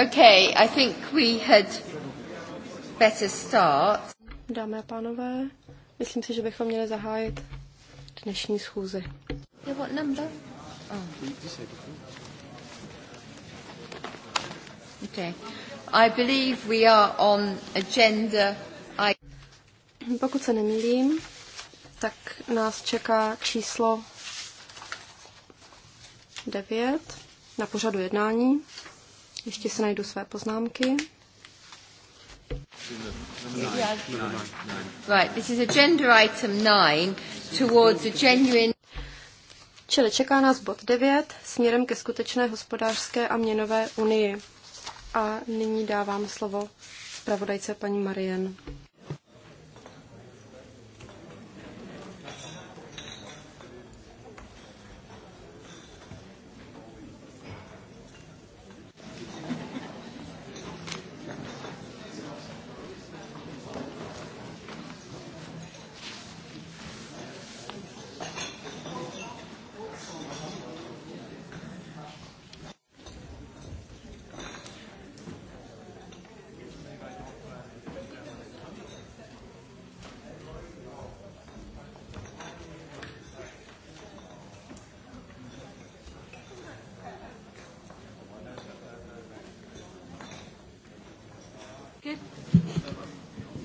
Okay, I think we had better start. Dámy a pánové, myslím si, že bychom měli zahájit dnešní schůzi. Yeah, what number? Oh. Okay. I believe we are on agenda. I... Pokud se nemýlím, tak nás čeká číslo 9 na pořadu jednání. Ještě se najdu své poznámky. Right, this is agenda item towards a genuine Čili čeká nás bod 9 směrem ke skutečné hospodářské a měnové unii. A nyní dávám slovo zpravodajce paní Marien.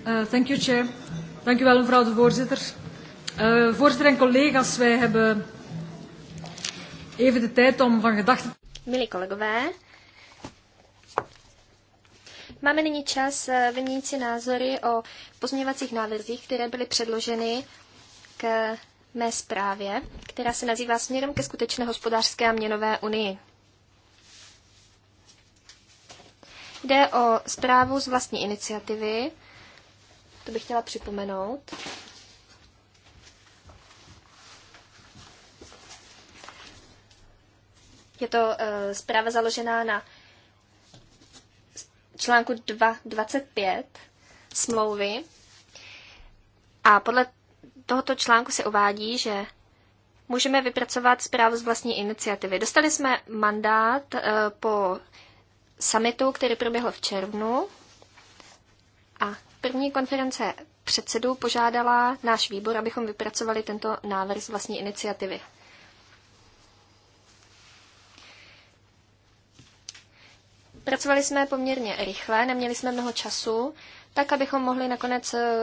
Eh, thank you, Chair. Dank u wel, mevrouw de voorzitter. Uh, voorzitter en collega's, wij hebben even de tijd om van gedachten... Milí kolegové, máme nyní čas eh, vyměnit si názory o pozměňovacích návrzích, které byly předloženy k mé zprávě, která se nazývá Směrem ke skutečné hospodářské a měnové unii. Jde o zprávu z vlastní iniciativy, to bych chtěla připomenout. Je to uh, zpráva založená na článku 2.25 smlouvy. A podle tohoto článku se uvádí, že můžeme vypracovat zprávu z vlastní iniciativy. Dostali jsme mandát eh, po summitu, který proběhl v červnu a První konference předsedů požádala náš výbor, abychom vypracovali tento návrh z vlastní iniciativy. Pracovali jsme poměrně rychle, neměli jsme mnoho času, tak abychom mohli nakonec eh,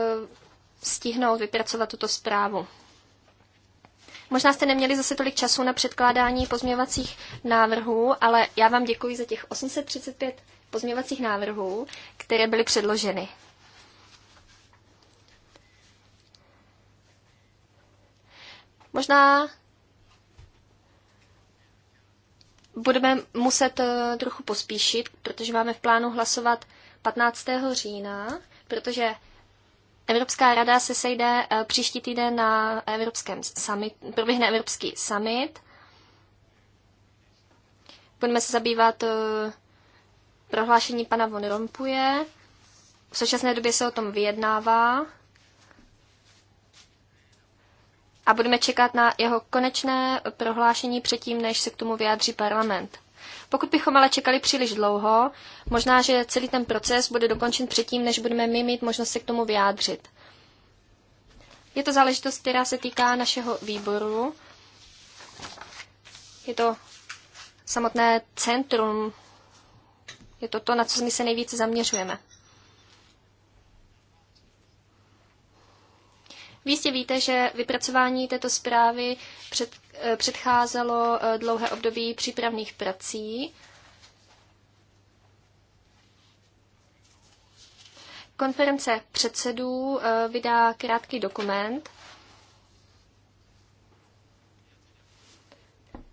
stihnout vypracovat tuto zprávu. Možná jste neměli zase tolik času na předkládání pozměňovacích návrhů, ale já vám děkuji za těch 835 pozměňovacích návrhů, které byly předloženy. Možná budeme muset eh, trochu pospíšit, protože máme v plánu hlasovat 15. října, protože Evropská rada se sejde eh, příští týden na Evropském summit, proběhne Evropský summit. Budeme se zabývat eh, prohlášení pana von Rompuje. V současné době se o tom vyjednává a budeme čekat na jeho konečné prohlášení předtím, než se k tomu vyjádří parlament. Pokud bychom ale čekali příliš dlouho, možná, že celý ten proces bude dokončen předtím, než budeme my mít možnost se k tomu vyjádřit. Je to záležitost, která se týká našeho výboru. Je to samotné centrum. Je to to, na co my se nejvíce zaměřujeme. Vy jistě víte, že vypracování této zprávy před, eh, předcházelo eh, dlouhé období přípravných prací. Konference předsedů eh, vydá krátký dokument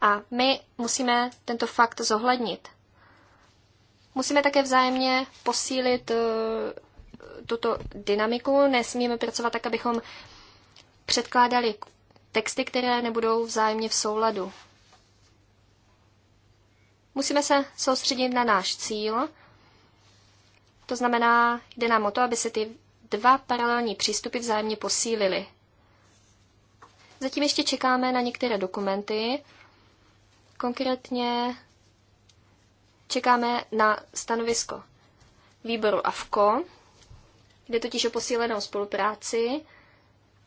a my musíme tento fakt zohlednit. Musíme také vzájemně posílit tuto dynamiku. Nesmíme pracovat tak, abychom předkládali texty, které nebudou vzájemně v souladu. Musíme se soustředit na náš cíl. To znamená, jde nám o to, aby se ty dva paralelní přístupy vzájemně posílily. Zatím ještě čekáme na některé dokumenty. Konkrétně čekáme na stanovisko výboru AFKO, kde totiž o posílenou spolupráci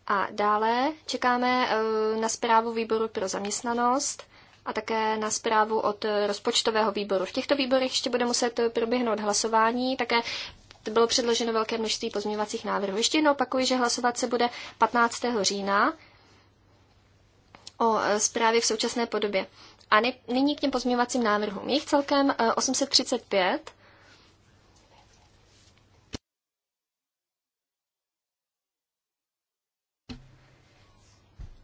a dále čekáme eh, na zprávu výboru pro zaměstnanost a také na zprávu od rozpočtového výboru. V těchto výborech ještě bude muset proběhnout hlasování, také bylo předloženo velké množství pozměňovacích návrhů. Ještě jednou opakuji, že hlasovat se bude 15. října o eh, zprávě v současné podobě. A nyní k těm pozměňovacím návrhům. Je jich celkem 835 eh,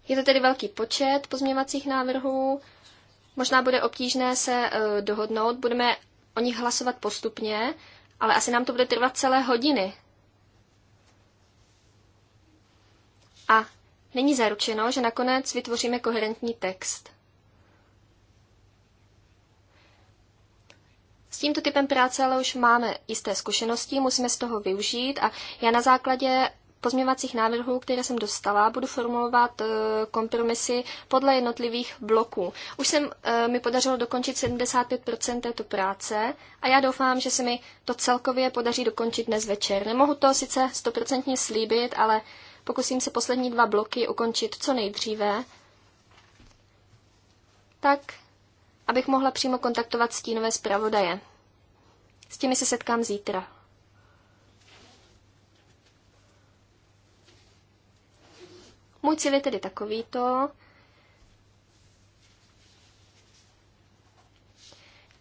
Je to tedy velký počet pozměňovacích návrhů. Možná bude obtížné se uh, dohodnout. Budeme o nich hlasovat postupně, ale asi nám to bude trvat celé hodiny. A není zaručeno, že nakonec vytvoříme koherentní text. S tímto typem práce ale už máme jisté zkušenosti, musíme z toho využít a já na základě pozměvacích návrhů, které jsem dostala, budu formulovat eh, kompromisy podle jednotlivých bloků. Už jsem eh, mi podařilo dokončit 75% této práce a já doufám, že se mi to celkově podaří dokončit dnes večer. Nemohu to sice 100% slíbit, ale pokusím se poslední dva bloky ukončit co nejdříve, tak abych mohla přímo kontaktovat stínové zpravodaje. S těmi se setkám zítra. Můj cíl je tedy takovýto.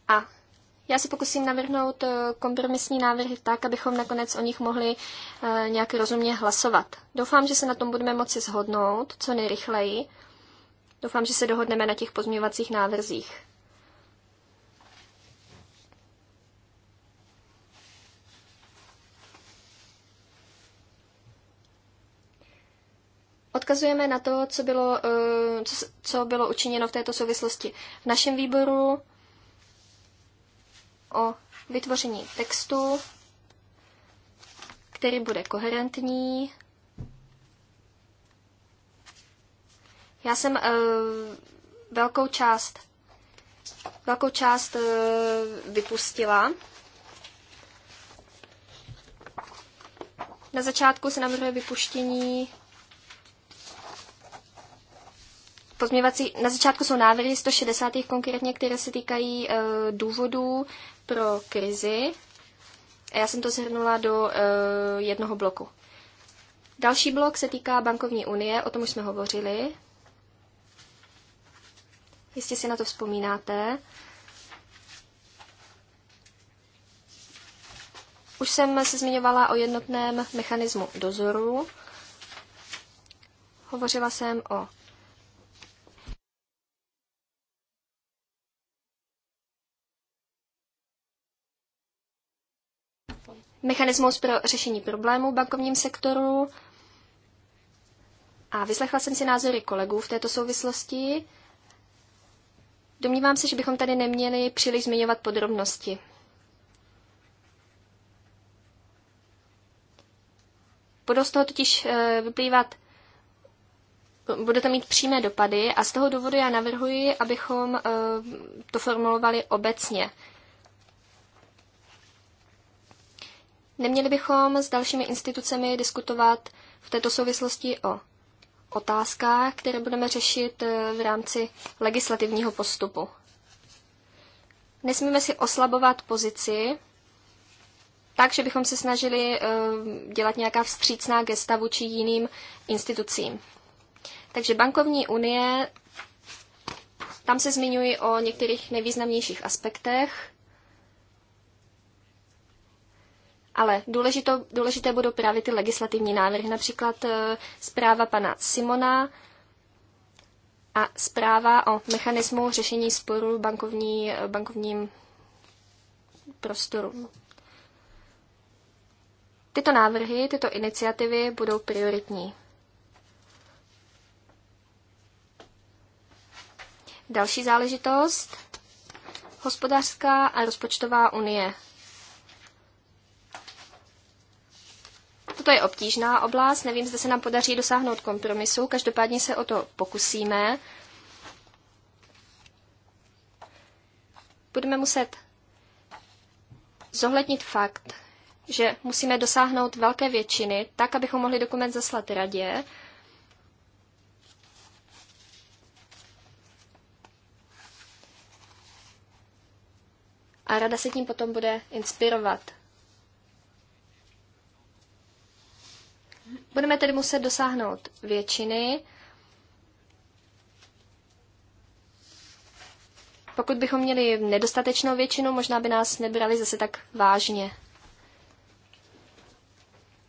A já se pokusím navrhnout eh, kompromisní návrhy tak, abychom nakonec o nich mohli eh, nějak rozumně hlasovat. Doufám, že se na tom budeme moci shodnout co nejrychleji. Doufám, že se dohodneme na těch pozměňovacích návrzích. Odkazujeme na to, co bylo, eh, co, bylo učiněno v této souvislosti v našem výboru o vytvoření textu, který bude koherentní. Já jsem eh, velkou část velkou část eh, vypustila. Na začátku se navrhuje vypuštění Pozměvací, na začátku jsou návrhy 160. konkrétně, které se týkají e, důvodů pro krizi. A já jsem to zhrnula do e, jednoho bloku. Další blok se týká bankovní unie, o tom už jsme hovořili. Jistě si na to vzpomínáte. Už jsem se zmiňovala o jednotném mechanismu dozoru. Hovořila jsem o mechanismus pro řešení problémů v bankovním sektoru. A vyslechla jsem si názory kolegů v této souvislosti. Domnívám se, že bychom tady neměli příliš zmiňovat podrobnosti. Budou z toho totiž eh, vyplývat, bude to mít přímé dopady a z toho důvodu já navrhuji, abychom eh, to formulovali obecně. Neměli bychom s dalšími institucemi diskutovat v této souvislosti o otázkách, které budeme řešit eh, v rámci legislativního postupu. Nesmíme si oslabovat pozici, takže bychom se snažili eh, dělat nějaká vstřícná gesta vůči jiným institucím. Takže bankovní unie, tam se zmiňuji o některých nejvýznamnějších aspektech. Ale důležito, důležité budou právě ty legislativní návrhy, například eh, zpráva pana Simona a zpráva o mechanismu řešení sporů bankovní, eh, bankovním prostoru. Tyto návrhy, tyto iniciativy budou prioritní. Další záležitost. Hospodářská a rozpočtová unie. Toto je obtížná oblast, nevím, zda se nám podaří dosáhnout kompromisu, každopádně se o to pokusíme. Budeme muset zohlednit fakt, že musíme dosáhnout velké většiny, tak, abychom mohli dokument zaslat radě. A rada se tím potom bude inspirovat. Budeme tedy muset dosáhnout většiny. Pokud bychom měli nedostatečnou většinu, možná by nás nebrali zase tak vážně.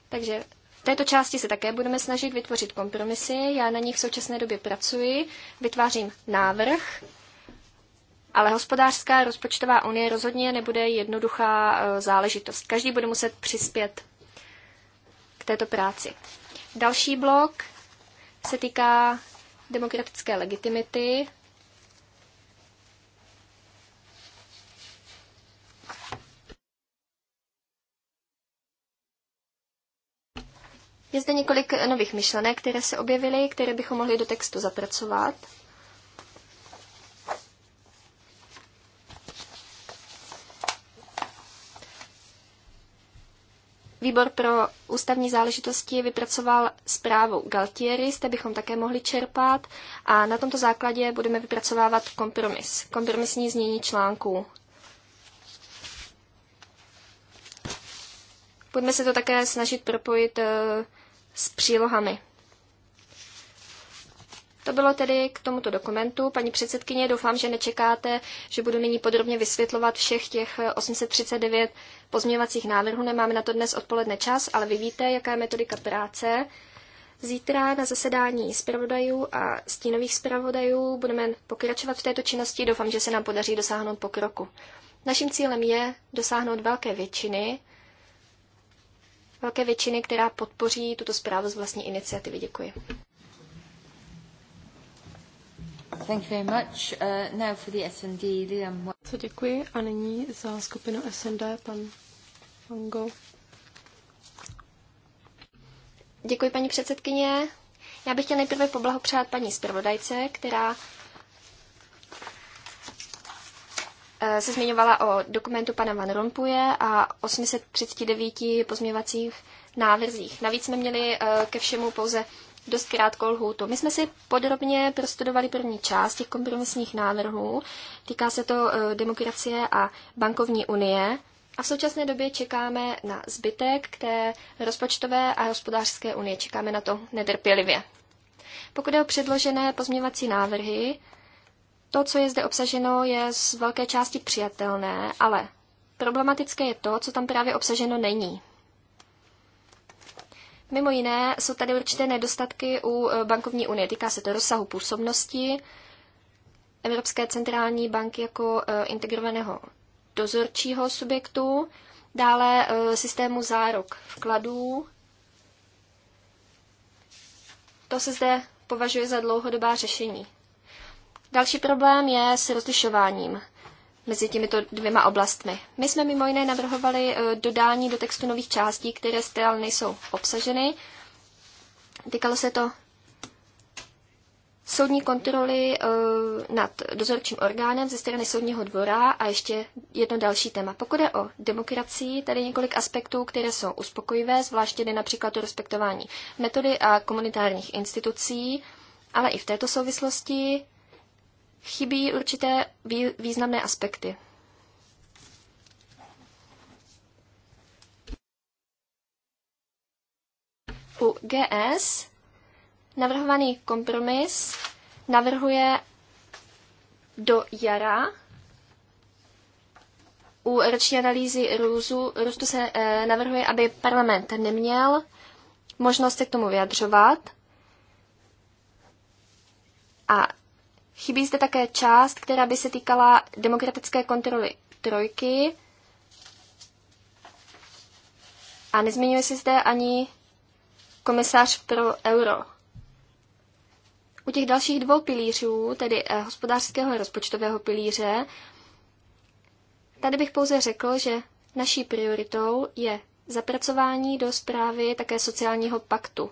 Takže v této části se také budeme snažit vytvořit kompromisy. Já na nich v současné době pracuji, vytvářím návrh, ale hospodářská rozpočtová unie rozhodně nebude jednoduchá e, záležitost. Každý bude muset přispět této práci. Další blok se týká demokratické legitimity. Je zde několik nových myšlenek, které se objevily, které bychom mohli do textu zapracovat. Výbor pro ústavní záležitosti vypracoval zprávu Galtieri, z té bychom také mohli čerpat a na tomto základě budeme vypracovávat kompromis, kompromisní znění článků. Budeme se to také snažit propojit eh, s přílohami. To bylo tedy k tomuto dokumentu. Paní předsedkyně, doufám, že nečekáte, že budu nyní podrobně vysvětlovat všech těch 839 eh, pozměňovacích návrhů. Nemáme na to dnes odpoledne čas, ale vy víte, jaká je metodika práce. Zítra na zasedání zpravodajů a stínových zpravodajů budeme pokračovat v této činnosti. Doufám, že se nám podaří dosáhnout pokroku. Naším cílem je dosáhnout velké většiny, velké většiny, která podpoří tuto zprávu z vlastní iniciativy. Děkuji. Thank you very much. Uh, now for the SND, Liam. Co děkuji a nyní za skupinu SND pan Mango. Děkuji, paní předsedkyně. Já bych chtěla nejprve poblahopřát paní zpravodajce, která eh, se zmiňovala o dokumentu pana Van Rompuje a 839 pozměvacích návrzích. Navíc jsme měli eh, ke všemu pouze dost krátkou lhůtu. My jsme si podrobně prostudovali první část těch kompromisních návrhů. Týká se to eh, demokracie a bankovní unie. A v současné době čekáme na zbytek k té rozpočtové a hospodářské unie. Čekáme na to netrpělivě. Pokud je o předložené pozměňovací návrhy, to, co je zde obsaženo, je z velké části přijatelné, ale problematické je to, co tam právě obsaženo není. Mimo jiné jsou tady určité nedostatky u e, bankovní unie. Týká se to rozsahu působnosti Evropské centrální banky jako e, integrovaného dozorčího subjektu, dále e, systému zárok vkladů. To se zde považuje za dlouhodobá řešení. Další problém je s rozlišováním mezi těmito dvěma oblastmi. My jsme mimo jiné navrhovali eh, dodání do textu nových částí, které stále nejsou obsaženy. Týkalo se to soudní kontroly eh, nad dozorčím orgánem ze strany soudního dvora a ještě jedno další téma. Pokud je o demokracii, tady několik aspektů, které jsou uspokojivé, zvláště jde například o respektování metody a komunitárních institucí, ale i v této souvislosti chybí určité významné aspekty. U GS navrhovaný kompromis navrhuje do jara u roční analýzy růzu, růstu se e, navrhuje, aby parlament neměl možnost se k tomu vyjadřovat. A Chybí zde také část, která by se týkala demokratické kontroly trojky. A nezmiňuje se zde ani komisář pro euro. U těch dalších dvou pilířů, tedy eh, hospodářského a rozpočtového pilíře, tady bych pouze řekl, že naší prioritou je zapracování do zprávy také sociálního paktu.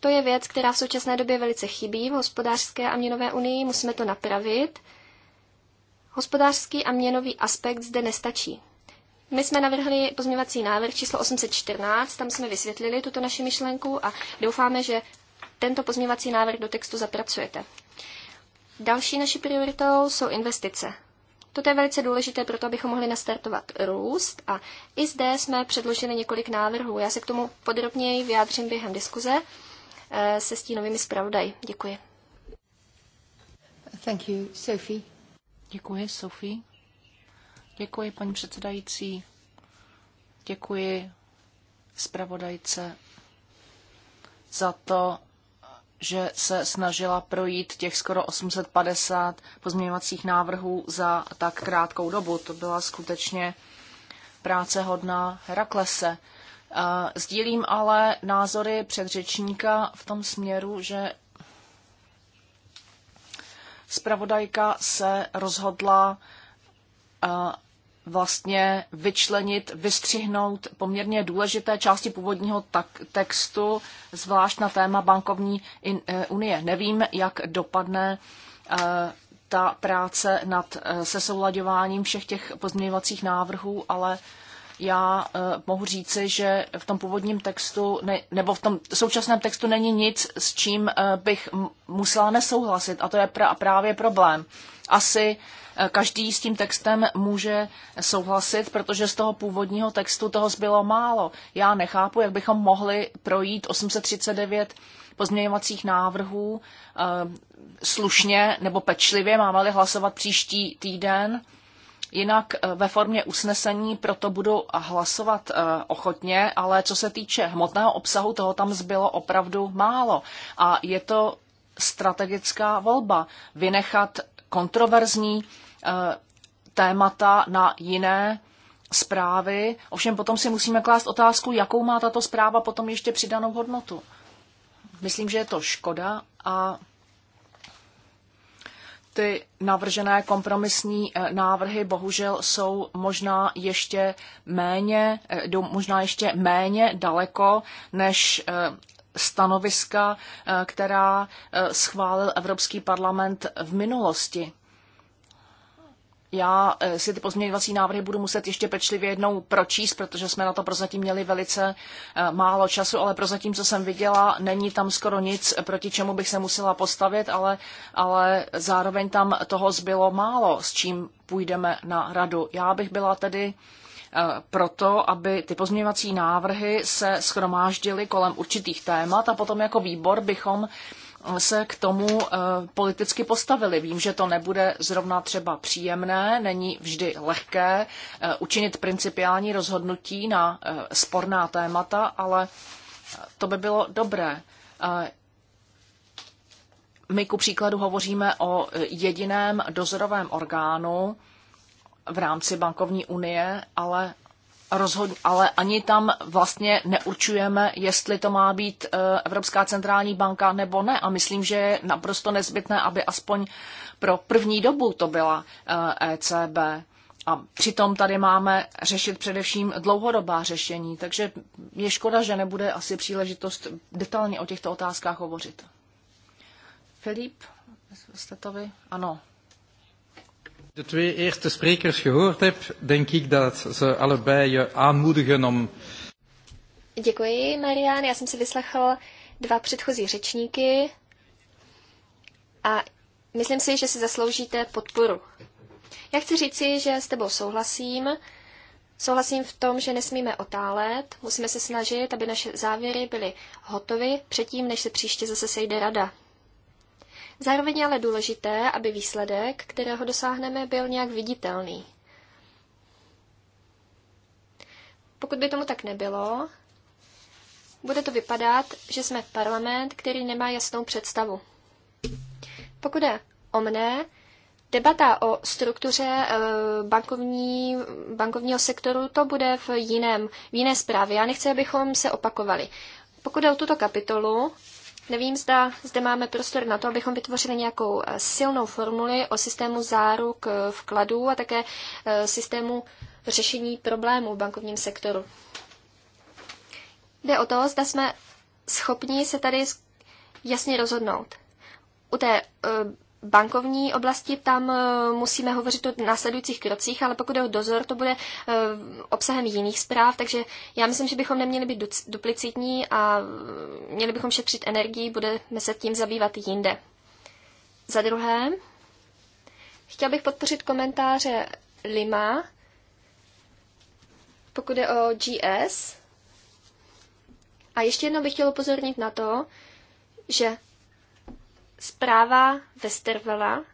To je věc, která v současné době velice chybí v hospodářské a měnové unii, musíme to napravit. Hospodářský a měnový aspekt zde nestačí. My jsme navrhli pozměvací návrh číslo 814, tam jsme vysvětlili tuto naši myšlenku a doufáme, že tento pozměvací návrh do textu zapracujete. Další naší prioritou jsou investice. Toto je velice důležité pro to, abychom mohli nastartovat růst a i zde jsme předložili několik návrhů. Já se k tomu podrobněji vyjádřím během diskuze. Eh, se stínovými zpravodaji. Děkuji. Thank you, Sophie. Děkuji, Sophie. Děkuji, paní předsedající. Děkuji zpravodajce za to, že se snažila projít těch skoro 850 pozměňovacích návrhů za tak krátkou dobu. To byla skutečně práce hodná Heraklese. Sdílím ale názory předřečníka v tom směru, že zpravodajka se rozhodla vlastně vyčlenit, vystřihnout poměrně důležité části původního textu, zvlášť na téma bankovní e, unie. Nevím, jak dopadne e, ta práce nad e, se soulaďováním všech těch pozměňovacích návrhů, ale já eh, mohu říci, že v tom původním textu, ne, nebo v tom současném textu není nic, s čím eh, bych musela nesouhlasit a to je pra, právě problém. Asi eh, každý s tím textem může souhlasit, protože z toho původního textu toho zbylo málo. Já nechápu, jak bychom mohli projít 839 pozměňovacích návrhů slušně nebo pečlivě, máme-li hlasovat příští týden jinak eh, ve formě usnesení proto budu hlasovat eh, ochotně, ale co se týče hmotného obsahu, toho tam zbylo opravdu málo. A je to strategická volba vynechat kontroverzní eh, témata na jiné zprávy. Ovšem potom si musíme klást otázku, jakou má tato zpráva potom ještě přidanou hodnotu. Myslím, že je to škoda a ty navržené kompromisní eh, návrhy bohužel jsou možná ještě méně, eh, možná ještě méně daleko než eh, stanoviska, která schválil Evropský parlament v minulosti já eh, si ty pozměňovací návrhy budu muset ještě pečlivě jednou pročíst, protože jsme na to prozatím měli velice eh, málo času, ale prozatím, co jsem viděla, není tam skoro nic, proti čemu bych se musela postavit, ale, ale zároveň tam toho zbylo málo, s čím půjdeme na radu. Já bych byla tedy eh, proto, aby ty pozměňovací návrhy se schromáždily kolem určitých témat a potom jako výbor bychom se k tomu eh, politicky postavili. Vím, že to nebude zrovna třeba příjemné, není vždy lehké eh, učinit principiální rozhodnutí na eh, sporná témata, ale to by bylo dobré. My ku příkladu hovoříme o jediném dozorovém orgánu v rámci bankovní unie, ale rozhod, ale ani tam vlastně neurčujeme, jestli to má být e, Evropská centrální banka nebo ne. A myslím, že je naprosto nezbytné, aby aspoň pro první dobu to byla ECB. E A přitom tady máme řešit především dlouhodobá řešení, takže je škoda, že nebude asi příležitost detailně o těchto otázkách hovořit. Filip, jste to vy? Ano, de twee eerste sprekers gehoord heb, denk ik dat ze allebei je aanmoedigen om... Děkuji, Marian. Já jsem si vyslechl dva předchozí řečníky a myslím si, že si zasloužíte podporu. Já chci říci, že s tebou souhlasím. Souhlasím v tom, že nesmíme otálet, musíme se snažit, aby naše závěry byly hotovy předtím, než se příště zase sejde rada. Zároveň je ale důležité, aby výsledek, kterého dosáhneme, byl nějak viditelný. Pokud by tomu tak nebylo, bude to vypadat, že jsme parlament, který nemá jasnou představu. Pokud je o mne, debata o struktuře eh, bankovní, bankovního sektoru, to bude v, jiném, v jiné zprávě. Já nechci, abychom se opakovali. Pokud je o tuto kapitolu, Nevím, zda zde máme prostor na to, abychom vytvořili nějakou eh, silnou formuli o systému záruk eh, vkladů a také eh, systému řešení problémů v bankovním sektoru. Jde o to, zda jsme schopni se tady jasně rozhodnout. U té bankovní oblasti, tam e, musíme hovořit o následujících krocích, ale pokud je o dozor, to bude e, obsahem jiných zpráv, takže já myslím, že bychom neměli být duplicitní a e, měli bychom šetřit energii, budeme se tím zabývat jinde. Za druhé, chtěl bych podpořit komentáře Lima, pokud je o GS. A ještě jednou bych chtěl upozornit na to, že Zpráva Westervela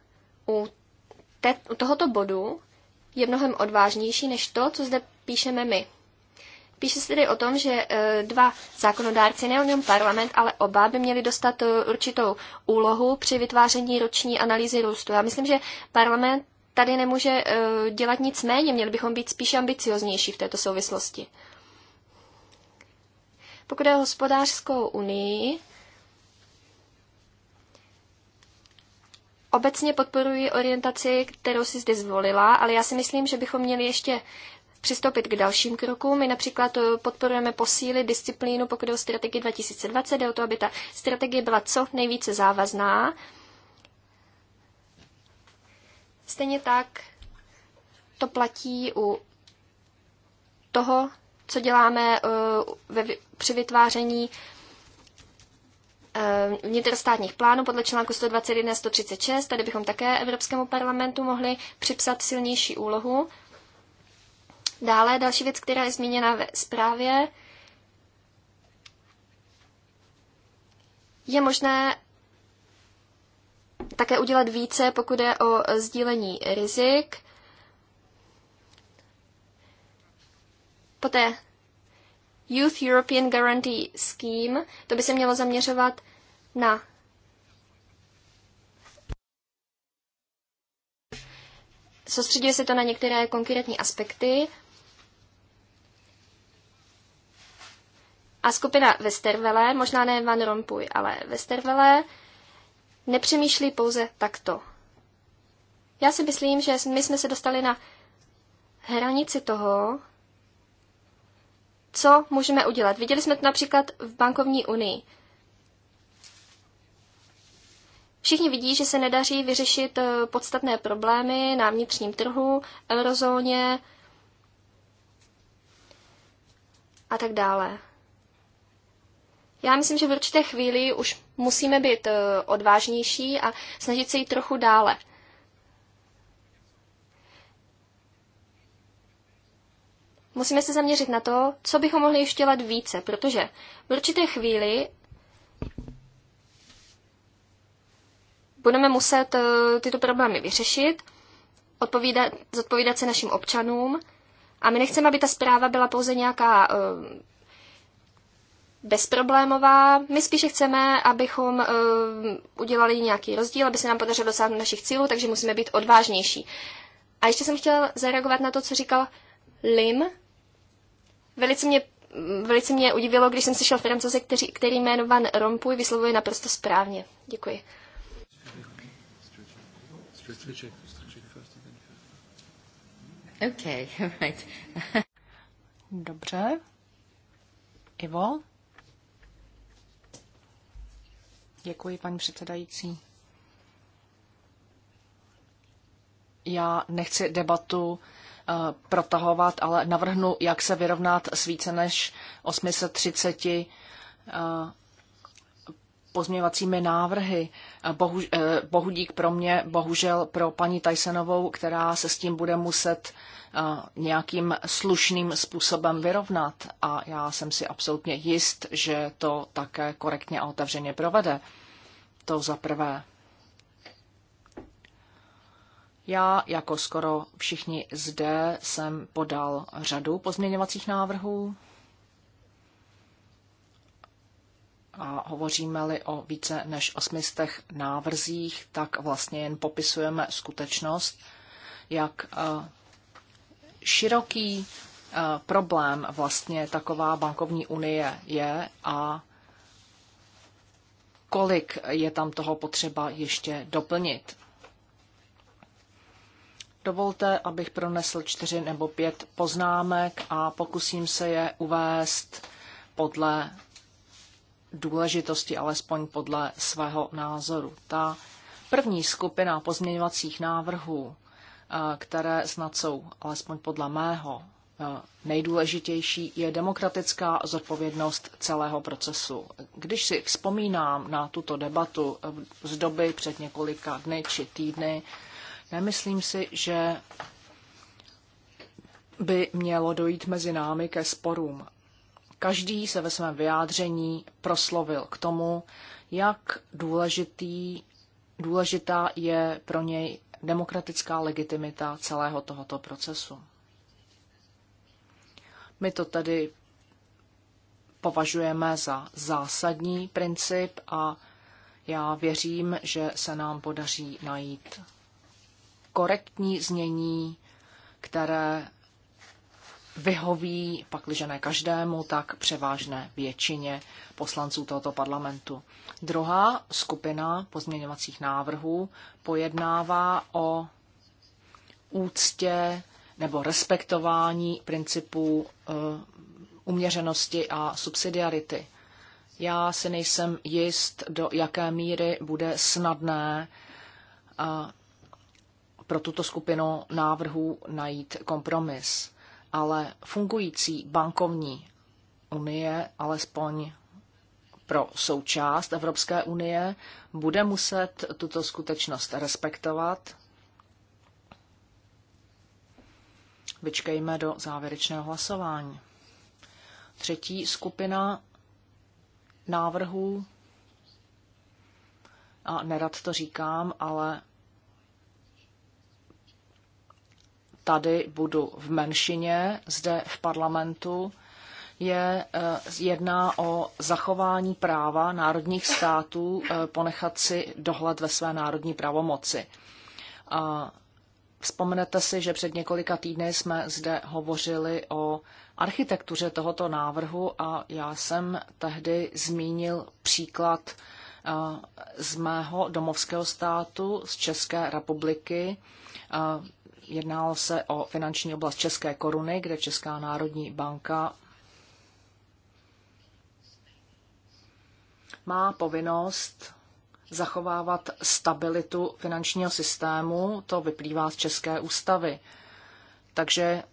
u, te, u tohoto bodu je mnohem odvážnější než to, co zde píšeme my. Píše se tedy o tom, že e, dva zákonodárci, nejenom parlament, ale oba by měli dostat e, určitou úlohu při vytváření roční analýzy růstu. Já myslím, že parlament tady nemůže e, dělat nic méně, měli bychom být spíše ambicioznější v této souvislosti. Pokud je o hospodářskou unii, Obecně podporuji orientaci, kterou si zde zvolila, ale já si myslím, že bychom měli ještě přistoupit k dalším krokům. My například eh, podporujeme posílit disciplínu, pokud o strategii 2020, jde o to, aby ta strategie byla co nejvíce závazná. Stejně tak to platí u toho, co děláme eh, při vytváření Eh, vnitrostátních plánů podle článku 121 136. Tady bychom také Evropskému parlamentu mohli připsat silnější úlohu. Dále další věc, která je zmíněna ve zprávě, je možné také udělat více, pokud je o sdílení rizik. Poté Youth European Guarantee Scheme, to by se mělo zaměřovat na Soustředuje se to na některé konkrétní aspekty. A skupina Westervele, možná ne Van Rompuy, ale Westervele, nepřemýšlí pouze takto. Já si myslím, že my jsme se dostali na hranici toho, co můžeme udělat. Viděli jsme to například v bankovní unii. Všichni vidí, že se nedaří vyřešit eh, podstatné problémy na vnitřním trhu, eurozóně a tak dále. Já myslím, že v určité chvíli už musíme být eh, odvážnější a snažit se jít trochu dále. musíme se zaměřit na to, co bychom mohli ještě dělat více, protože v určité chvíli budeme muset eh, tyto problémy vyřešit, odpovídat, zodpovídat se našim občanům a my nechceme, aby ta zpráva byla pouze nějaká eh, bezproblémová. My spíše chceme, abychom uh, udělali nějaký rozdíl, aby se nám podařilo dosáhnout našich cílů, takže musíme být odvážnější. A ještě jsem chtěla zareagovat na to, co říkal Lim Velice mě, velice mě udivilo, když jsem slyšel francouze, který, který jméno Van Rompuy vyslovuje naprosto správně. Děkuji. Okay, right. Dobře. Ivo? Děkuji, paní předsedající. Já nechci debatu Eh, protahovat, ale navrhnu, jak se vyrovnat s více než 830 eh, pozměvacími návrhy. Eh, bohu, bohudík pro mě, bohužel pro paní Tysonovou, která se s tím bude muset nějakým slušným způsobem vyrovnat a já jsem si absolutně jist, že to také korektně a otevřeně provede. To za prvé. Já, jako skoro všichni zde, jsem podal řadu pozměňovacích návrhů. A hovoříme-li o více než osmistech návrzích, tak vlastně jen popisujeme skutečnost, jak eh, široký eh, problém vlastně taková bankovní unie je a kolik je tam toho potřeba ještě doplnit. Dovolte, abych pronesl čtyři nebo pět poznámek a pokusím se je uvést podle důležitosti, alespoň podle svého názoru. Ta první skupina pozměňovacích návrhů, eh, které snad jsou, alespoň podle mého, eh, nejdůležitější, je demokratická zodpovědnost celého procesu. Když si vzpomínám na tuto debatu eh, z doby před několika dny či týdny, Nemyslím si, že by mělo dojít mezi námi ke sporům. Každý se ve svém vyjádření proslovil k tomu, jak důležitý, důležitá je pro něj demokratická legitimita celého tohoto procesu. My to tedy považujeme za zásadní princip a já věřím, že se nám podaří najít korektní znění, které vyhoví, pakliže ne každému, tak převážné většině poslanců tohoto parlamentu. Druhá skupina pozměňovacích návrhů pojednává o úctě nebo respektování principů eh, uměřenosti a subsidiarity. Já si nejsem jist, do jaké míry bude snadné eh, pro tuto skupinu návrhů najít kompromis. Ale fungující bankovní unie, alespoň pro součást Evropské unie, bude muset tuto skutečnost respektovat. Vyčkejme do závěrečného hlasování. Třetí skupina návrhů, a nerad to říkám, ale tady budu v menšině zde v parlamentu, je eh, jedná o zachování práva národních států eh, ponechat si dohled ve své národní pravomoci. A vzpomenete si, že před několika týdny jsme zde hovořili o architektuře tohoto návrhu a já jsem tehdy zmínil příklad eh, z mého domovského státu, z České republiky, Jednalo se o finanční oblast České koruny, kde Česká národní banka má povinnost zachovávat stabilitu finančního systému, to vyplývá z České ústavy. Takže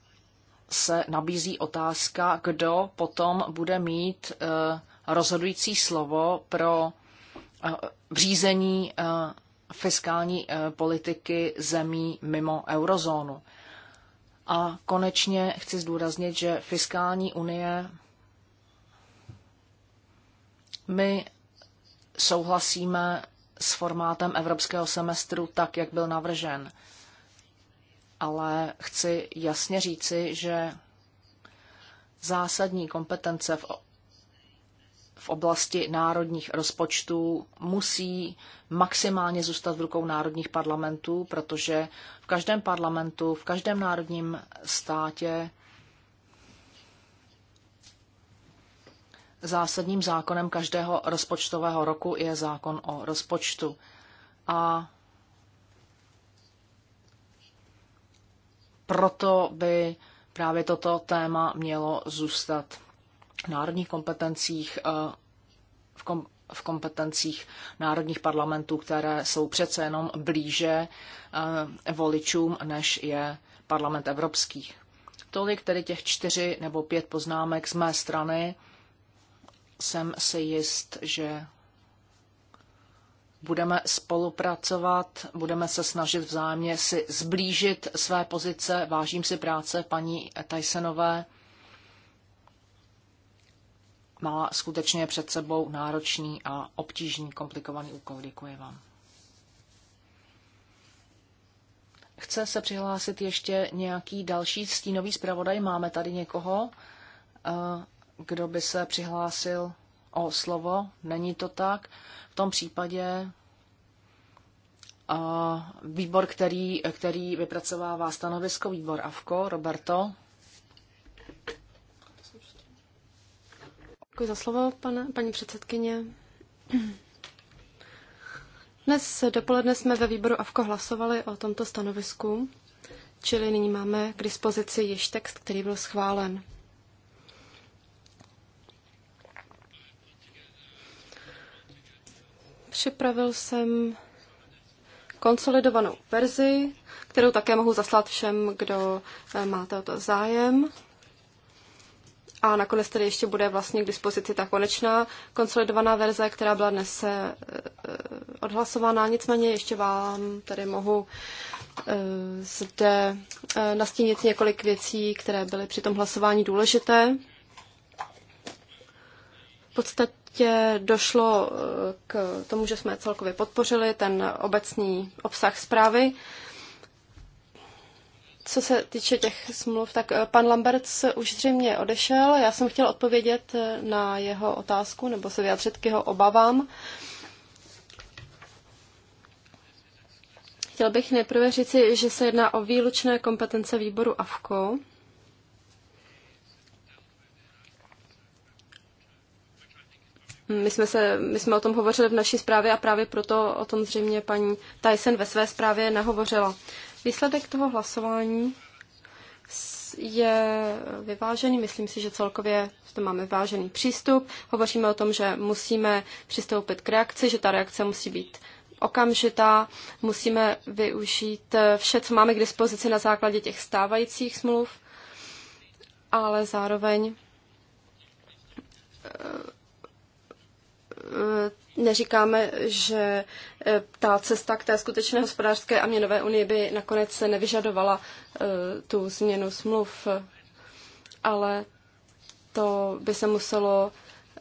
se nabízí otázka, kdo potom bude mít eh, rozhodující slovo pro eh, řízení eh, fiskální eh, politiky zemí mimo eurozónu. A konečně chci zdůraznit, že fiskální unie my souhlasíme s formátem evropského semestru tak, jak byl navržen. Ale chci jasně říci, že zásadní kompetence v v oblasti národních rozpočtů musí maximálně zůstat v rukou národních parlamentů, protože v každém parlamentu, v každém národním státě zásadním zákonem každého rozpočtového roku je zákon o rozpočtu. A proto by právě toto téma mělo zůstat národních kompetencích, eh, v, kom, v kompetencích národních parlamentů, které jsou přece jenom blíže eh, voličům, než je parlament evropský. Tolik tedy těch čtyři nebo pět poznámek z mé strany. Jsem si jist, že budeme spolupracovat, budeme se snažit vzájemně si zblížit své pozice. Vážím si práce paní Tysonové má skutečně před sebou náročný a obtížný, komplikovaný úkol. Děkuji vám. Chce se přihlásit ještě nějaký další stínový zpravodaj? Máme tady někoho, eh, kdo by se přihlásil o slovo? Není to tak? V tom případě eh, výbor, který, který vypracovává stanovisko, výbor AVKO, Roberto. Děkuji za slovo, pane, paní předsedkyně. Dnes dopoledne jsme ve výboru AVKO hlasovali o tomto stanovisku, čili nyní máme k dispozici již text, který byl schválen. Připravil jsem konsolidovanou verzi, kterou také mohu zaslat všem, kdo eh, máte o to zájem a nakonec tedy ještě bude vlastně k dispozici ta konečná konsolidovaná verze, která byla dnes eh, eh, odhlasována. Nicméně ještě vám tady mohu eh, zde nastínit několik věcí, které byly při tom hlasování důležité. V podstatě došlo k tomu, že jsme celkově podpořili ten obecný obsah zprávy. Co se týče těch smluv, tak eh, pan Lambert už zřejmě odešel. Já jsem chtěl odpovědět eh, na jeho otázku nebo se vyjádřit k jeho obavám. Chtěl bych nejprve říci, že se jedná o výlučné kompetence výboru AFKO. My jsme, se, my jsme o tom hovořili v naší zprávě a právě proto o tom zřejmě paní Tyson ve své zprávě nahovořila. Výsledek toho hlasování je vyvážený. Myslím si, že celkově to máme vyvážený přístup. Hovoříme o tom, že musíme přistoupit k reakci, že ta reakce musí být okamžitá. Musíme využít vše, co máme k dispozici na základě těch stávajících smluv, ale zároveň eh, eh, neříkáme, že eh, ta cesta k té skutečné hospodářské a měnové unii by nakonec se nevyžadovala eh, tu změnu smluv, ale to by se muselo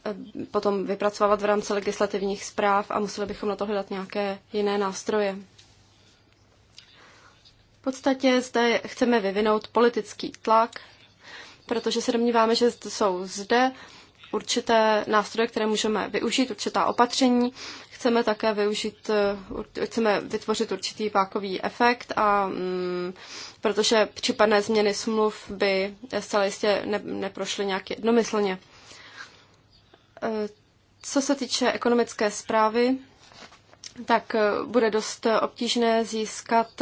eh, potom vypracovávat v rámci legislativních zpráv a museli bychom na to hledat nějaké jiné nástroje. V podstatě zde chceme vyvinout politický tlak, protože se domníváme, že jsou zde určité nástroje, které můžeme využít, určitá opatření. Chceme také využít, eh, chceme vytvořit určitý pákový efekt a mm, protože případné změny smluv by zcela jistě ne, neprošly nějak jednomyslně. Eh, co se týče ekonomické zprávy, tak eh, bude dost obtížné získat,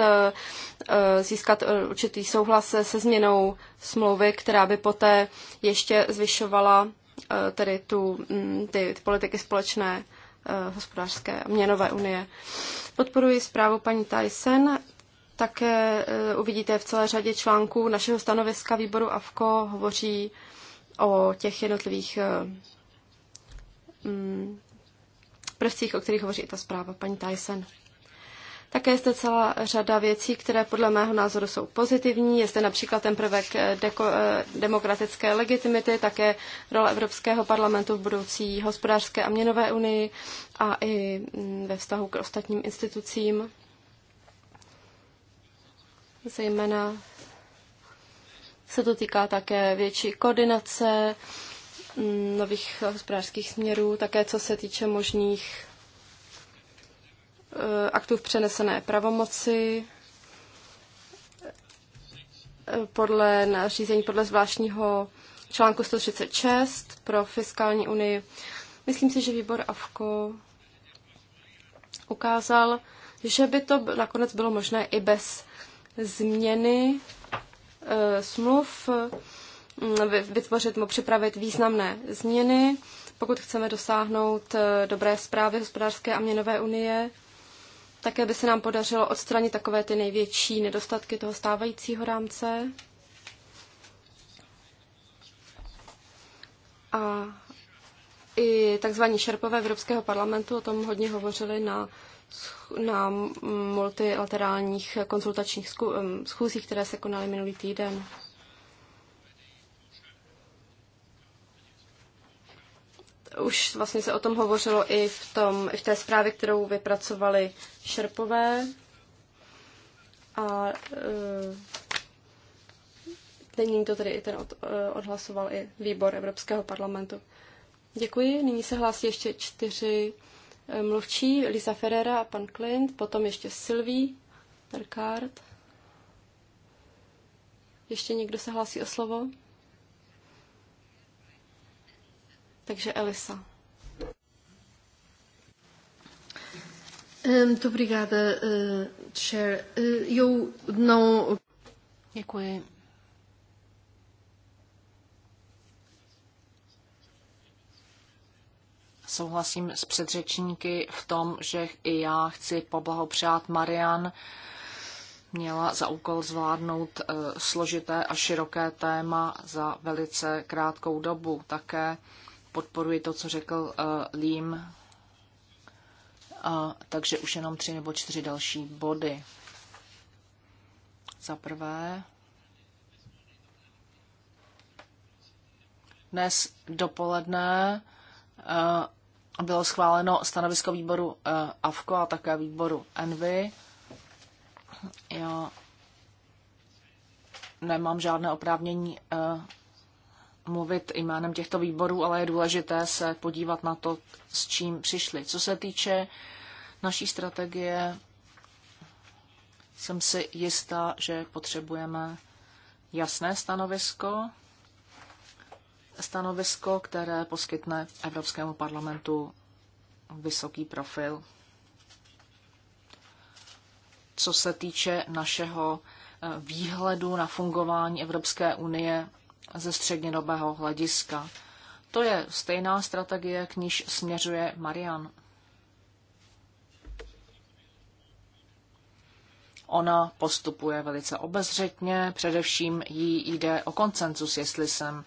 získat určitý souhlas se změnou smlouvy, která by poté ještě zvyšovala Eh, tedy tu, mm, ty, ty politiky společné eh, hospodářské a měnové unie. Podporuji zprávu paní Tyson. Také eh, uvidíte v celé řadě článků našeho stanoviska výboru AVKO hovoří o těch jednotlivých mm, prvcích, o kterých hovoří i ta zpráva paní Tyson. Také zde celá řada věcí, které podle mého názoru jsou pozitivní. Je zde například ten prvek deko, eh, demokratické legitimity, také role Evropského parlamentu v budoucí hospodářské a měnové unii a i mm, ve vztahu k ostatním institucím. Zejména se to týká také větší koordinace mm, nových hospodářských směrů, také co se týče možných Eh, aktů v přenesené pravomoci, eh, podle nařízení, podle zvláštního článku 136 pro fiskální unii. Myslím si, že výbor AFKO ukázal, že by to nakonec bylo možné i bez změny e, smluv, mm, vytvořit mu připravit významné změny, pokud chceme dosáhnout dobré zprávy hospodářské a měnové unie také by se nám podařilo odstranit takové ty největší nedostatky toho stávajícího rámce. A i tzv. šerpové Evropského parlamentu o tom hodně hovořili na, na multilaterálních konzultačních schůzích, které se konaly minulý týden. Už vlastně se o tom hovořilo i v, tom, i v té zprávě, kterou vypracovali Šerpové. A e, nyní to tedy i ten od, e, odhlasoval i výbor Evropského parlamentu. Děkuji. Nyní se hlásí ještě čtyři e, mluvčí, Lisa Ferrera a pan Klint, potom ještě Sylvie Terkard. Ještě někdo se hlásí o slovo? Takže Elisa. Muito obrigada, eh, Chair. Eh, eu não. Děkuji. Souhlasím s předřečníky v tom, že i já chci poblahopřát Marian. Měla za úkol zvládnout eh, složité a široké téma za velice krátkou dobu. Také podporuji to, co řekl uh, Lím. A, takže už jenom tři nebo čtyři další body. Za prvé, dnes dopoledne uh, bylo schváleno stanovisko výboru uh, AFKO a také výboru ENVY. Já nemám žádné oprávnění uh, mluvit jménem těchto výborů, ale je důležité se podívat na to, s čím přišli. Co se týče naší strategie, jsem si jistá, že potřebujeme jasné stanovisko, stanovisko, které poskytne Evropskému parlamentu vysoký profil. Co se týče našeho eh, výhledu na fungování Evropské unie ze střednědobého hlediska. To je stejná strategie, k níž směřuje Marian. Ona postupuje velice obezřetně, především jí jde o koncenzus, jestli jsem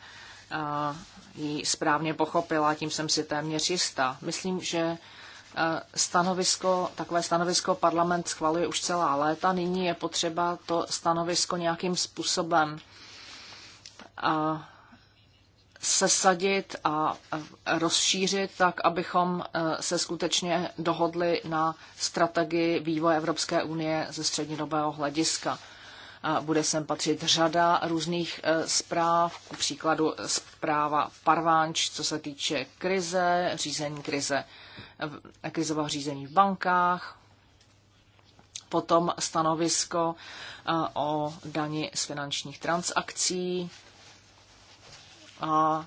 uh, ji správně pochopila, tím jsem si téměř jistá. Myslím, že eh, stanovisko, takové stanovisko parlament schvaluje už celá léta, nyní je potřeba to stanovisko nějakým způsobem sesadit a rozšířit tak, abychom e, se skutečně dohodli na strategii vývoje Evropské unie ze střednědobého hlediska. E, bude sem patřit řada různých e, zpráv, ku příkladu zpráva Parvánč, co se týče krize, řízení krize, krizového řízení v bankách, potom stanovisko o dani z finančních transakcí, a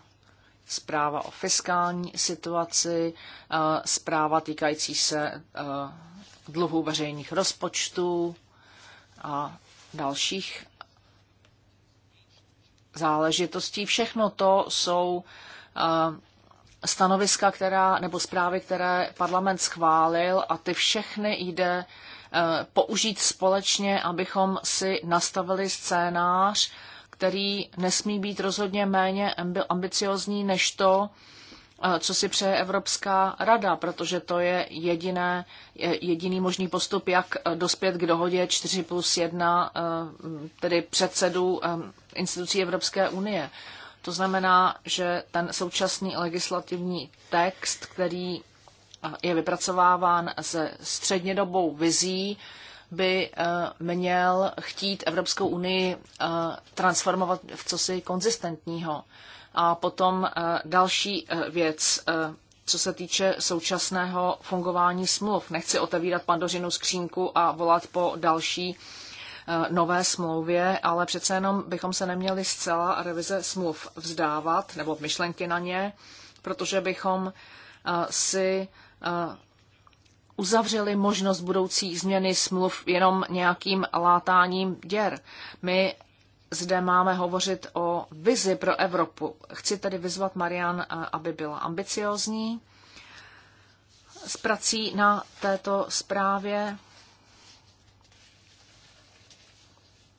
zpráva o fiskální situaci, e, zpráva týkající se e, dluhu veřejných rozpočtů a dalších záležitostí. Všechno to jsou e, stanoviska, která, nebo zprávy, které parlament schválil a ty všechny jde použít společně, abychom si nastavili scénář, který nesmí být rozhodně méně ambiciozní než to, eh, co si přeje Evropská rada, protože to je jediné, jediný možný postup, jak eh, dospět k dohodě 4 plus 1, eh, tedy předsedu institucí Evropské unie. To znamená, že ten současný legislativní text, který je vypracováván se střednědobou vizí, by eh, měl chtít Evropskou unii eh, transformovat v cosi konzistentního. A potom eh, další věc, co se týče současného fungování smluv. Nechci otevírat pandořinu skřínku a volat po další nové smlouvě, ale přece jenom bychom se neměli zcela revize smluv vzdávat nebo myšlenky na ně, protože bychom si uzavřeli možnost budoucí změny smluv jenom nějakým látáním děr. My zde máme hovořit o vizi pro Evropu. Chci tedy vyzvat Marian, aby byla ambiciozní s prací na této zprávě.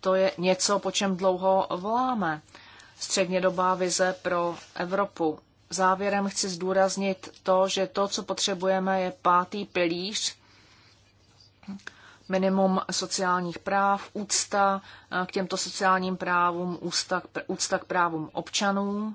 To je něco, po čem dlouho voláme. Střednědobá vize pro Evropu závěrem chci zdůraznit to, že to, co potřebujeme, je pátý pilíř, minimum sociálních práv, úcta eh, k těmto sociálním právům, úcta k, úcta k právům občanů.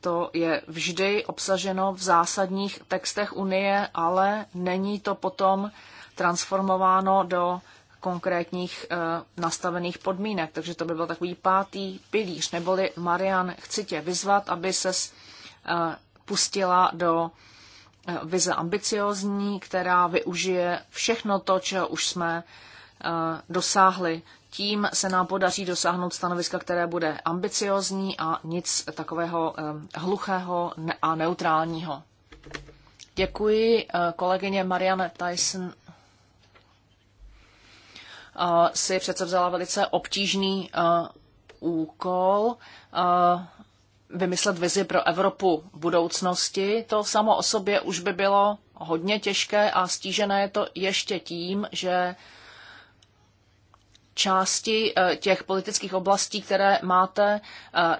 To je vždy obsaženo v zásadních textech Unie, ale není to potom transformováno do konkrétních eh, nastavených podmínek. Takže to by byl takový pátý pilíř, neboli Marian, chci tě vyzvat, aby ses eh, pustila do eh, vize ambiciozní, která využije všechno to, čeho už jsme dosáhli. Tím se nám podaří dosáhnout stanoviska, které bude ambiciozní a nic takového hluchého a neutrálního. Děkuji kolegyně Marianne Tyson si přece vzala velice obtížný úkol vymyslet vizi pro Evropu budoucnosti. To samo o sobě už by bylo hodně těžké a stížené je to ještě tím, že části e, těch politických oblastí, které máte e,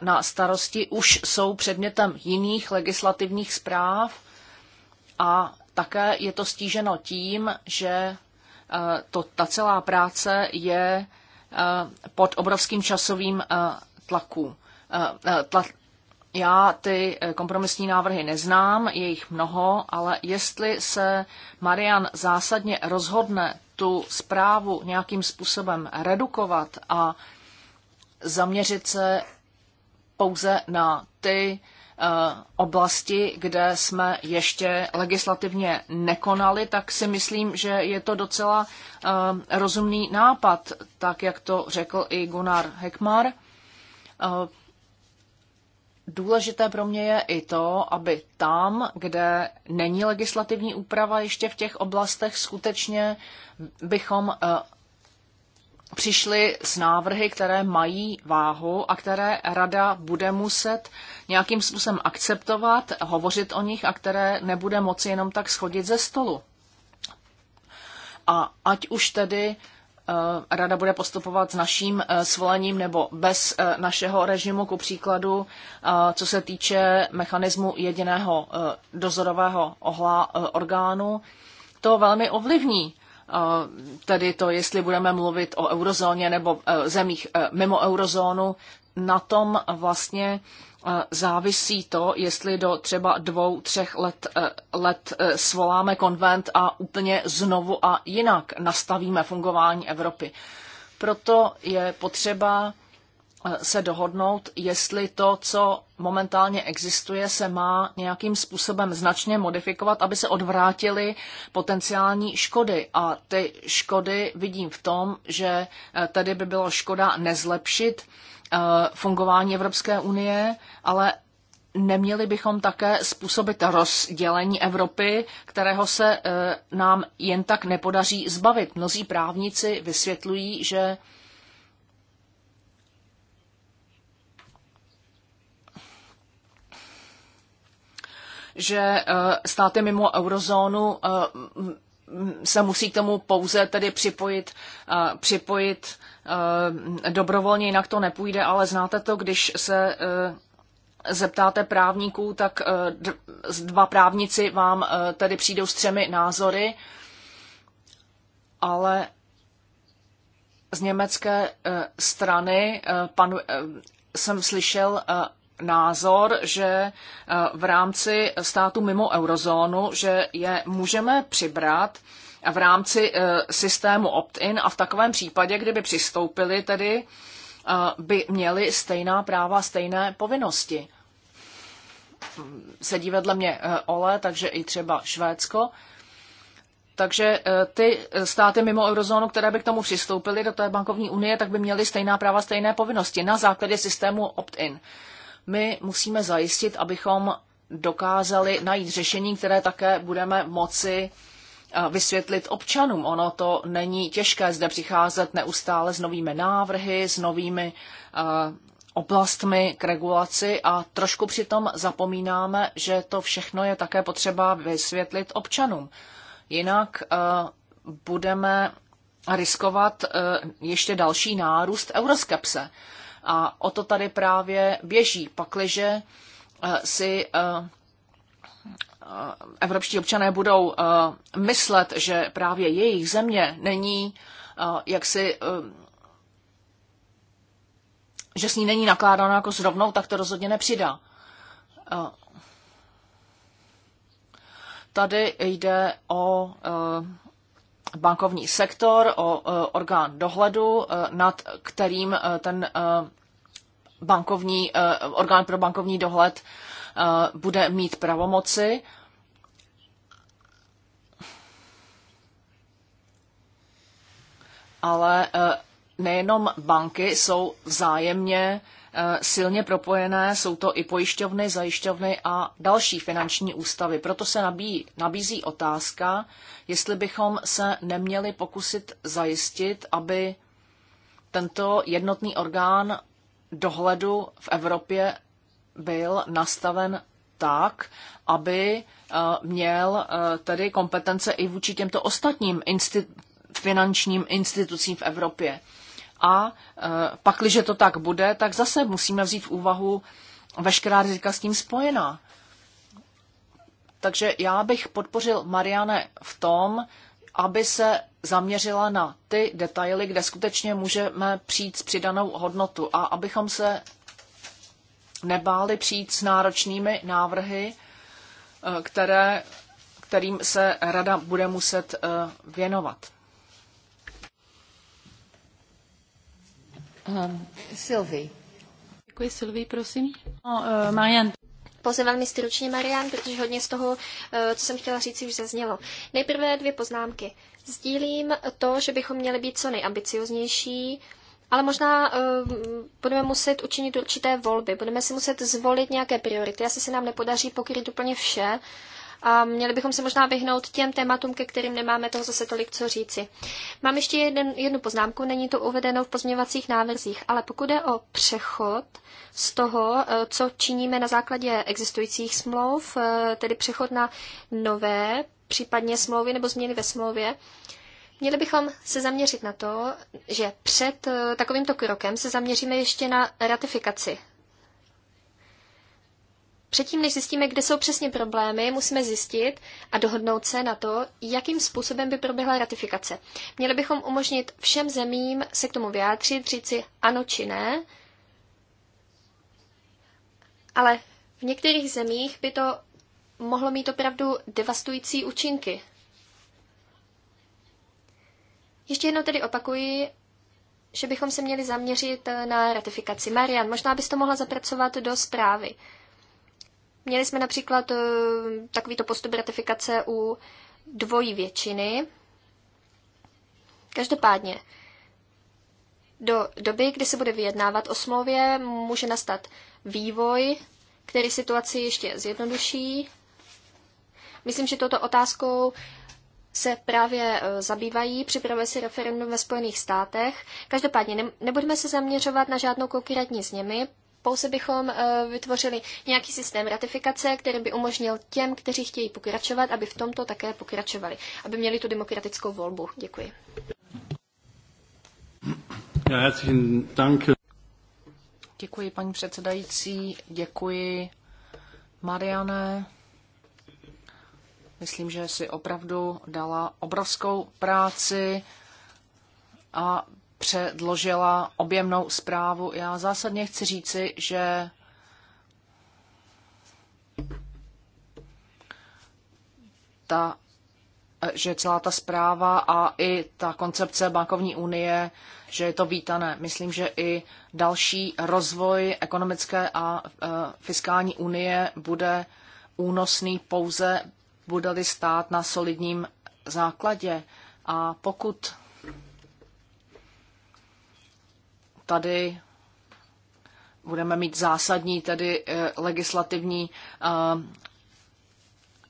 na starosti, už jsou předmětem jiných legislativních zpráv a také je to stíženo tím, že Eh, to, ta celá práce je eh, pod obrovským časovým eh, tlaku. já ty kompromisní návrhy neznám, je jich mnoho, ale jestli se Marian zásadně rozhodne tu zprávu nějakým způsobem redukovat a zaměřit se pouze na ty Eh, oblasti, kde jsme ještě legislativně nekonali, tak si myslím, že je to docela eh, rozumný nápad, tak jak to řekl i Gunnar Hekmar. Eh, důležité pro mě je i to, aby tam, kde není legislativní úprava ještě v těch oblastech, skutečně bychom přišli s návrhy, které mají váhu a které rada bude muset nějakým způsobem akceptovat, hovořit o nich a které nebude moci jenom tak schodit ze stolu. A ať už tedy eh, Rada bude postupovat s naším eh, svolením nebo bez eh, našeho režimu, ku příkladu, co se týče mechanismu jediného dozorového orgánu, to velmi ovlivní tedy to, jestli budeme mluvit o eurozóně nebo e, zemích e, mimo eurozónu, na tom vlastně e, závisí to, jestli do třeba dvou, třech let, let svoláme konvent a úplně znovu a jinak nastavíme fungování Evropy. Proto je potřeba Eh, se dohodnout, jestli to, co momentálně existuje, se má nějakým způsobem značně modifikovat, aby se odvrátily potenciální škody. A ty škody vidím v tom, že eh, tady by bylo škoda nezlepšit eh, fungování Evropské unie, ale neměli bychom také způsobit rozdělení Evropy, kterého se nám jen tak nepodaří zbavit. Mnozí právníci vysvětlují, že že eh, státy mimo eurozónu eh, se musí k tomu pouze tedy připojit, eh, připojit dobrovolně, jinak to nepůjde, ale znáte to, když se zeptáte právníků, tak dva právníci vám tedy přijdou s třemi názory, ale z německé strany panu, jsem slyšel názor, že eh, v rámci státu mimo eurozónu, že je můžeme přibrat v rámci eh, systému opt-in a v takovém případě, kdyby přistoupili, tedy eh, by měli stejná práva, stejné povinnosti. Sedí vedle mě Ole, takže i třeba Švédsko. Takže ty státy mimo eurozónu, které by k tomu přistoupily do té bankovní unie, tak by měly stejná práva, stejné povinnosti na základě systému opt-in. My musíme zajistit, abychom dokázali najít řešení, které také budeme moci eh, vysvětlit občanům. Ono to není těžké zde přicházet neustále s novými návrhy, s novými eh, oblastmi k regulaci a trošku přitom zapomínáme, že to všechno je také potřeba vysvětlit občanům. Jinak eh, budeme riskovat ještě další nárůst euroskepse. A o to tady právě běží, pakliže eh, si eh, eh, evropští občané budou myslet, že právě jejich země není jaksi že s ní není nakládáno jako s rovnou, tak to rozhodně nepřidá. Tady jde o bankovní sektor, o orgán dohledu, e, nad kterým e, ten e, bankovní, orgán pro bankovní dohled bude mít pravomoci. Ale nejenom banky jsou vzájemně Eh, silně propojené, jsou to i pojišťovny, zajišťovny a další finanční ústavy. Proto se nabízí otázka, jestli bychom se neměli pokusit zajistit, aby tento jednotný orgán dohledu v Evropě byl nastaven tak, aby eh, měl eh, tedy kompetence i vůči těmto ostatním institucím finančním institucím v Evropě a e, pakliže to tak bude, tak zase musíme vzít v úvahu veškerá rizika s tím spojená. Takže já bych podpořil Mariane v tom, aby se zaměřila na ty detaily, kde skutečně můžeme přijít s přidanou hodnotu a abychom se nebáli přijít s náročnými návrhy, e, které, kterým se rada bude muset e, věnovat. Um, Sylvie. Děkuji, Sylvie, prosím. No, uh, eh, Marian. Pouze velmi stručně, Marian, protože hodně z toho, eh, co jsem chtěla říct, už zaznělo. Nejprve dvě poznámky. Sdílím to, že bychom měli být co nejambicioznější, ale možná uh, budeme muset učinit určité volby, budeme si muset zvolit nějaké priority. Asi se nám nepodaří pokryt úplně vše, uh, a měli bychom se možná vyhnout těm tématům, ke kterým nemáme toho zase tolik co říci. Mám ještě jeden, jednu poznámku, není to uvedeno v pozměňovacích návrzích, ale pokud je o přechod z toho, eh, co činíme na základě existujících smlouv, eh, tedy přechod na nové, případně smlouvy nebo změny ve smlouvě, Měli bychom se zaměřit na to, že před eh, takovýmto krokem se zaměříme ještě na ratifikaci Předtím, než zjistíme, kde jsou přesně problémy, musíme zjistit a dohodnout se na to, jakým způsobem by proběhla ratifikace. Měli bychom umožnit všem zemím se k tomu vyjádřit, říci ano či ne, ale v některých zemích by to mohlo mít opravdu devastující účinky. Ještě jednou tedy opakuji, že bychom se měli zaměřit na ratifikaci. Marian, možná bys to mohla zapracovat do zprávy. Měli jsme například eh, takovýto postup ratifikace u dvojí většiny. Každopádně, do doby, kdy se bude vyjednávat o smlouvě, může nastat vývoj, který situaci ještě zjednoduší. Myslím, že toto otázkou se právě eh, zabývají, připravuje si referendum ve Spojených státech. Každopádně nebudeme se zaměřovat na žádnou konkrétní nimi, pouze bychom eh, vytvořili nějaký systém ratifikace, který by umožnil těm, kteří chtějí pokračovat, aby v tomto také pokračovali, aby měli tu demokratickou volbu. Děkuji. herzlichen Dank. Děkuji, paní předsedající. Děkuji, Mariane. Myslím, že si opravdu dala obrovskou práci a předložila objemnou zprávu. Já zásadně chci říci, že ta, že celá ta zpráva a i ta koncepce bankovní unie, že je to vítané. Myslím, že i další rozvoj ekonomické a e, fiskální unie bude únosný pouze bude-li stát na solidním základě. A pokud tady budeme mít zásadní tedy eh, legislativní eh,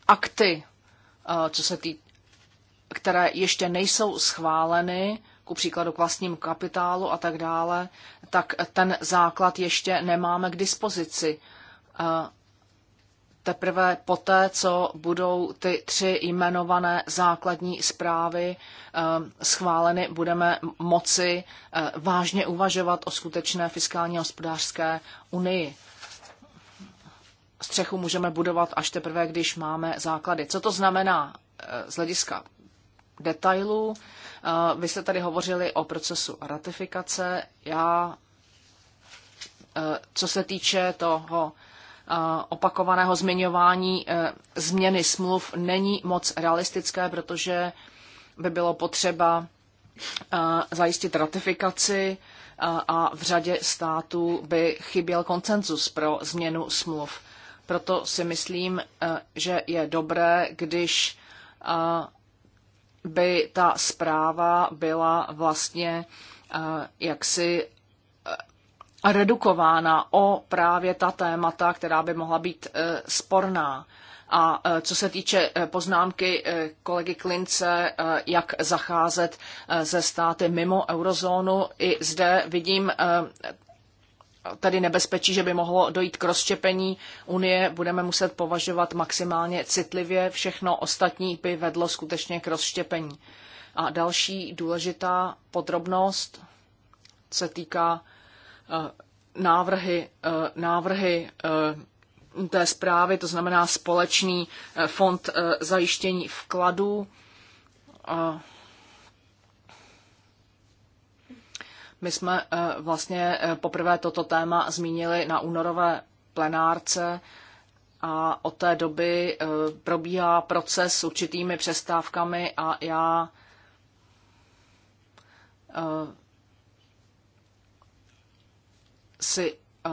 akty, eh, co se tý, které ještě nejsou schváleny, ku příkladu k vlastnímu kapitálu a tak dále, tak ten základ ještě nemáme k dispozici teprve poté, co budou ty tři jmenované základní zprávy eh, schváleny, budeme moci eh, vážně uvažovat o skutečné fiskální a hospodářské unii. Střechu můžeme budovat až teprve, když máme základy. Co to znamená eh, z hlediska detailů? Vy jste tady hovořili o procesu ratifikace. Já, co se týče toho Eh, opakovaného zmiňování eh, změny smluv není moc realistické, protože by bylo potřeba eh, zajistit ratifikaci a v řadě států by chyběl koncenzus pro změnu smluv. Proto si myslím, že je dobré, když by ta zpráva byla vlastně jaksi redukována o právě ta témata, která by mohla být e, sporná. A e, co se týče e, poznámky kolegy Klince, jak zacházet ze státy mimo eurozónu, i zde vidím tady nebezpečí, že by mohlo dojít k rozštěpení Unie, budeme muset považovat maximálně citlivě. Všechno ostatní by vedlo skutečně k rozštěpení. A další důležitá podrobnost se týká Eh, návrhy, eh, návrhy eh, té zprávy, to znamená společný fond zajištění vkladů. My jsme vlastně poprvé toto téma zmínili na únorové plenárce a od té doby probíhá proces s určitými přestávkami a já si eh,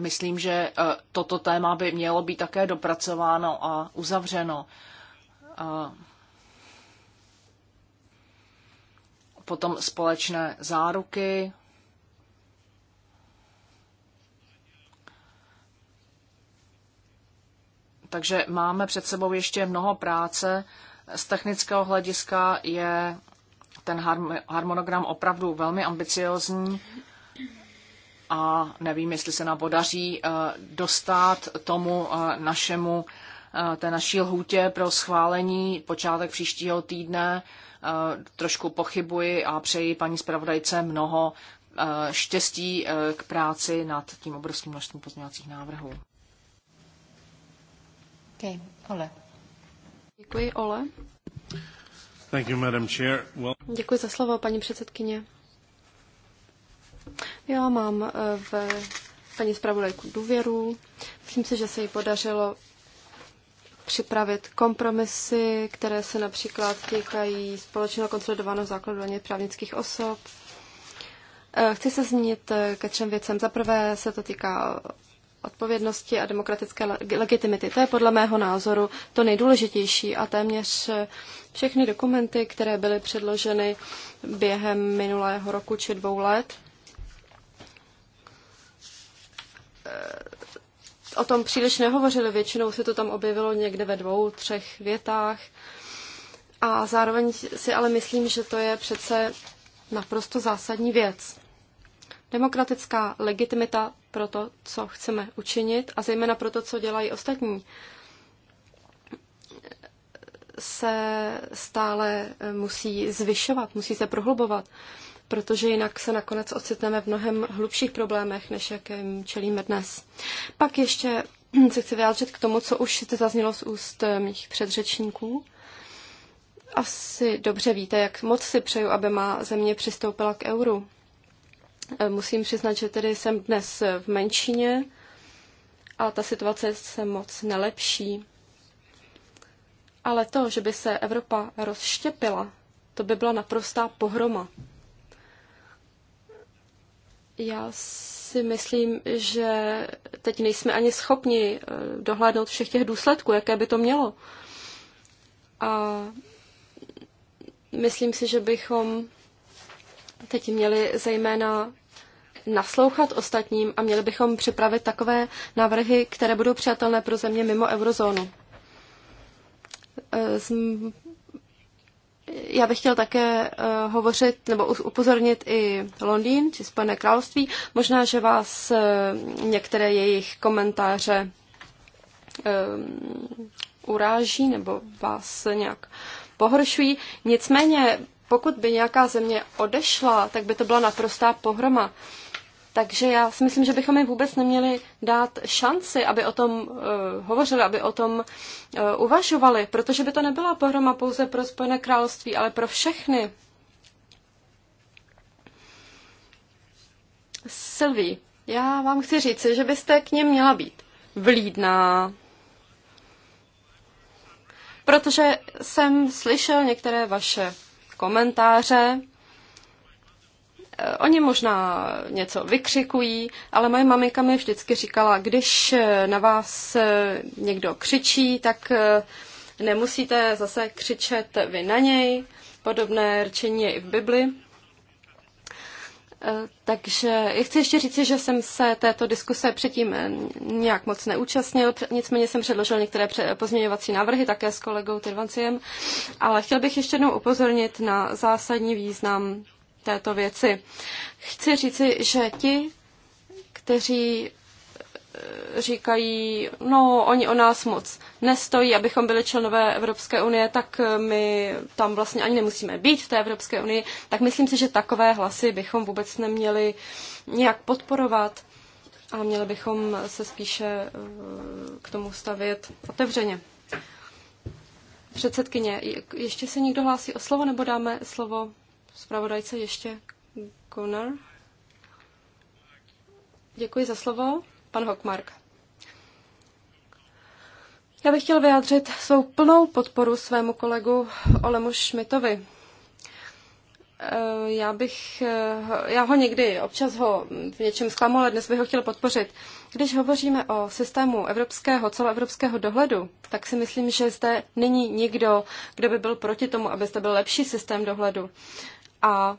myslím, že eh, toto téma by mělo být také dopracováno a uzavřeno. Eh, potom společné záruky. Takže máme před sebou ještě mnoho práce. Z technického hlediska je ten harmonogram opravdu velmi ambiciozní a nevím, jestli se nám podaří eh, dostat tomu eh, našemu, eh, té naší lhůtě pro schválení počátek příštího týdne. Trošku pochybuji a přeji paní zpravodajce mnoho štěstí k práci nad tím obrovským množstvím pozměňovacích návrhů. Okay. Ole. Děkuji, Ole. Thank you, Madam Chair. Well... Děkuji za slovo, paní předsedkyně. Já mám eh, v paní zpravodajku důvěru. Myslím si, že se jí podařilo připravit kompromisy, které se například týkají společného konsolidovaného základu daně právnických osob. Eh, chci se zmínit eh, ke třem věcem. Za prvé se to týká odpovědnosti a demokratické legitimity. To je podle mého názoru to nejdůležitější a téměř všechny dokumenty, které byly předloženy během minulého roku či dvou let, Eh, o tom příliš nehovořili, většinou se to tam objevilo někde ve dvou, třech větách. A zároveň si ale myslím, že to je přece naprosto zásadní věc. Demokratická legitimita pro to, co chceme učinit a zejména pro to, co dělají ostatní, se stále eh, musí zvyšovat, musí se prohlubovat protože jinak se nakonec ocitneme v mnohem hlubších problémech, než jakým čelíme dnes. Pak ještě se chci vyjádřit k tomu, co už se zaznělo z úst eh, mých předřečníků. Asi dobře víte, jak moc si přeju, aby má země přistoupila k euru. Eh, musím přiznat, že tedy jsem dnes eh, v menšině a ta situace se moc nelepší. Ale to, že by se Evropa rozštěpila, to by byla naprostá pohroma. Já si myslím, že teď nejsme ani schopni eh, dohlédnout všech těch důsledků, jaké by to mělo. A myslím si, že bychom teď měli zejména naslouchat ostatním a měli bychom připravit takové návrhy, které budou přijatelné pro země mimo eurozónu. Eh, z já bych chtěl také uh, hovořit nebo upozornit i Londýn či Spojené království. Možná, že vás uh, některé jejich komentáře um, uráží nebo vás nějak pohoršují. Nicméně, pokud by nějaká země odešla, tak by to byla naprostá pohroma. Uh, takže já si myslím, že bychom jim vůbec neměli dát šanci, aby o tom uh, hovořili, aby o tom uh, uvažovali, protože by to nebyla pohroma pouze pro Spojené království, ale pro všechny. Sylvie, já vám chci říct, že byste k něm měla být vlídná, protože jsem slyšel některé vaše komentáře Eh, oni možná něco vykřikují, ale moje maminka mi vždycky říkala, když eh, na vás eh, někdo křičí, tak nemusíte zase křičet vy na něj. Podobné řečení je i v Bibli. Takže chci ještě říct, že jsem se této diskuse předtím nějak moc neúčastnil, nicméně jsem předložil některé pozměňovací návrhy také s kolegou Tyrvanciem, ale chtěl bych ještě jednou upozornit na zásadní význam této věci. Chci říci, že ti, kteří eh, říkají, no, oni o nás moc nestojí, abychom byli členové Evropské unie, tak eh, my tam vlastně ani nemusíme být v té Evropské unii, tak myslím si, že takové hlasy bychom vůbec neměli nějak podporovat a měli bychom se spíše eh, k tomu stavět otevřeně. Předsedkyně, ještě se někdo hlásí o slovo, nebo dáme slovo zpravodajce ještě Gunnar. Děkuji za slovo. Pan Hockmark. Já bych chtěl vyjádřit svou plnou podporu svému kolegu Olemu Šmitovi. Eh, já bych, eh, já ho někdy, občas ho v něčem zklamu, ale dnes bych ho chtěl podpořit. Když hovoříme o systému evropského, celoevropského dohledu, tak si myslím, že zde není nikdo, kdo by byl proti tomu, aby zde byl lepší systém dohledu. A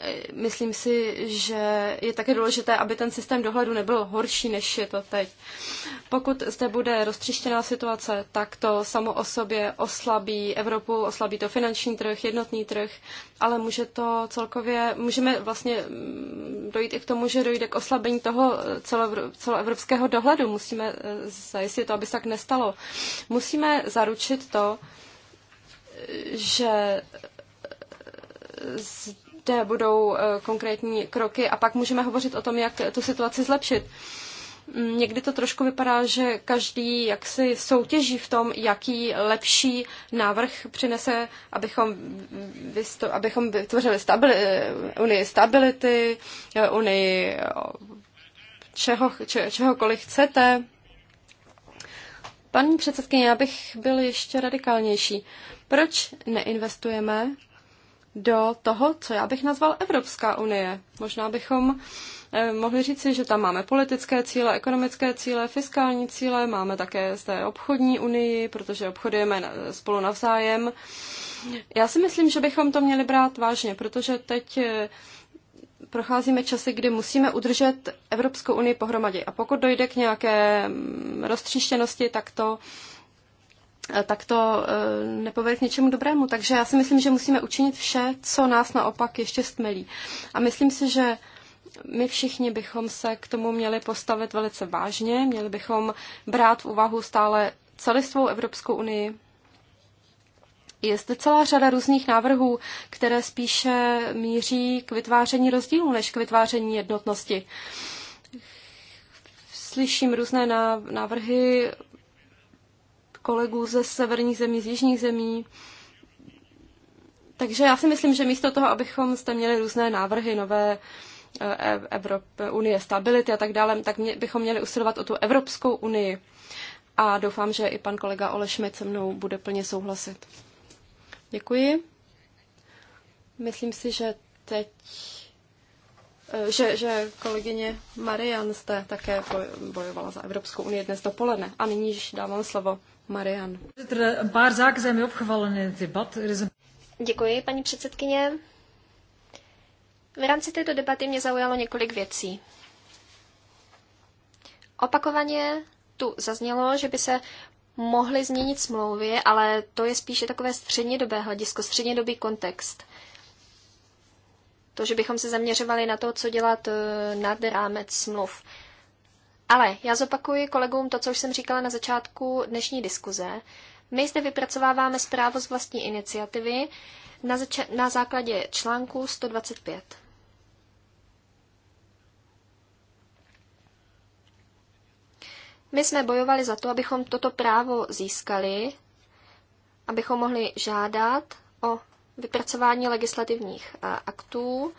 e, myslím si, že je také důležité, aby ten systém dohledu nebyl horší, než je to teď. Pokud zde bude roztřištěná situace, tak to samo o sobě oslabí Evropu, oslabí to finanční trh, jednotný trh, ale může to celkově, můžeme vlastně mm, dojít i k tomu, že dojde k oslabení toho e, celoevropského dohledu. Musíme e, zajistit to, aby se tak nestalo. Musíme zaručit to, že zde budou eh, konkrétní kroky a pak můžeme hovořit o tom, jak tu situaci zlepšit. Mm, někdy to trošku vypadá, že každý jaksi soutěží v tom, jaký lepší návrh přinese, abychom, vysto, abychom vytvořili stabili, eh, unii stability, eh, unii čeho, če, čehokoliv chcete. Paní předsedkyně, já bych byl ještě radikálnější. Proč neinvestujeme do toho, co já bych nazval Evropská unie. Možná bychom eh, mohli říci, že tam máme politické cíle, ekonomické cíle, fiskální cíle, máme také z té obchodní unii, protože obchodujeme spolu navzájem. Já si myslím, že bychom to měli brát vážně, protože teď eh, procházíme časy, kdy musíme udržet Evropskou unii pohromadě. A pokud dojde k nějaké mm, roztříštěnosti, tak to Eh, tak to eh, nepovede k něčemu dobrému. Takže já si myslím, že musíme učinit vše, co nás naopak ještě stmelí. A myslím si, že my všichni bychom se k tomu měli postavit velice vážně, měli bychom brát v úvahu stále celistvou Evropskou unii. Je zde celá řada různých návrhů, které spíše míří k vytváření rozdílů než k vytváření jednotnosti. Slyším různé návrhy kolegů ze severních zemí, z jižních zemí. Takže já si myslím, že místo toho, abychom zde měli různé návrhy, nové eh, Evropy, unie stability a tak dále, tak mě, bychom měli usilovat o tu Evropskou unii. A doufám, že i pan kolega Ole Schmidt se mnou bude plně souhlasit. Děkuji. Myslím si, že teď eh, že, že kolegyně Marian jste také bojovala za Evropskou unii dnes dopoledne. A nyní již dávám slovo Marian. Er, eh, er Děkuji, paní předsedkyně. V rámci této debaty mě zaujalo několik věcí. Opakovaně tu zaznělo, že by se mohly změnit smlouvy, ale to je spíše takové střednědobé hledisko, střednědobý kontext. To, že bychom se zaměřovali na to, co dělat eh, nad rámec smluv. Ale já zopakuji kolegům to, co už jsem říkala na začátku dnešní diskuze. My zde vypracováváme zprávu z vlastní iniciativy na, na základě článku 125. My jsme bojovali za to, abychom toto právo získali, abychom mohli žádat o vypracování legislativních eh, aktů.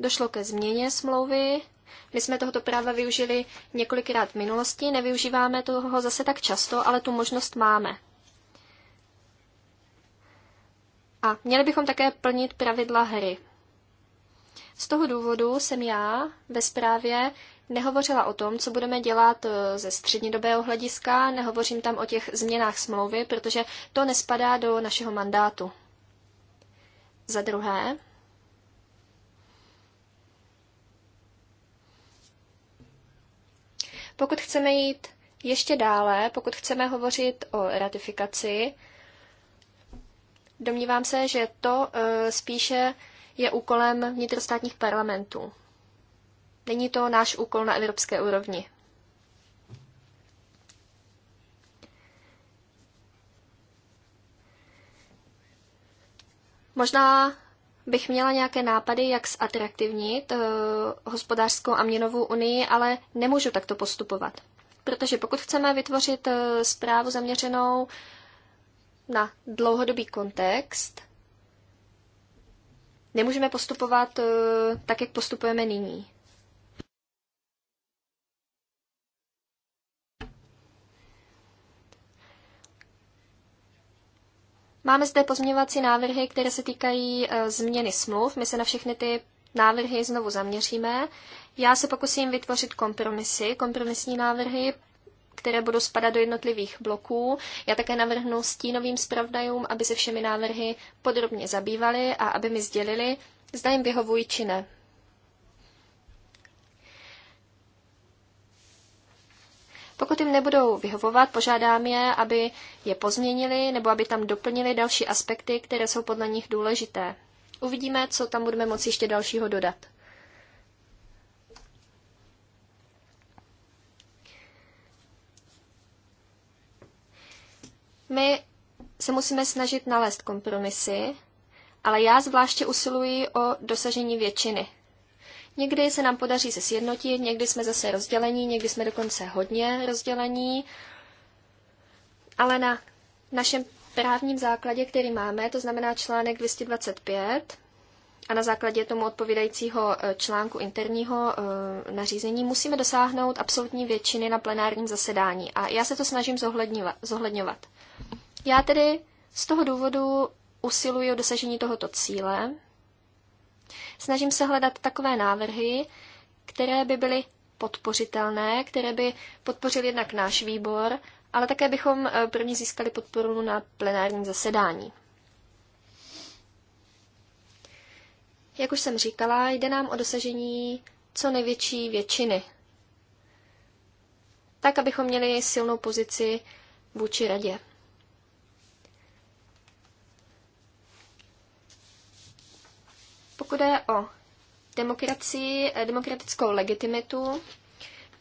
Došlo ke změně smlouvy my jsme tohoto práva využili několikrát v minulosti, nevyužíváme toho zase tak často, ale tu možnost máme. A měli bychom také plnit pravidla hry. Z toho důvodu jsem já ve zprávě nehovořila o tom, co budeme dělat e, ze střednědobého hlediska, nehovořím tam o těch změnách smlouvy, protože to nespadá do našeho mandátu. Za druhé, Pokud chceme jít ještě dále, pokud chceme hovořit o ratifikaci, domnívám se, že to eh, spíše je úkolem vnitrostátních parlamentů. Není to náš úkol na evropské úrovni. Možná bych měla nějaké nápady, jak zatraktivnit eh, hospodářskou a měnovou unii, ale nemůžu takto postupovat. Protože pokud chceme vytvořit eh, zprávu zaměřenou na dlouhodobý kontext, nemůžeme postupovat eh, tak, jak postupujeme nyní. Máme zde pozměňovací návrhy, které se týkají e, změny smluv. My se na všechny ty návrhy znovu zaměříme. Já se pokusím vytvořit kompromisy, kompromisní návrhy, které budou spadat do jednotlivých bloků. Já také navrhnu stínovým zpravdajům, aby se všemi návrhy podrobně zabývali a aby mi sdělili, zda jim vyhovují či ne. Pokud jim nebudou vyhovovat, požádám je, aby je pozměnili nebo aby tam doplnili další aspekty, které jsou podle nich důležité. Uvidíme, co tam budeme moci ještě dalšího dodat. My se musíme snažit nalézt kompromisy, ale já zvláště usiluji o dosažení většiny. Někdy se nám podaří se sjednotit, někdy jsme zase rozdělení, někdy jsme dokonce hodně rozdělení, ale na našem právním základě, který máme, to znamená článek 225, a na základě tomu odpovídajícího e, článku interního e, nařízení musíme dosáhnout absolutní většiny na plenárním zasedání. A já se to snažím zohledňovat. Já tedy z toho důvodu usiluji o dosažení tohoto cíle, Snažím se hledat takové návrhy, které by byly podpořitelné, které by podpořil jednak náš výbor, ale také bychom eh, první získali podporu na plenárním zasedání. Jak už jsem říkala, jde nám o dosažení co největší většiny. Tak, abychom měli silnou pozici vůči radě. pokud je o demokracii, eh, demokratickou legitimitu,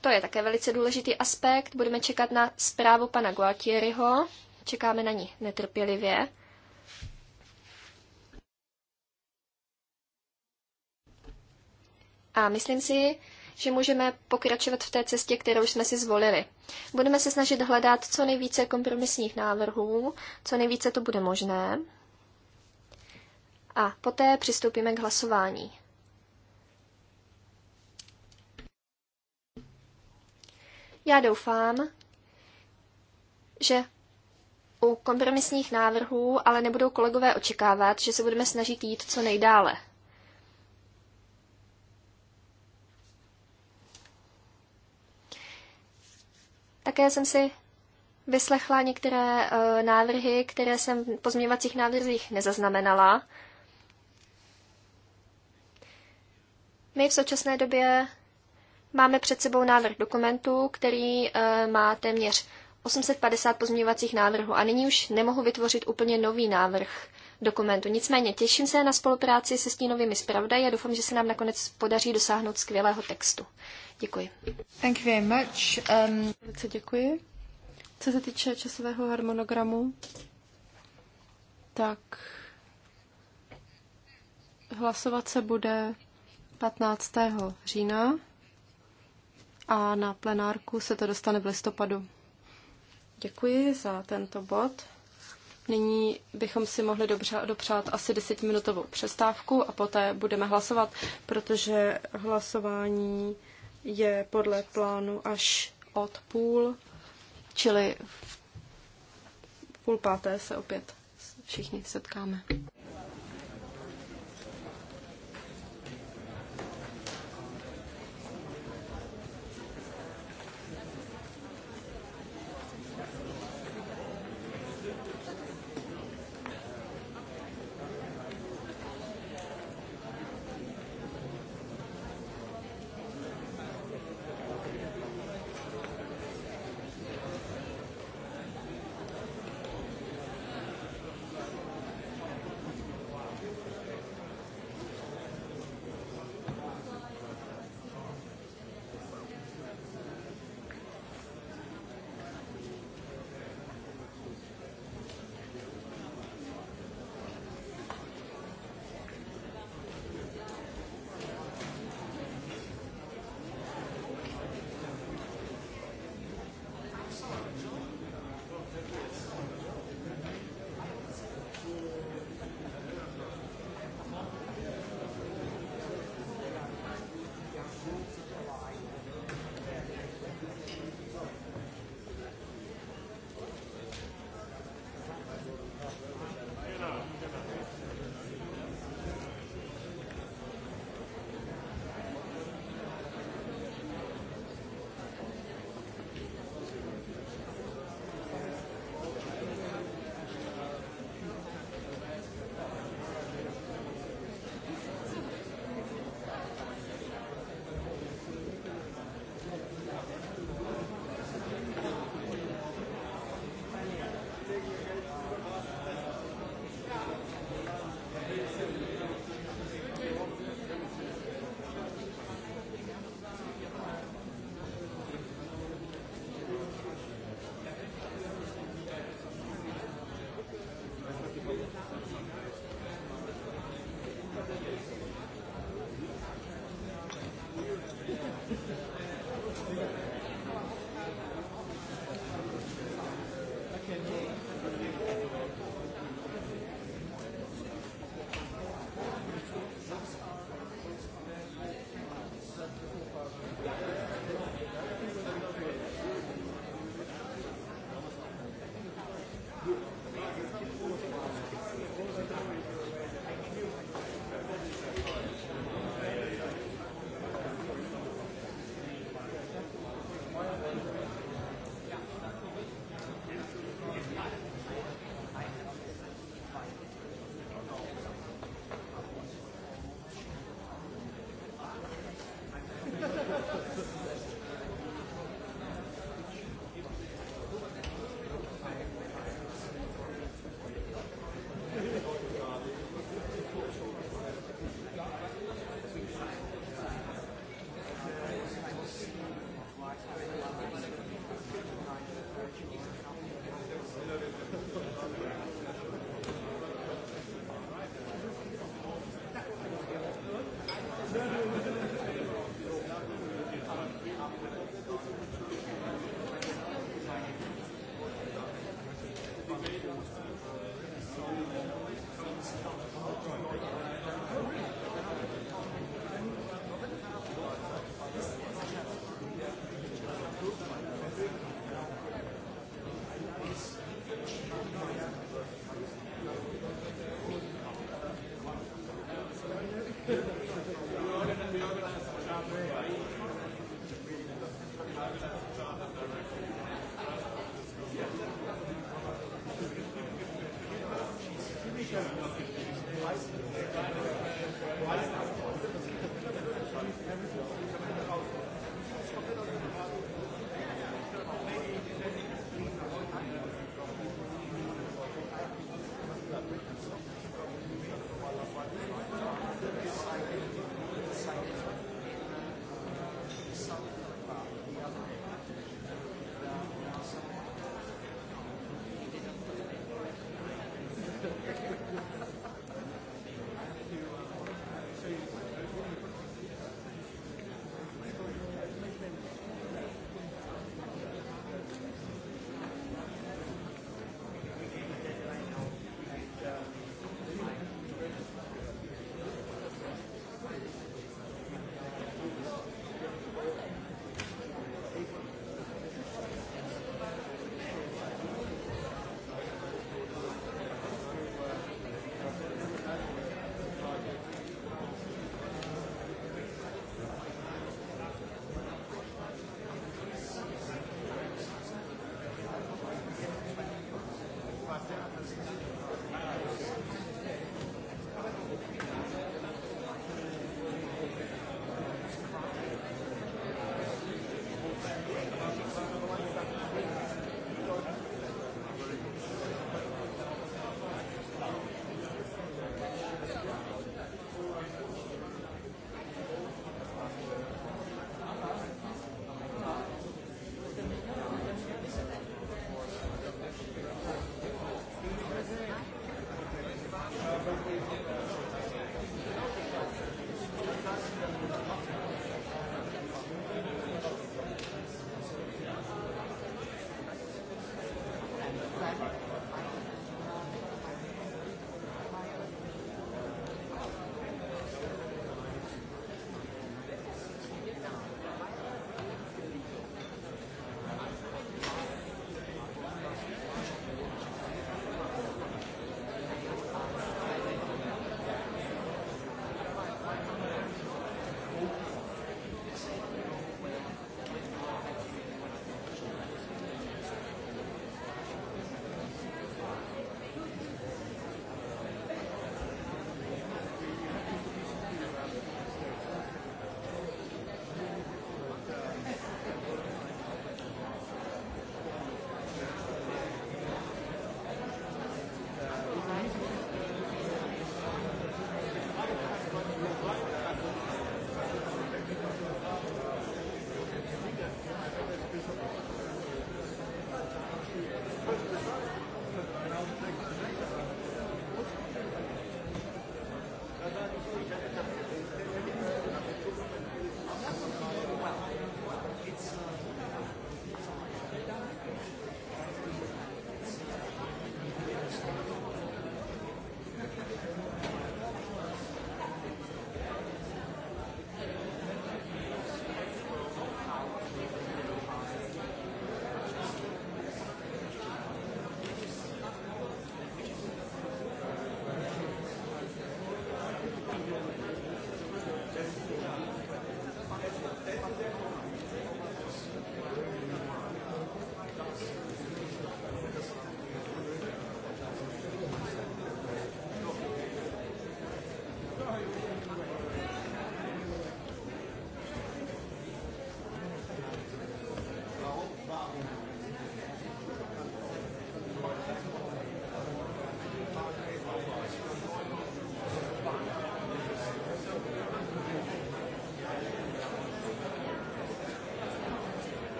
to je také velice důležitý aspekt. Budeme čekat na zprávu pana Gualtieriho. Čekáme na ní netrpělivě. A myslím si, že můžeme pokračovat v té cestě, kterou jsme si zvolili. Budeme se snažit hledat co nejvíce kompromisních návrhů, co nejvíce to bude možné a poté přistoupíme k hlasování. Já doufám, že u kompromisních návrhů ale nebudou kolegové očekávat, že se budeme snažit jít co nejdále. Také jsem si vyslechla některé eh, návrhy, které jsem v pozměňovacích návrzích nezaznamenala. My v současné době máme před sebou návrh dokumentu, který eh, má téměř 850 pozměňovacích návrhů a nyní už nemohu vytvořit úplně nový návrh dokumentu. Nicméně těším se na spolupráci se stínovými zpravodaji a doufám, že se nám nakonec podaří dosáhnout skvělého textu. Děkuji. Thank you very much. Um... Velice děkuji. Co se týče časového harmonogramu, tak hlasovat se bude 15. října a na plenárku se to dostane v listopadu. Děkuji za tento bod. Nyní bychom si mohli dobře, dopřát asi desetiminutovou přestávku a poté budeme hlasovat, protože hlasování je podle plánu až od půl, čili v půl páté se opět všichni setkáme.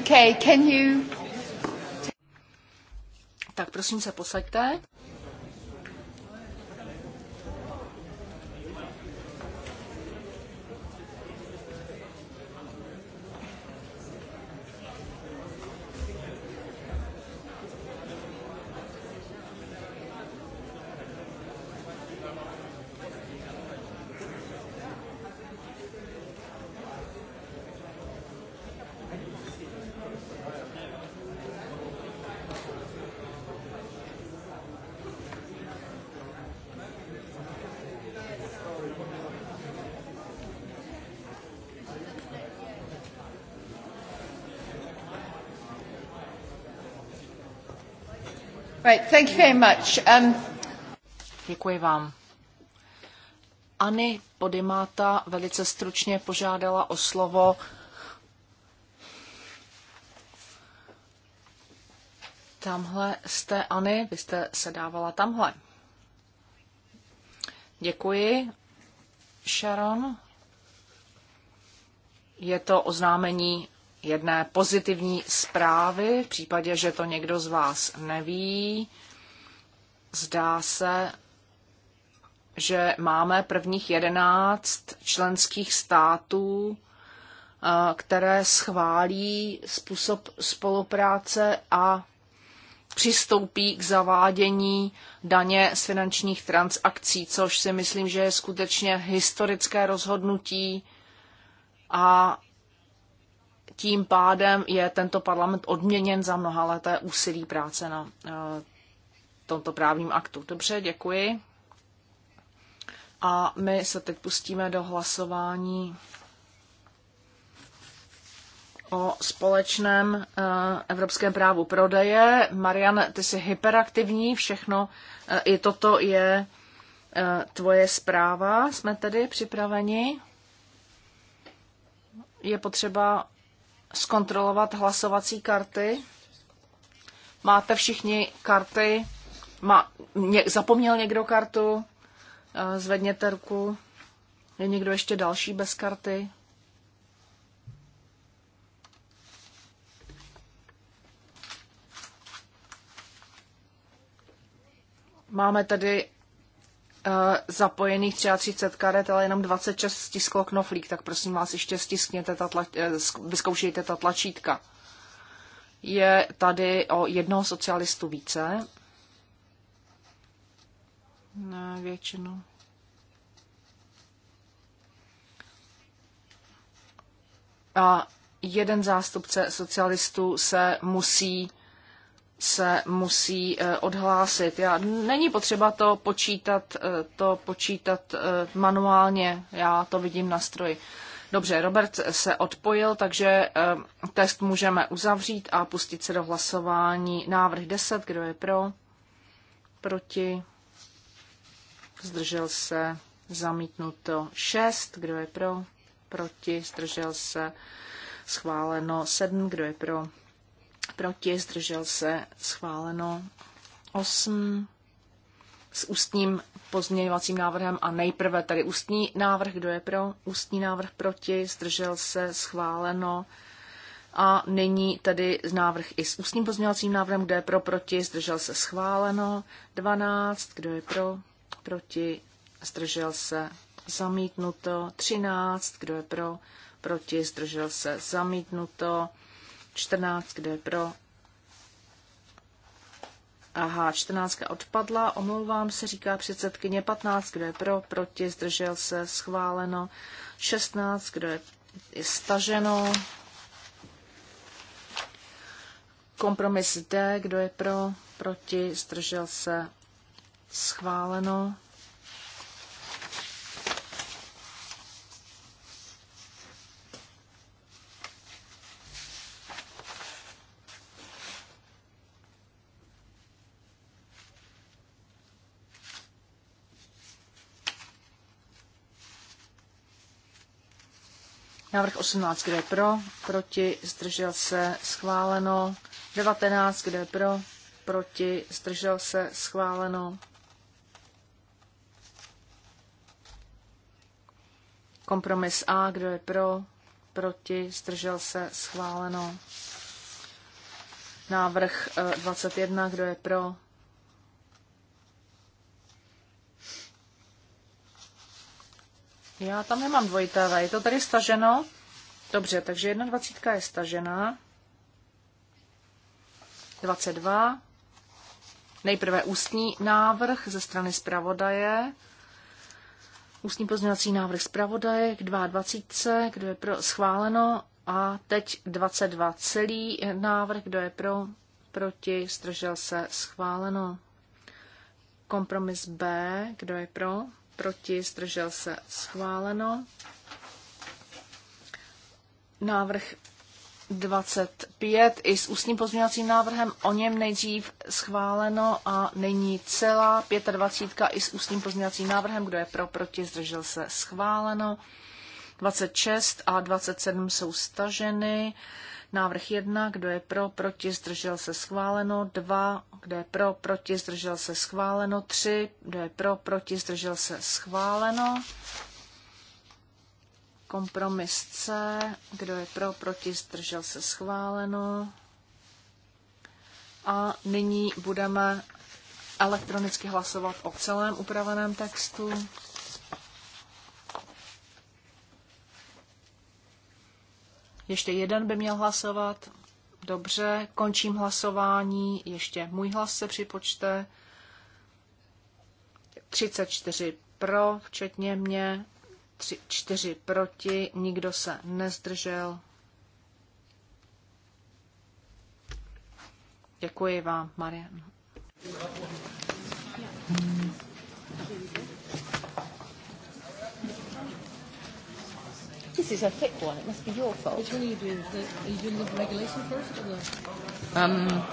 Okay, can you... Tak prosím se posaďte. Um, Děkuji vám. Ani Podimata velice stručně požádala o slovo. Tamhle jste, Ani, vy jste se dávala tamhle. Děkuji. Sharon, je to oznámení jedné pozitivní zprávy, v případě, že to někdo z vás neví. Zdá se, že máme prvních jedenáct členských států, eh, které schválí způsob spolupráce a přistoupí k zavádění daně z finančních transakcí, což si myslím, že je skutečně historické rozhodnutí a tím pádem je tento parlament odměněn za mnohaleté úsilí práce na eh, tomto právním aktu. Dobře, děkuji. A my se teď pustíme do hlasování o společném eh, evropském právu prodeje. Marian, ty jsi hyperaktivní, všechno, eh, i toto je tvoje zpráva. Jsme tedy připraveni? Je potřeba zkontrolovat hlasovací karty. Máte všichni karty? Má, ně, zapomněl někdo kartu? Eh, zvedněte ruku. Je někdo ještě další bez karty? Máme tady Eh, zapojených 33 karet, ale jenom 26 stisklo knoflík, tak prosím vás ještě stiskněte ta tla, eh, vyzkoušejte ta tlačítka. Je tady o jednoho socialistu více. Ne, většinu. A jeden zástupce socialistů se musí se musí eh, odhlásit. Já, není potřeba to počítat, eh, to počítat eh, manuálně, já to vidím na stroji. Dobře, Robert se odpojil, takže test můžeme uzavřít a pustit se do hlasování. Návrh 10, kdo je pro? Proti? Zdržel se? Zamítnuto 6, kdo je pro? Proti? Zdržel se? Schváleno 7, kdo je pro? proti, zdržel se, schváleno 8 s ústním pozměňovacím návrhem a nejprve tady ústní návrh, kdo je pro, ústní návrh proti, zdržel se, schváleno a nyní tedy návrh i s ústním pozměňovacím návrhem, kdo je pro, proti, zdržel se, schváleno 12, kdo je pro, proti, zdržel se, zamítnuto 13, kdo je pro, proti, zdržel se, zamítnuto 14, kde je pro? Aha, 14 odpadla, omlouvám se, říká předsedkyně 15, kdo je pro, proti, zdržel se, schváleno. 16, kdo je, je staženo. Kompromis D, kdo je pro, proti, zdržel se, schváleno. Návrh 18, kdo je pro, proti, zdržel se, schváleno. 19, kdo je pro, proti, zdržel se, schváleno. Kompromis A, kdo je pro, proti, zdržel se, schváleno. Návrh 21, eh, kdo je pro, Já tam nemám dvojité V. Je to tady staženo? Dobře, takže 21 je stažená. 22. Nejprve ústní návrh ze strany zpravodaje. Ústní pozměňovací návrh zpravodaje k 22, kdo je pro schváleno. A teď 22 celý návrh, kdo je pro, proti, zdržel se schváleno. Kompromis B, kdo je pro, proti, zdržel se schváleno. Návrh 25 i s ústním pozměňovacím návrhem o něm nejdřív schváleno a není celá 25 i s ústním pozměňovacím návrhem, kdo je pro, proti, zdržel se schváleno. 26 a 27 jsou staženy. Návrh 1, kdo je pro, proti, zdržel se schváleno. 2, kdo je pro, proti, zdržel se schváleno. 3, kdo je pro, proti, zdržel se schváleno. Kompromis C, kdo je pro, proti, zdržel se schváleno. A nyní budeme elektronicky hlasovat o celém upraveném textu. Ještě jeden by měl hlasovat. Dobře, končím hlasování. Ještě můj hlas se připočte. 34 pro, včetně mě. 3, 4 proti, nikdo se nezdržel. Děkuji vám, Marian. This is a thick one. It must be your fault. Which one are you doing? The, are you doing the regulation first or the... Um,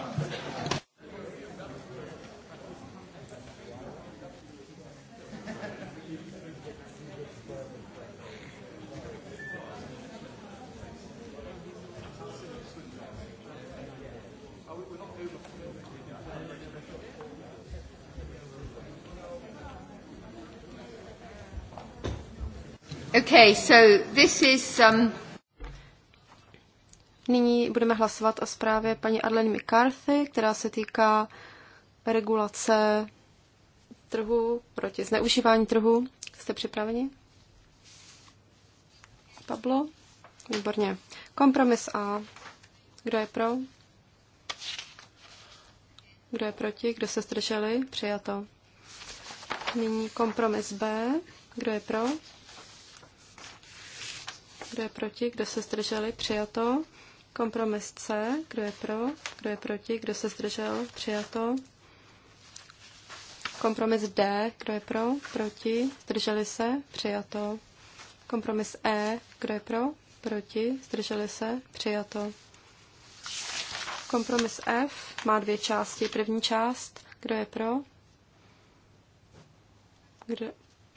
Okay, so this is, um... Nyní budeme hlasovat o zprávě paní Arlene McCarthy, která se týká regulace trhu proti zneužívání trhu. Jste připraveni? Pablo? Výborně. Kompromis A. Kdo je pro? Kdo je proti? Kdo se zdrželi? Přijato. Nyní kompromis B. Kdo je pro? kdo je proti, kdo se zdrželi, přijato. Kompromis C, kdo je pro, kdo je proti, kdo se zdržel, přijato. Kompromis D, kdo je pro, proti, zdrželi se, přijato. Kompromis E, kdo je pro, proti, zdrželi se, přijato. Kompromis F má dvě části. První část, kdo je pro? Kdo,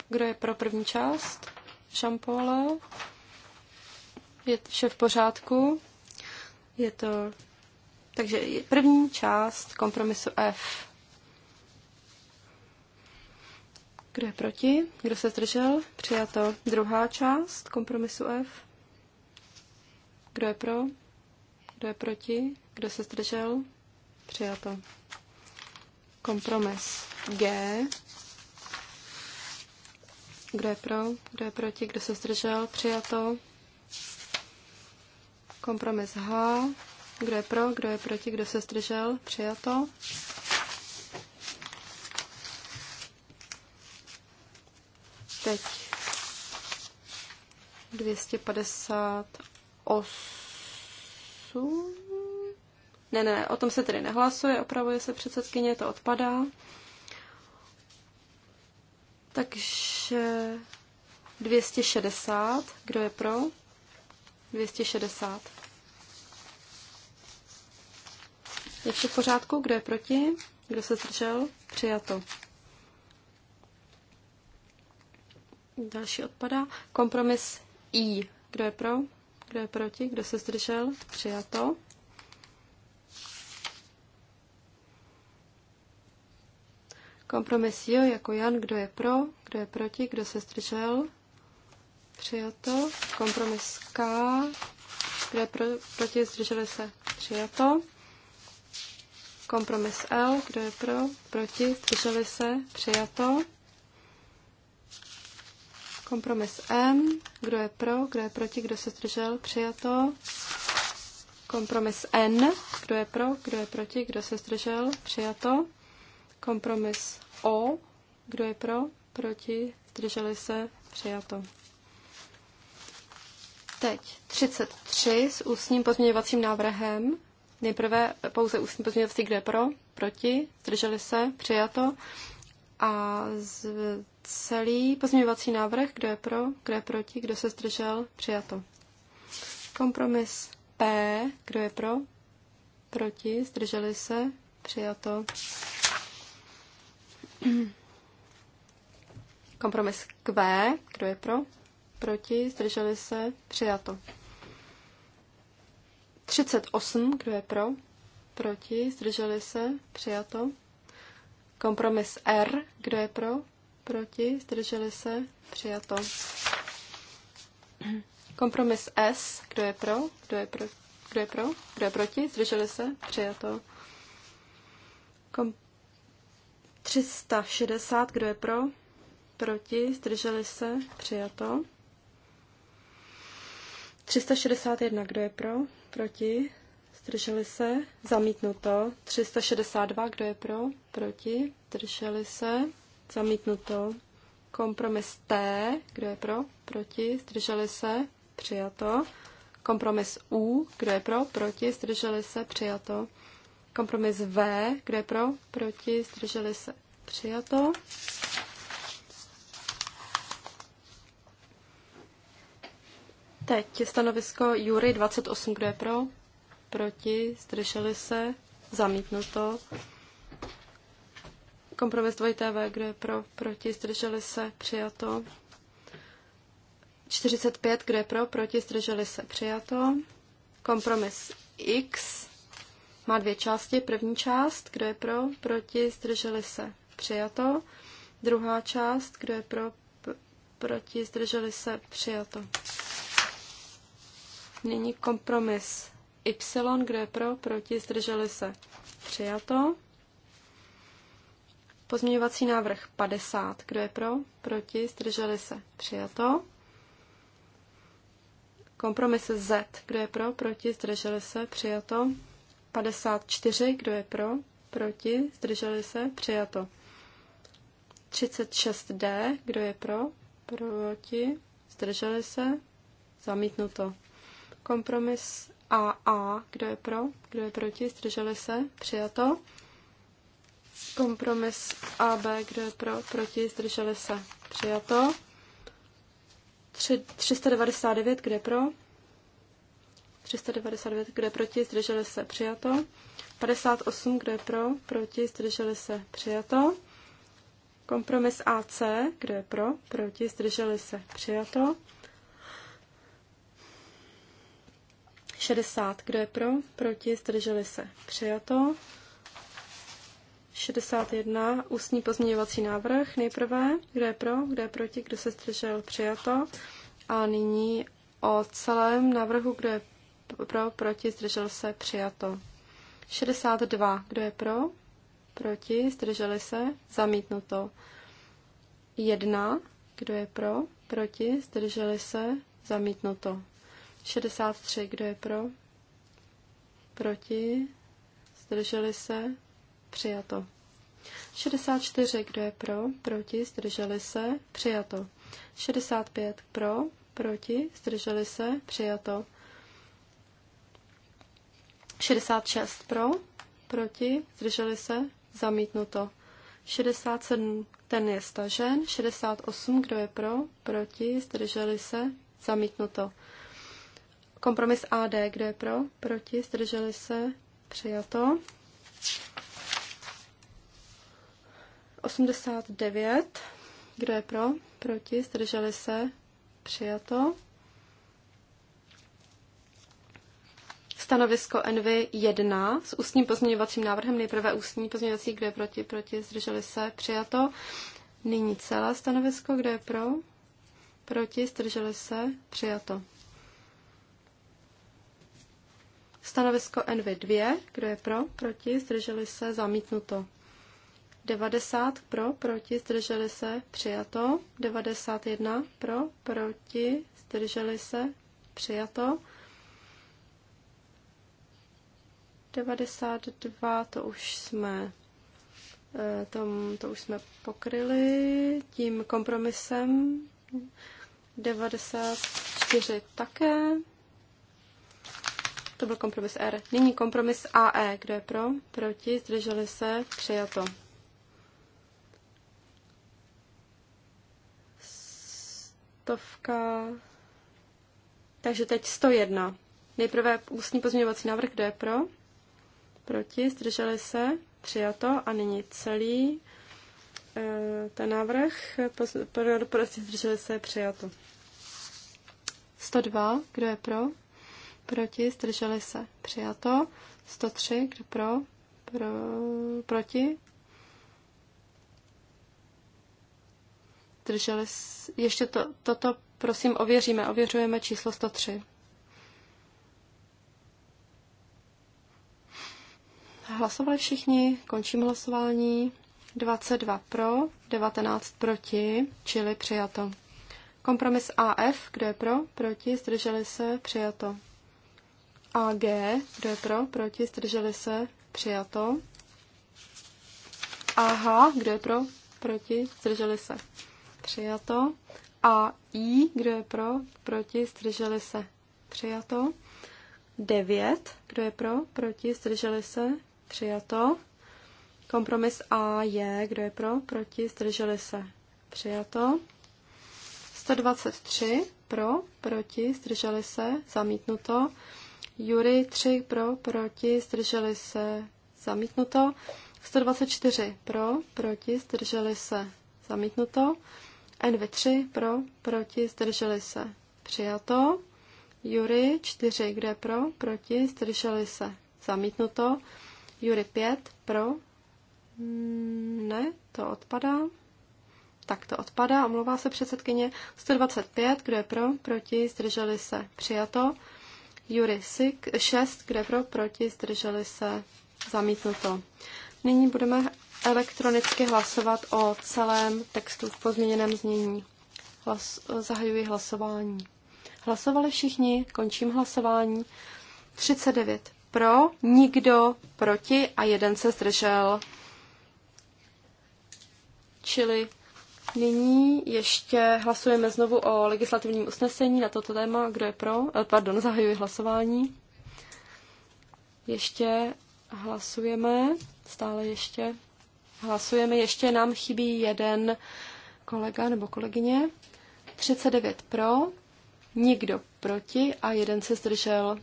kdo je pro první část? Šampolo je vše v pořádku. Je to... Takže první část kompromisu F. Kdo je proti? Kdo se zdržel? Přijato. Druhá část kompromisu F. Kdo je pro? Kdo je proti? Kdo se zdržel? Přijato. Kompromis G. Kdo je pro? Kdo je proti? Kdo se zdržel? Přijato. Kompromis H. Kdo je pro, kdo je proti, kdo se zdržel? Přijato. Teď 258. Ne, ne, o tom se tedy nehlasuje, opravuje se předsedkyně, to odpadá. Takže 260, kdo je pro? 260. Je vše v pořádku? Kdo je proti? Kdo se zdržel? Přijato. Další odpadá. Kompromis I. Kdo je pro? Kdo je proti? Kdo se zdržel? Přijato. Kompromis J jako Jan. Kdo je pro? Kdo je proti? Kdo se zdržel? Přijato. Kompromis K. Kde pro, proti? Zdrželi se. Přijato. Kompromis L. Kdo je pro? Proti? Zdrželi se. Přijato. Kompromis M. Kdo je pro? Kdo je proti? Kdo se zdržel? Přijato. Kompromis N. Kdo je pro? Kdo je proti? Kdo se zdržel? Přijato. Kompromis O. Kdo je pro? Proti? Zdrželi se? Přijato. Teď 33 s ústním pozměňovacím návrhem. Nejprve pouze ústní pozměňovací, kde pro, proti, zdrželi se, přijato. A z, celý pozměňovací návrh, kdo je pro, kdo je proti, kdo se zdržel, přijato. Kompromis P, kdo je pro, proti, zdrželi se, přijato. Kompromis Q, kdo je pro, proti, zdrželi se, přijato. 38, kdo je pro, proti, zdrželi se, přijato. Kompromis R, kdo je pro, proti, zdrželi se, přijato. Kompromis S, kdo je pro, kdo je, pro, kdo je, pro, kdo je proti, zdrželi se, přijato. Kom- 360, kdo je pro, proti, zdrželi se, přijato. 361, kdo je pro? Proti? Zdrželi se? Zamítnuto. 362, kdo je pro? Proti? Zdrželi se? Zamítnuto. Kompromis T, kdo je pro? Proti? Zdrželi se? Přijato. Kompromis U, kdo je pro? Proti? Zdrželi se? Přijato. Kompromis V, kdo je pro? Proti? Zdrželi se? Přijato. Teď stanovisko Jury 28, kdo je pro? Proti, zdrželi se, zamítnuto. Kompromis 2TV, kdo je pro? Proti, zdrželi se, přijato. 45, kdo je pro? Proti, zdrželi se, přijato. Kompromis X má dvě části. První část, kdo je pro? Proti, zdrželi se, přijato. Druhá část, kdo je pro? Proti, zdrželi se, přijato. Nyní kompromis Y, kdo je pro, proti, zdrželi se. Přijato. Pozměňovací návrh 50, kdo je pro, proti, zdrželi se. Přijato. Kompromis Z, kdo je pro, proti, zdrželi se. Přijato. 54, kdo je pro, proti, zdrželi se. Přijato. 36D, kdo je pro, proti, zdrželi se. Zamítnuto. Kompromis AA, kdo je pro, kdo je proti, zdrželi se, přijato. Kompromis AB, kdo je pro, proti, zdrželi se, přijato. 399, kde pro, 399, kde proti, zdrželi se, přijato. 58, kde pro, proti, zdrželi se, přijato. Kompromis AC, kde pro, proti, zdrželi se, přijato. 60. Kdo je pro? Proti? Zdrželi se. Přijato. 61. Ústní pozměňovací návrh. Nejprve. Kdo je pro? Kdo je proti? Kdo se zdržel? Přijato. A nyní o celém návrhu, kdo je pro, proti, zdržel se, přijato. 62. Kdo je pro? Proti, zdrželi se, zamítnuto. 1. Kdo je pro? Proti, zdrželi se, zamítnuto. 63, kdo je pro? Proti? Zdrželi se? Přijato. 64, kdo je pro? Proti? Zdrželi se? Přijato. 65, pro? Proti? Zdrželi se? Přijato. 66 pro, proti, zdrželi se, zamítnuto. 67, ten je stažen. 68, kdo je pro, proti, zdrželi se, zamítnuto. Kompromis AD, kdo je pro? Proti, zdrželi se, přijato. 89, kdo je pro? Proti, zdrželi se, přijato. Stanovisko NV 1 s ústním pozměňovacím návrhem. Nejprve ústní pozměňovací, kdo je proti, proti, zdrželi se, přijato. Nyní celé stanovisko, kdo je pro, proti, zdrželi se, přijato. Stanovisko NV2, kdo je pro, proti, zdrželi se, zamítnuto. 90 pro, proti, zdrželi se, přijato. 91 pro, proti, zdrželi se, přijato. 92 to už jsme eh, tom, to už jsme pokryli tím kompromisem. 94 také. To byl kompromis R. Nyní kompromis AE. Kdo je pro? Proti? Zdrželi se? Přijato. Stovka. Takže teď 101. Nejprve ústní pozměňovací návrh, kdo je pro? Proti, zdrželi se, přijato a nyní celý eh, ten návrh, proti, zdrželi se, přijato. 102, kdo je pro? proti, zdrželi se, přijato. 103, kdo pro, pro proti, zdrželi se. Ještě to, toto, prosím, ověříme. Ověřujeme číslo 103. Hlasovali všichni, končím hlasování. 22 pro, 19 proti, čili přijato. Kompromis AF, kdo je pro, proti, zdrželi se, přijato. AG, kdo je pro, proti, zdrželi se, přijato. AH, kdo je pro, proti, zdrželi se, přijato. A I, kdo je pro, proti, zdrželi se, přijato. 9, kdo je pro, proti, zdrželi se, přijato. Kompromis A je, kdo je pro, proti, zdrželi se, přijato. 123, pro, proti, zdrželi se, zamítnuto. Jury 3 pro, proti, zdrželi se, zamítnuto. 124 pro, proti, zdrželi se, zamítnuto. N2 3 pro, proti, zdrželi se, přijato. Jury 4, kde pro, proti, zdrželi se, zamítnuto. Jury 5 pro, mm, ne, to odpadá. Tak to odpadá, omlouvá se předsedkyně. 125, kdo je pro, proti, zdrželi se, přijato. Jury 6, kde pro, proti, zdrželi se, zamítnuto. Nyní budeme elektronicky hlasovat o celém textu v pozměněném znění. Hlas, zahajuji hlasování. Hlasovali všichni, končím hlasování. 39 pro, nikdo proti a jeden se zdržel. Čili Nyní ještě hlasujeme znovu o legislativním usnesení na toto téma. Kdo je pro? Eh, pardon, zahajuji hlasování. Ještě hlasujeme, stále ještě hlasujeme. Ještě nám chybí jeden kolega nebo kolegyně. 39 pro, nikdo proti a jeden se zdržel.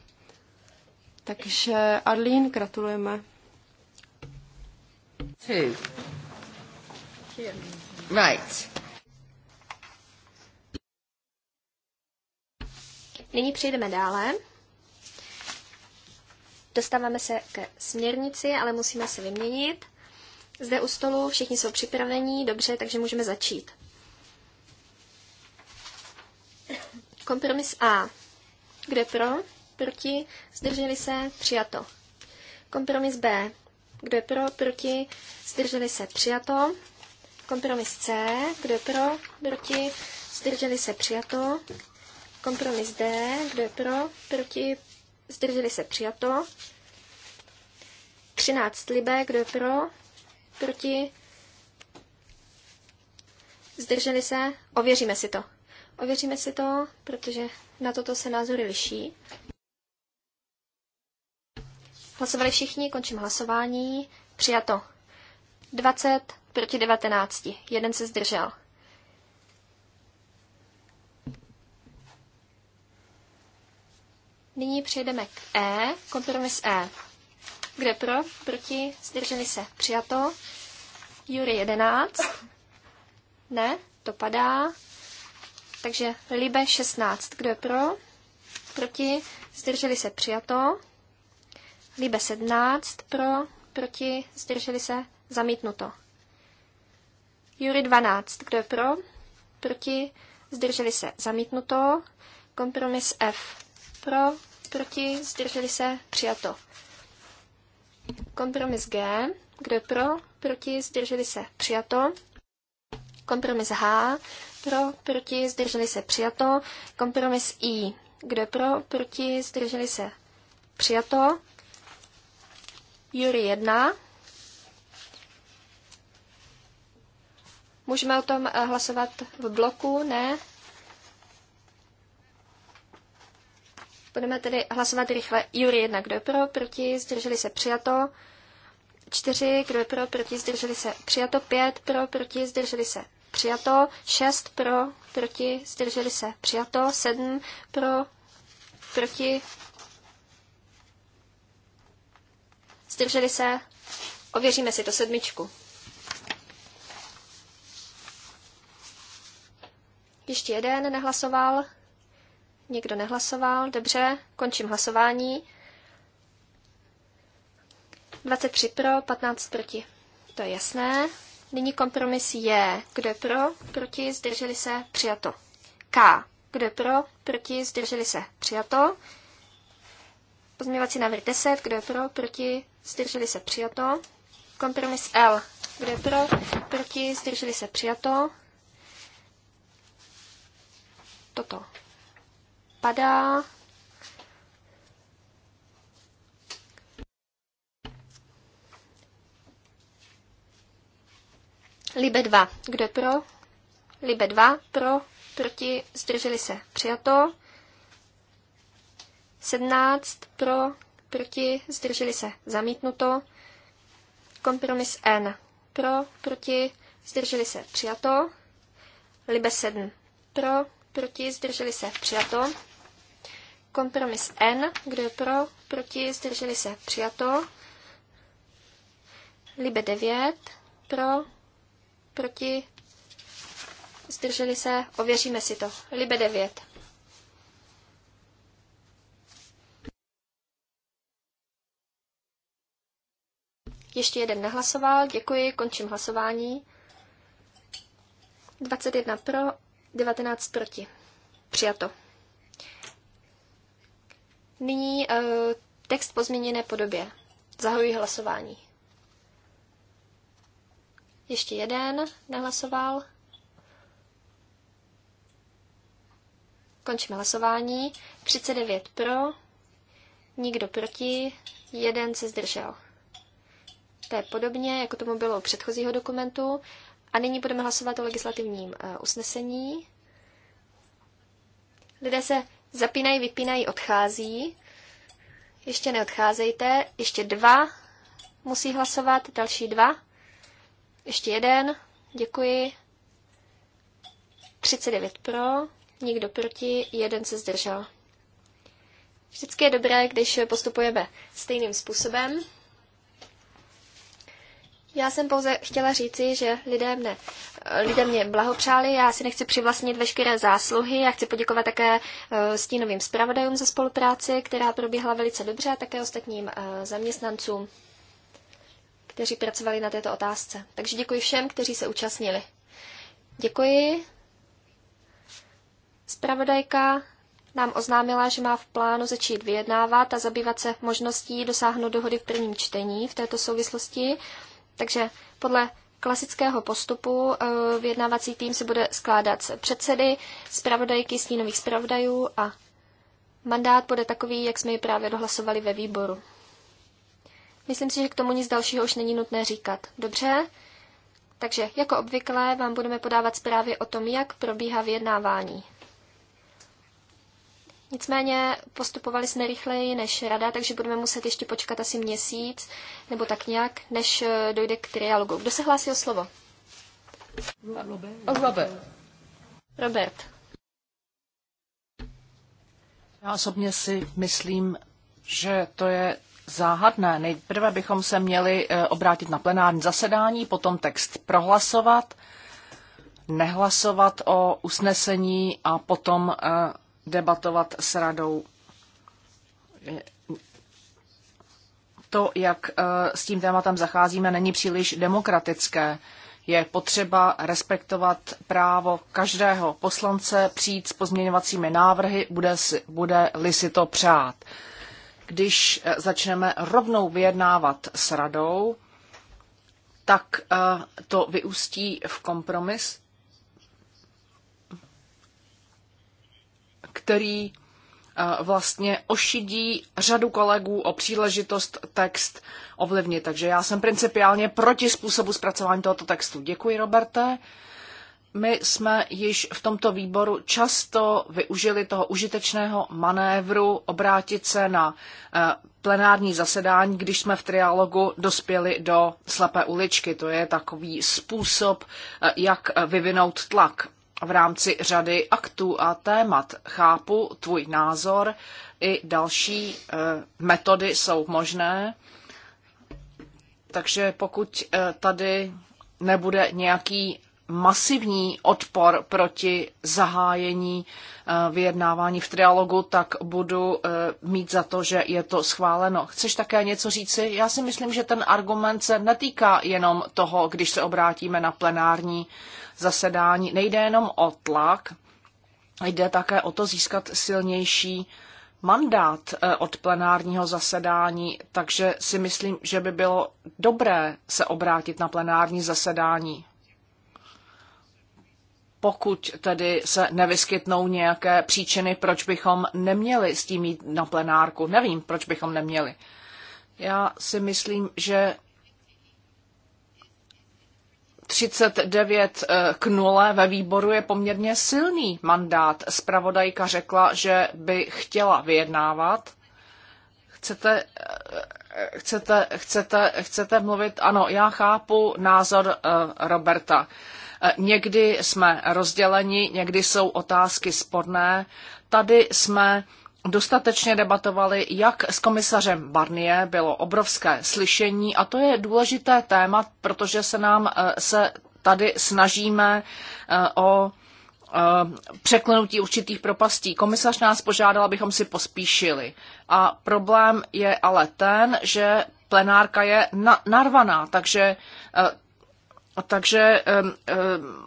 Takže Arlín, gratulujeme. Two. Cheers. Right. Nyní přejdeme dále. Dostáváme se ke směrnici, ale musíme se vyměnit. Zde u stolu všichni jsou připravení, dobře, takže můžeme začít. Kompromis A. Kde pro? Proti? Zdrželi se? Přijato. Kompromis B. Kdo je pro? Proti? Zdrželi se? Přijato. Kompromis C, kdo je pro, proti, zdrželi se přijato. Kompromis D, kdo je pro, proti, zdrželi se přijato. 13 libé, kdo je pro, proti, zdrželi se, ověříme si to. Ověříme si to, protože na toto se názory liší. Hlasovali všichni, končím hlasování. Přijato. 20 proti 19. Jeden se zdržel. Nyní přejdeme k E, kompromis E. Kde pro, proti, zdrženi se, přijato. Jury 11. Ne, to padá. Takže Libe 16. Kdo je pro? Proti, zdrželi se, přijato. Libe 17. Pro, proti, zdrželi se, Zamítnuto. Jury 12. Kdo je pro? Proti? Zdrželi se. Zamítnuto. Kompromis F. Pro? Proti? Zdrželi se. Přijato. Kompromis G. Kdo je pro? Proti? Zdrželi se. Přijato. Kompromis H. Pro? Proti? Zdrželi se. Přijato. Kompromis I. Kdo je pro? Proti? Zdrželi se. Přijato. Jury 1. Můžeme o tom eh, hlasovat v bloku? Ne? Budeme tedy hlasovat rychle. Jury 1, kdo je pro, proti, zdrželi se, přijato. 4, kdo je pro, proti, zdrželi se, přijato. 5, pro, proti, zdrželi se, přijato. 6, pro, proti, zdrželi se, přijato. 7, pro, proti, zdrželi se. Ověříme si to sedmičku. Ještě jeden nehlasoval. Někdo nehlasoval. Dobře, končím hlasování. 23 pro, 15 proti. To je jasné. Nyní kompromis je, kdo je pro, proti, zdrželi se, přijato. K. Kdo je pro, proti, zdrželi se, přijato. Pozměňovací návrh 10, kdo je pro, proti, zdrželi se, přijato. Kompromis L. Kdo je pro, proti, zdrželi se, přijato. Toto padá. Libe 2. Kdo je pro? Libe 2. Pro. Proti. Zdrželi se. Přijato. 17. Pro. Proti. Zdrželi se. Zamítnuto. Kompromis N. Pro. Proti. Zdrželi se. Přijato. Libe 7. Pro proti, zdrželi se, přijato. Kompromis N, kdo je pro, proti, zdrželi se, přijato. Libe 9, pro, proti, zdrželi se, ověříme si to. Libe 9. Ještě jeden nehlasoval, děkuji, končím hlasování. 21 pro, 19 proti. Přijato. Nyní uh, text po změněné podobě. Zahajuji hlasování. Ještě jeden nehlasoval. Končíme hlasování. 39 pro, nikdo proti, jeden se zdržel. To je podobně, jako tomu bylo u předchozího dokumentu. A nyní budeme hlasovat o legislativním eh, usnesení. Lidé se zapínají, vypínají, odchází. Ještě neodcházejte. Ještě dva musí hlasovat, další dva. Ještě jeden. Děkuji. 39 pro, nikdo proti, jeden se zdržel. Vždycky je dobré, když postupujeme stejným způsobem. Já jsem pouze chtěla říci, že lidé mne, lidé mě blahopřáli, já si nechci přivlastnit veškeré zásluhy, já chci poděkovat také e, stínovým zpravodajům za spolupráci, která proběhla velice dobře, a také ostatním e, zaměstnancům, kteří pracovali na této otázce. Takže děkuji všem, kteří se účastnili. Děkuji. Spravodajka nám oznámila, že má v plánu začít vyjednávat a zabývat se možností dosáhnout dohody v prvním čtení v této souvislosti. Takže podle klasického postupu eh, vyjednávací tým se bude skládat z předsedy, zpravodajky, stínových zpravodajů a mandát bude takový, jak jsme ji právě dohlasovali ve výboru. Myslím si, že k tomu nic dalšího už není nutné říkat. Dobře? Takže jako obvykle vám budeme podávat zprávy o tom, jak probíhá vyjednávání. Nicméně postupovali jsme rychleji než rada, takže budeme muset ještě počkat asi měsíc, nebo tak nějak, než eh, dojde k trialogu. Kdo se hlásí o slovo? Robert. Robert. Já osobně si myslím, že to je záhadné. Nejprve bychom se měli eh, obrátit na plenární zasedání, potom text prohlasovat, nehlasovat o usnesení a potom eh, debatovat s radou to, jak eh, s tím tématem zacházíme, není příliš demokratické. Je potřeba respektovat právo každého poslance přijít s pozměňovacími návrhy, bude, bude-li si to přát. Když eh, začneme rovnou vyjednávat s radou, tak eh, to vyústí v kompromis, který eh, vlastně ošidí řadu kolegů o příležitost text ovlivnit. Takže já jsem principiálně proti způsobu zpracování tohoto textu. Děkuji, Roberte. My jsme již v tomto výboru často využili toho užitečného manévru obrátit se na eh, plenární zasedání, když jsme v triálogu dospěli do slepé uličky. To je takový způsob, eh, jak vyvinout tlak v rámci řady aktů a témat. Chápu tvůj názor, i další eh, metody jsou možné, takže pokud eh, tady nebude nějaký masivní odpor proti zahájení eh, vyjednávání v trialogu, tak budu mít za to, že je to schváleno. Chceš také něco říci? Já si myslím, že ten argument se netýká jenom toho, když se obrátíme na plenární zasedání. Nejde jenom o tlak, jde také o to získat silnější mandát eh, od plenárního zasedání, takže si myslím, že by bylo dobré se obrátit na plenární zasedání. Pokud tedy se nevyskytnou nějaké příčiny, proč bychom neměli s tím jít na plenárku, nevím, proč bychom neměli. Já si myslím, že 39 eh, k 0 ve výboru je poměrně silný mandát. Spravodajka řekla, že by chtěla vyjednávat. Chcete, eh, chcete, chcete, chcete mluvit? Ano, já chápu názor eh, Roberta. Někdy jsme rozděleni, někdy jsou otázky sporné. Tady jsme dostatečně debatovali, jak s komisařem Barnie bylo obrovské slyšení a to je důležité téma, protože se nám eh, se tady snažíme eh, o eh, překlenutí určitých propastí. Komisař nás požádal, abychom si pospíšili. A problém je ale ten, že plenárka je na, narvaná, takže a takže um,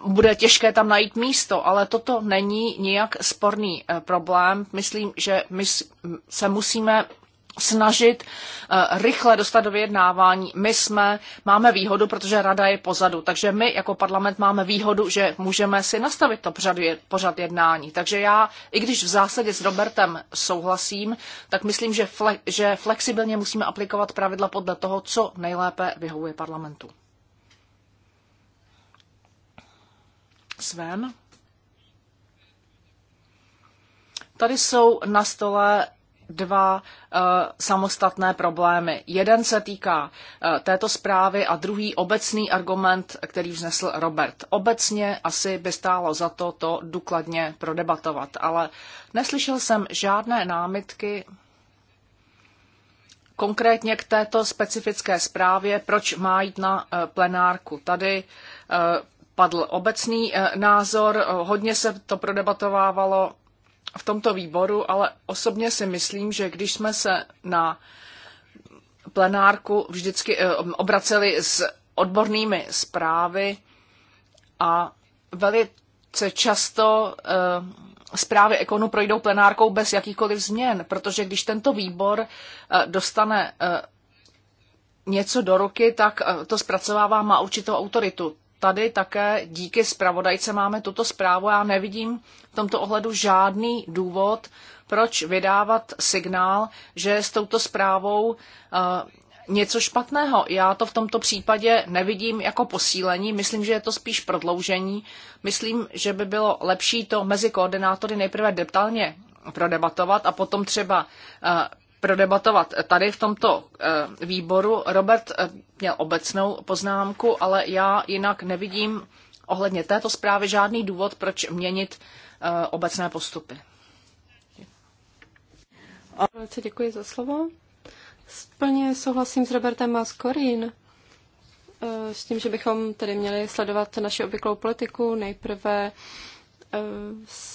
um, bude těžké tam najít místo, ale toto není nijak sporný uh, problém. Myslím, že my se musíme snažit uh, rychle dostat do vyjednávání. My jsme, máme výhodu, protože rada je pozadu, takže my jako parlament máme výhodu, že můžeme si nastavit to pořad, pořad jednání. Takže já, i když v zásadě s Robertem souhlasím, tak myslím, že, fle, že flexibilně musíme aplikovat pravidla podle toho, co nejlépe vyhovuje parlamentu. Sven. Tady jsou na stole dva uh, samostatné problémy. Jeden se týká uh, této zprávy a druhý obecný argument, který vznesl Robert. Obecně asi by stálo za to to důkladně prodebatovat, ale neslyšel jsem žádné námitky konkrétně k této specifické zprávě, proč má jít na eh, plenárku. Tady padl obecný eh, názor, eh, hodně se to prodebatovávalo v tomto výboru, ale osobně si myslím, že když jsme se na plenárku vždycky eh, obraceli s odbornými zprávy a velice často zprávy ekonu projdou plenárkou bez jakýchkoliv změn, protože když tento výbor dostane něco do ruky, tak to zpracovává, má určitou autoritu tady také díky zpravodajce máme tuto zprávu. Já nevidím v tomto ohledu žádný důvod, proč vydávat signál, že s touto zprávou eh, něco špatného. Já to v tomto případě nevidím jako posílení, myslím, že je to spíš prodloužení. Myslím, že by bylo lepší to mezi koordinátory nejprve detailně prodebatovat a potom třeba eh, prodebatovat tady v tomto eh, výboru. Robert eh, měl obecnou poznámku, ale já jinak nevidím ohledně této zprávy žádný důvod, proč měnit eh, obecné postupy. Velice děkuji za slovo. Splně souhlasím s Robertem Maskorin s tím, že bychom tedy měli sledovat naši obvyklou politiku nejprve,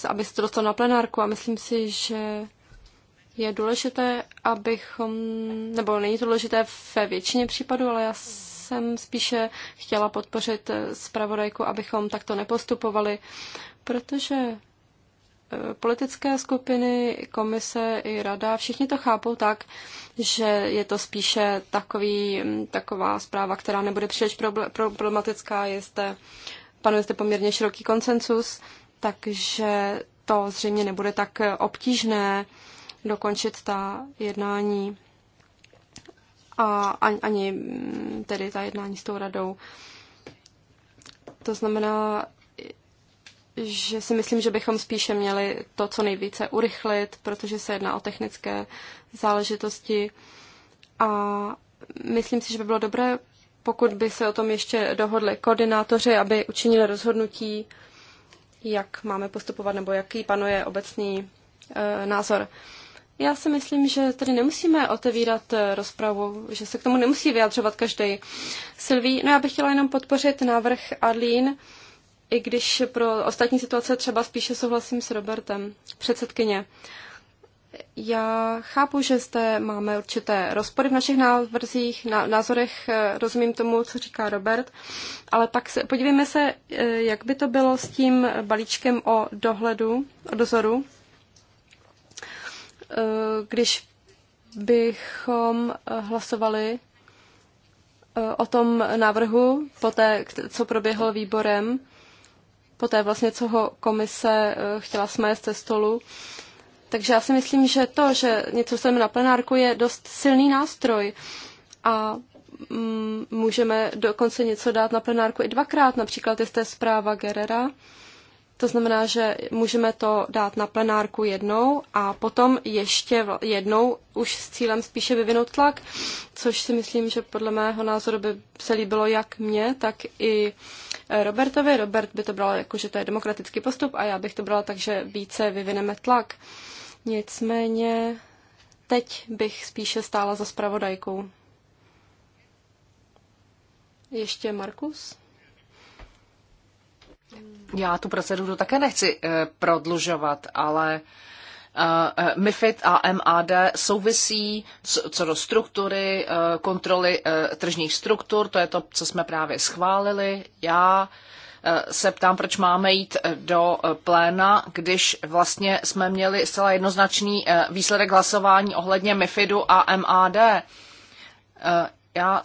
aby se to dostalo na plenárku a myslím si, že je důležité, abychom, nebo není to důležité ve většině případů, ale já jsem spíše chtěla podpořit zpravodajku, abychom takto nepostupovali, protože e, politické skupiny, komise i rada, všichni to chápou tak, že je to spíše takový, taková zpráva, která nebude příliš problematická, je zde, panuje zde poměrně široký konsensus, takže to zřejmě nebude tak obtížné dokončit ta jednání a ani mm, tedy ta jednání s tou radou. To znamená, že si myslím, že bychom spíše měli to, co nejvíce urychlit, protože se jedná o technické záležitosti. A myslím si, že by bylo dobré, pokud by se o tom ještě dohodli koordinátoři, aby učinili rozhodnutí, jak máme postupovat nebo jaký panuje obecný e, názor. Já si myslím, že tady nemusíme otevírat eh, rozpravu, že se k tomu nemusí vyjadřovat každý. Silví, no já bych chtěla jenom podpořit návrh Adlín, i když pro ostatní situace třeba spíše souhlasím s Robertem, předsedkyně. Já chápu, že zde máme určité rozpory v našich návrzích, na, názorech, eh, rozumím tomu, co říká Robert, ale pak se, podívejme se, eh, jak by to bylo s tím balíčkem o dohledu, o dozoru. Eh, když bychom eh, hlasovali eh, o tom návrhu, poté, co proběhl výborem, poté vlastně, co ho komise chtěla smést ze stolu. Takže já si myslím, že to, že něco jsme na plenárku, je dost silný nástroj a mm, můžeme dokonce něco dát na plenárku i dvakrát, například je z zpráva Gerera, to znamená, že můžeme to dát na plenárku jednou a potom ještě jednou už s cílem spíše vyvinout tlak, což si myslím, že podle mého názoru by se líbilo jak mně, tak i Robertovi. Robert by to bral jako, že to je demokratický postup a já bych to brala tak, že více vyvineme tlak. Nicméně teď bych spíše stála za spravodajkou. Ještě Markus? Já tu proceduru také nechci eh, prodlužovat, ale eh, eh, MIFID a MAD souvisí co do struktury, kontroly tržních struktur, to je to, co jsme právě schválili. Já se ptám, proč máme jít do pléna, když vlastně jsme měli zcela jednoznačný výsledek hlasování ohledně MIFIDu a MAD. Já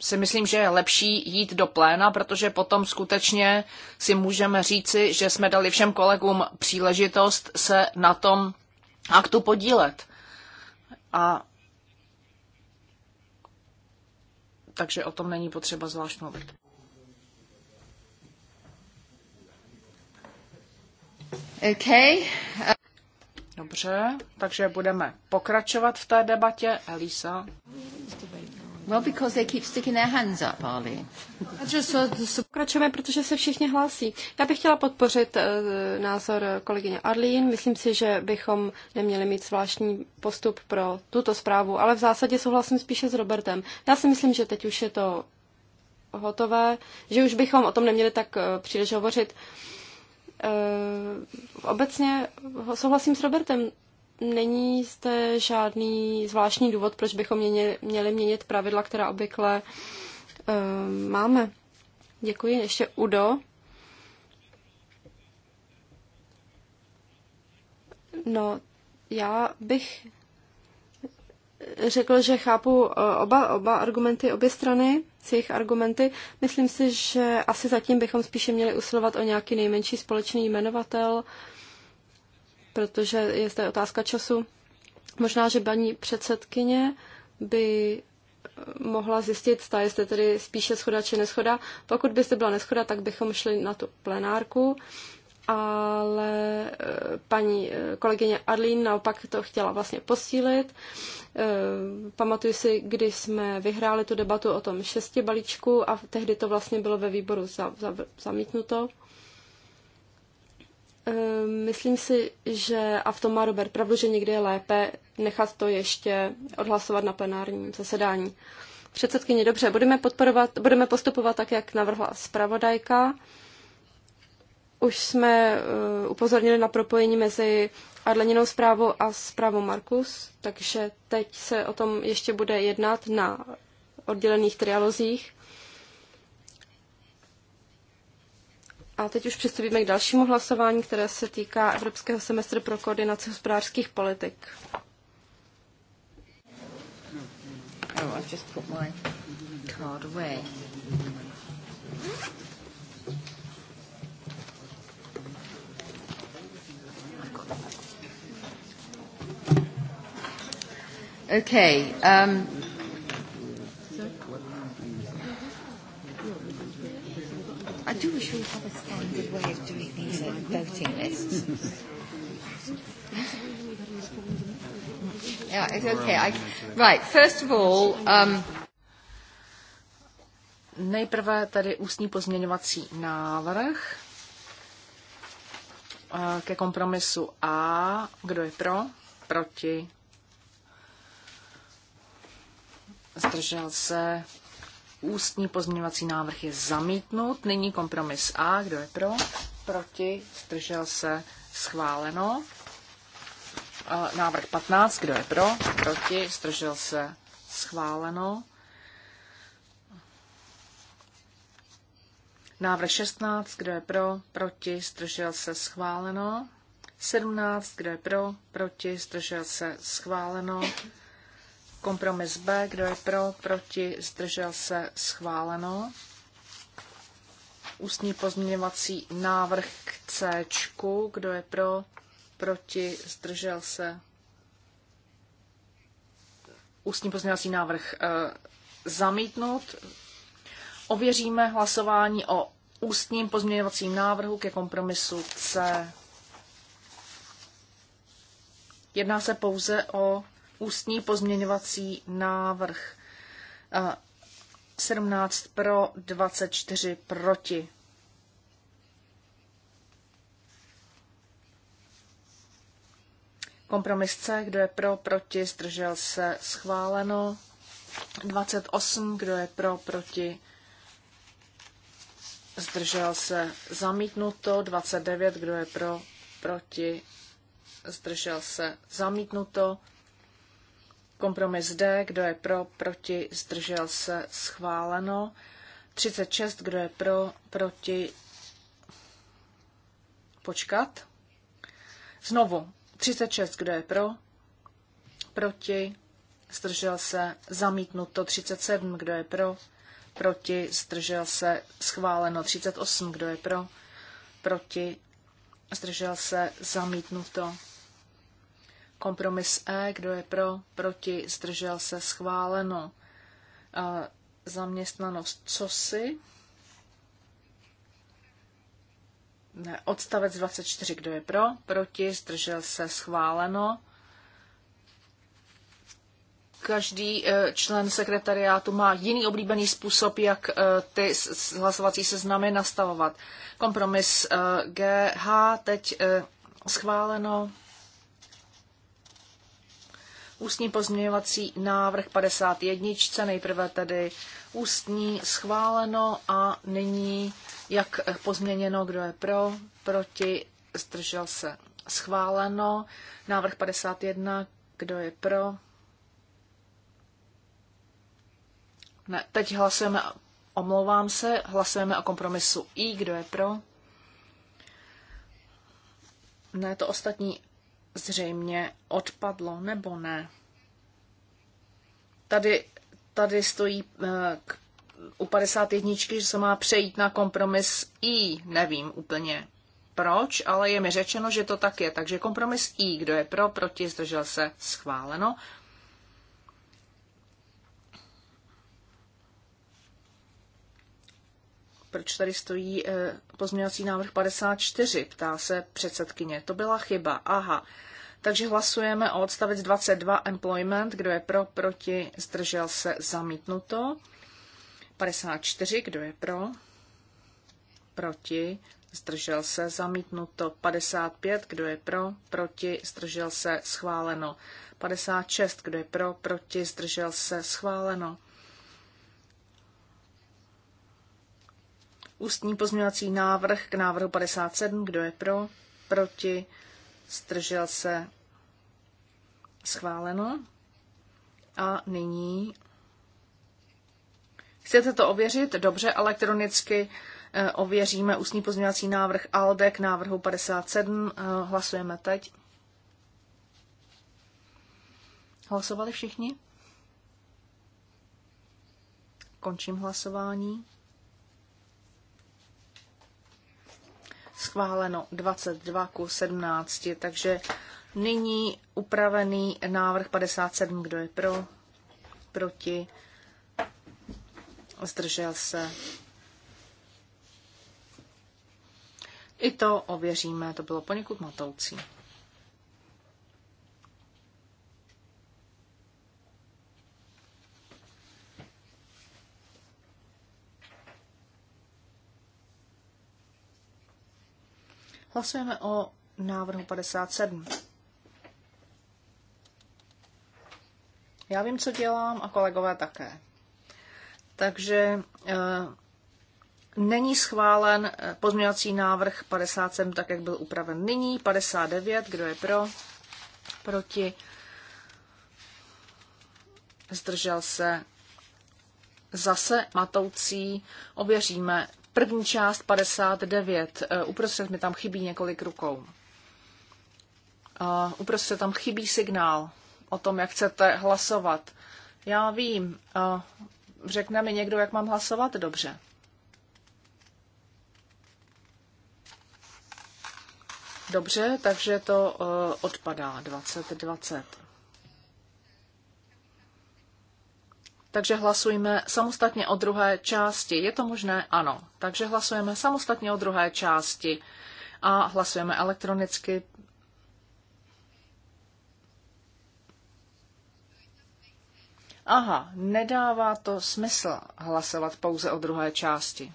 si myslím, že je lepší jít do pléna, protože potom skutečně si můžeme říci, že jsme dali všem kolegům příležitost se na tom aktu podílet. A takže o tom není potřeba zvlášť mluvit. Okay. Dobře, takže budeme pokračovat v té debatě. Elisa. Well, because they keep sticking their hands up, Arlene. Pokračujeme, protože se všichni hlásí. Já bych chtěla podpořit uh, názor kolegyně Arlín. Myslím si, že bychom neměli mít zvláštní postup pro tuto zprávu, ale v zásadě souhlasím spíše s Robertem. Já si myslím, že teď už je to hotové, že už bychom o tom neměli tak uh, příliš hovořit. Uh, obecně souhlasím s Robertem není zde žádný zvláštní důvod, proč bychom měli, měli měnit pravidla, která obvykle um, máme. Děkuji. Ještě Udo. No, já bych řekl, že chápu e, oba, oba argumenty, obě strany, s jejich argumenty. Myslím si, že asi zatím bychom spíše měli usilovat o nějaký nejmenší společný jmenovatel. um, protože je zde otázka času. Možná, že paní předsedkyně by eh, mohla zjistit, zda jestli tedy spíše schoda či neschoda. Pokud byste byla neschoda, tak bychom šli na tu plenárku, ale eh, paní eh, kolegyně Adlín naopak to chtěla vlastně posílit. Pamatuju si, když jsme vyhráli tu debatu o tom šesti balíčku a tehdy to vlastně bylo ve výboru zamítnuto. Ehm, myslím si, že, a v tom má Robert pravdu, že někdy je lépe nechat to ještě odhlasovat na plenárním zasedání. Předsedkyně, dobře, budeme, podporovat, budeme postupovat tak, jak navrhla zpravodajka. Už jsme uh, upozornili na propojení mezi Arleninou zprávou a zprávou Markus, takže teď se o tom ještě bude jednat na oddělených trialozích. A teď už přistoupíme k dalšímu hlasování, které se týká Evropského semestru pro koordinaci hospodářských politik. Oh, I've just put my card away. Okay, um, I do wish we had a standard way of doing these like voting lists. yeah, it's okay. I, right, first of all, um, Nejprve tady ústní pozměňovací návrh eh, ke kompromisu A. Kdo je pro? Proti? Zdržel se? Ústní pozměňovací návrh je zamítnut. Nyní kompromis A. Kdo je pro? Proti? Zdržel se? Schváleno. Návrh 15. Kdo je pro? Proti? Zdržel se? Schváleno. Návrh 16. Kdo je pro? Proti? Zdržel se? Schváleno. 17. Kdo je pro? Proti? Zdržel se? Schváleno. Kompromis B, kdo je pro, proti, zdržel se, schváleno. Ústní pozměňovací návrh k C, kdo je pro, proti, zdržel se. Ústní pozměňovací návrh e, zamítnut. Ověříme hlasování o ústním pozměňovacím návrhu ke kompromisu C. Jedná se pouze o ústní pozměňovací návrh. 17 pro, 24 proti. Kompromis C, kdo je pro, proti, zdržel se, schváleno. 28, kdo je pro, proti, zdržel se, zamítnuto. 29, kdo je pro, proti, zdržel se, zamítnuto. Kompromis D, kdo je pro, proti, zdržel se, schváleno. 36, kdo je pro, proti, počkat. Znovu, 36, kdo je pro, proti, zdržel se, zamítnuto 37, kdo je pro, proti, zdržel se, schváleno 38, kdo je pro, proti, zdržel se, zamítnuto Kompromis E, kdo je pro, proti, zdržel se, schváleno. A zaměstnanost si? Ne, odstavec 24, kdo je pro, proti, zdržel se, schváleno. Každý e, člen sekretariátu má jiný oblíbený způsob, jak e, ty hlasovací seznamy nastavovat. Kompromis e, GH teď schváleno ústní pozměňovací návrh 51. Nejprve tedy ústní schváleno a nyní jak pozměněno, kdo je pro, proti, zdržel se schváleno. Návrh 51, kdo je pro? Ne, teď hlasujeme, omlouvám se, hlasujeme o kompromisu I, kdo je pro? Ne, to ostatní zřejmě odpadlo nebo ne. Tady, tady stojí eh, k, u 51, že se má přejít na kompromis I, nevím úplně proč, ale je mi řečeno, že to tak je. Takže kompromis I, kdo je pro, proti, zdržel se, schváleno. proč tady stojí eh, pozměňovací návrh 54, ptá se předsedkyně. To byla chyba. Aha, takže hlasujeme o odstavec 22 employment, kdo je pro, proti, zdržel se, zamítnuto. 54, kdo je pro, proti, zdržel se, zamítnuto. 55, kdo je pro, proti, zdržel se, schváleno. 56, kdo je pro, proti, zdržel se, schváleno. Ústní pozměňovací návrh k návrhu 57, kdo je pro, proti, zdržel se schváleno. A nyní chcete to ověřit? Dobře, elektronicky eh, ověříme ústní pozměňovací návrh ALDE k návrhu 57. Eh, hlasujeme teď. Hlasovali všichni? Končím hlasování. schváleno 22 ku 17, takže nyní upravený návrh 57, kdo je pro, proti, zdržel se. I to ověříme, to bylo poněkud matoucí. Hlasujeme o návrhu 57. Já vím, co dělám a kolegové také. Takže e, není schválen eh, pozměňovací návrh 57 tak, jak byl upraven nyní. 59, kdo je pro? Proti? Zdržel se zase matoucí. Ověříme První část 59. Eh, uprostřed mi tam chybí několik rukou. Eh, uprostřed tam chybí signál o tom, jak chcete hlasovat. Já vím. Eh, řekne mi někdo, jak mám hlasovat? Dobře. Dobře, takže to odpadá 2020. 20. takže hlasujme samostatně o druhé části. Je to možné? Ano. Takže hlasujeme samostatně o druhé části a hlasujeme elektronicky. Aha, nedává to smysl hlasovat pouze o druhé části.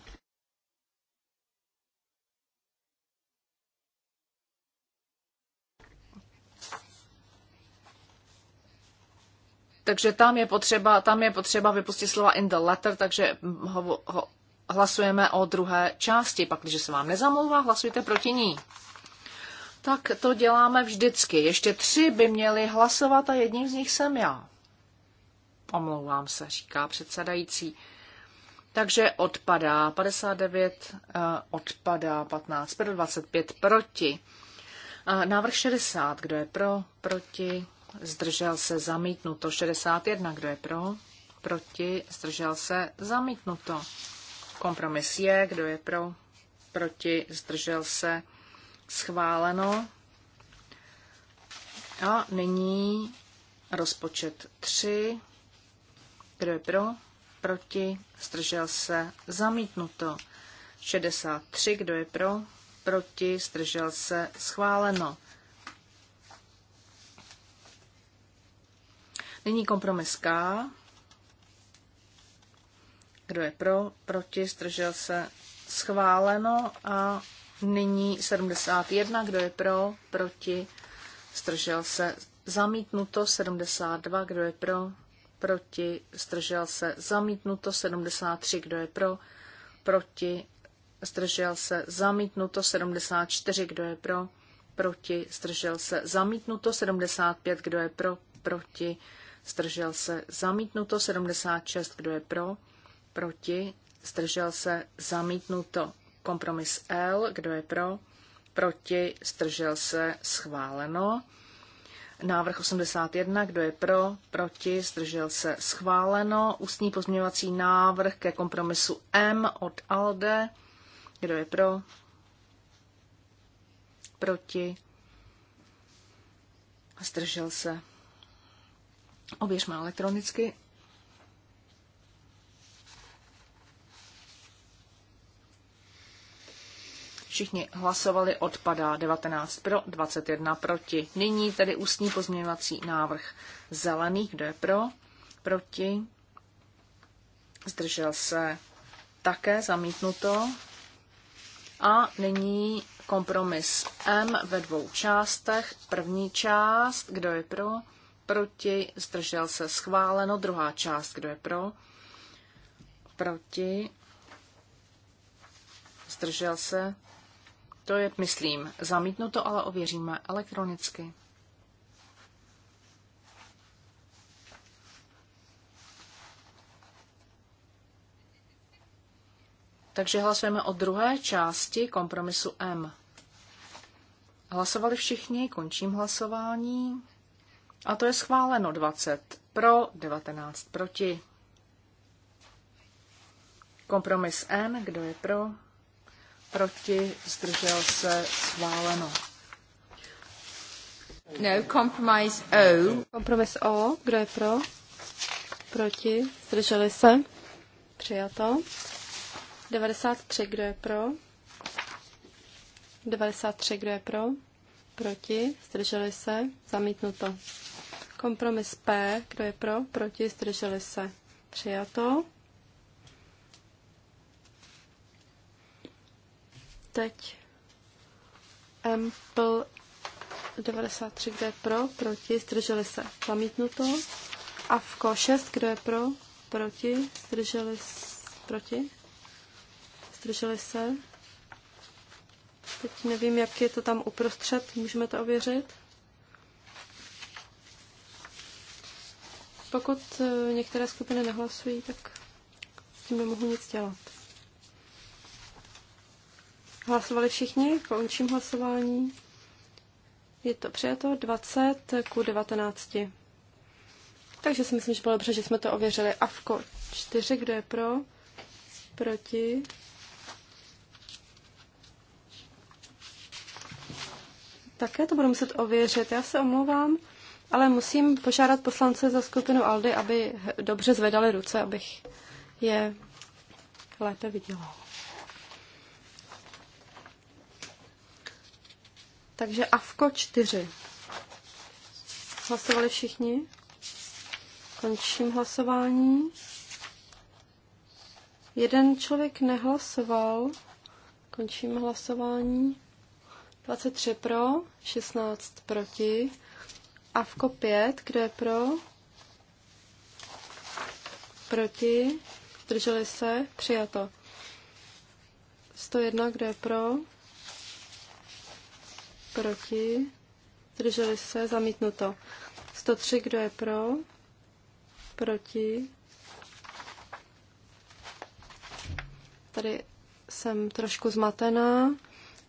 Takže tam je potřeba, tam je potřeba vypustit slova in the letter, takže ho, ho, hlasujeme o druhé části. Pak, když se vám nezamlouvá, hlasujte proti ní. Tak to děláme vždycky. Ještě tři by měli hlasovat a jedním z nich jsem já. Omlouvám se, říká předsedající. Takže odpadá 59, eh, odpadá 15, 25 proti. Eh, návrh 60, kdo je pro, proti, zdržel se zamítnuto. 61, kdo je pro, proti, zdržel se zamítnuto. Kompromis je, kdo je pro, proti, zdržel se schváleno. A nyní rozpočet 3. Kdo je pro? Proti? Zdržel se? Zamítnuto. 63. Kdo je pro? Proti? Zdržel se? Schváleno. Nyní kompromis K. Kdo je pro, proti, zdržel se, schváleno. A nyní 71. Kdo je pro, proti, zdržel se, zamítnuto. 72. Kdo je pro, proti, zdržel se, zamítnuto. 73. Kdo je pro, proti, zdržel se, zamítnuto. 74. Kdo je pro, proti, zdržel se, zamítnuto. 75. Kdo je pro, proti, zdržel se, zamítnuto 76, kdo je pro, proti, zdržel se, zamítnuto kompromis L, kdo je pro, proti, zdržel se, schváleno. Návrh 81, kdo je pro, proti, zdržel se, schváleno. Ústní pozměňovací návrh ke kompromisu M od ALDE, kdo je pro, proti, zdržel se, Ověřme elektronicky. Všichni hlasovali, odpadá 19 pro, 21 proti. Nyní tedy ústní pozměňovací návrh zelených. Kdo je pro? Proti? Zdržel se také zamítnuto. A nyní kompromis M ve dvou částech. První část, kdo je pro? proti, zdržel se schváleno. Druhá část, kdo je pro, proti, zdržel se. To je, myslím, zamítnuto, ale ověříme elektronicky. Takže hlasujeme o druhé části kompromisu M. Hlasovali všichni, končím hlasování. A to je schváleno 20 pro, 19 proti. Kompromis N, kdo je pro, proti, zdržel se, schváleno. No, compromise O. Kompromis O, kdo je pro, proti, zdrželi se, přijato. 93, kdo je pro, 93, kdo je pro, proti, zdrželi se, zamítnuto. Kompromis P, kdo je pro, proti, zdrželi se. Přijato. Teď Ample 93, kdo je pro, proti, zdrželi se. Zamítnuto. Avko 6, kdo je pro, proti, zdrželi se, proti, zdrželi se. Teď nevím, jak je to tam uprostřed, můžeme to ověřit. Pokud eh, některé skupiny nehlasují, tak s tím nemohu nic dělat. Hlasovali všichni, končím hlasování. Je to přijato 20 ku 19. Takže si myslím, že bylo dobře, že jsme to ověřili. Avko 4, kdo je pro? Proti? Také to budu muset ověřit. Já se omlouvám ale musím požádat poslance za skupinu Aldy, aby dobře zvedali ruce, abych je lépe viděla. Takže AFKO 4. Hlasovali všichni? Končím hlasování. Jeden člověk nehlasoval. Končím hlasování. 23 pro, 16 proti v kopět, kdo je pro? Proti? drželi se? Přijato. 101, kdo je pro? Proti? drželi se? Zamítnuto. 103, kdo je pro? Proti? Tady jsem trošku zmatená.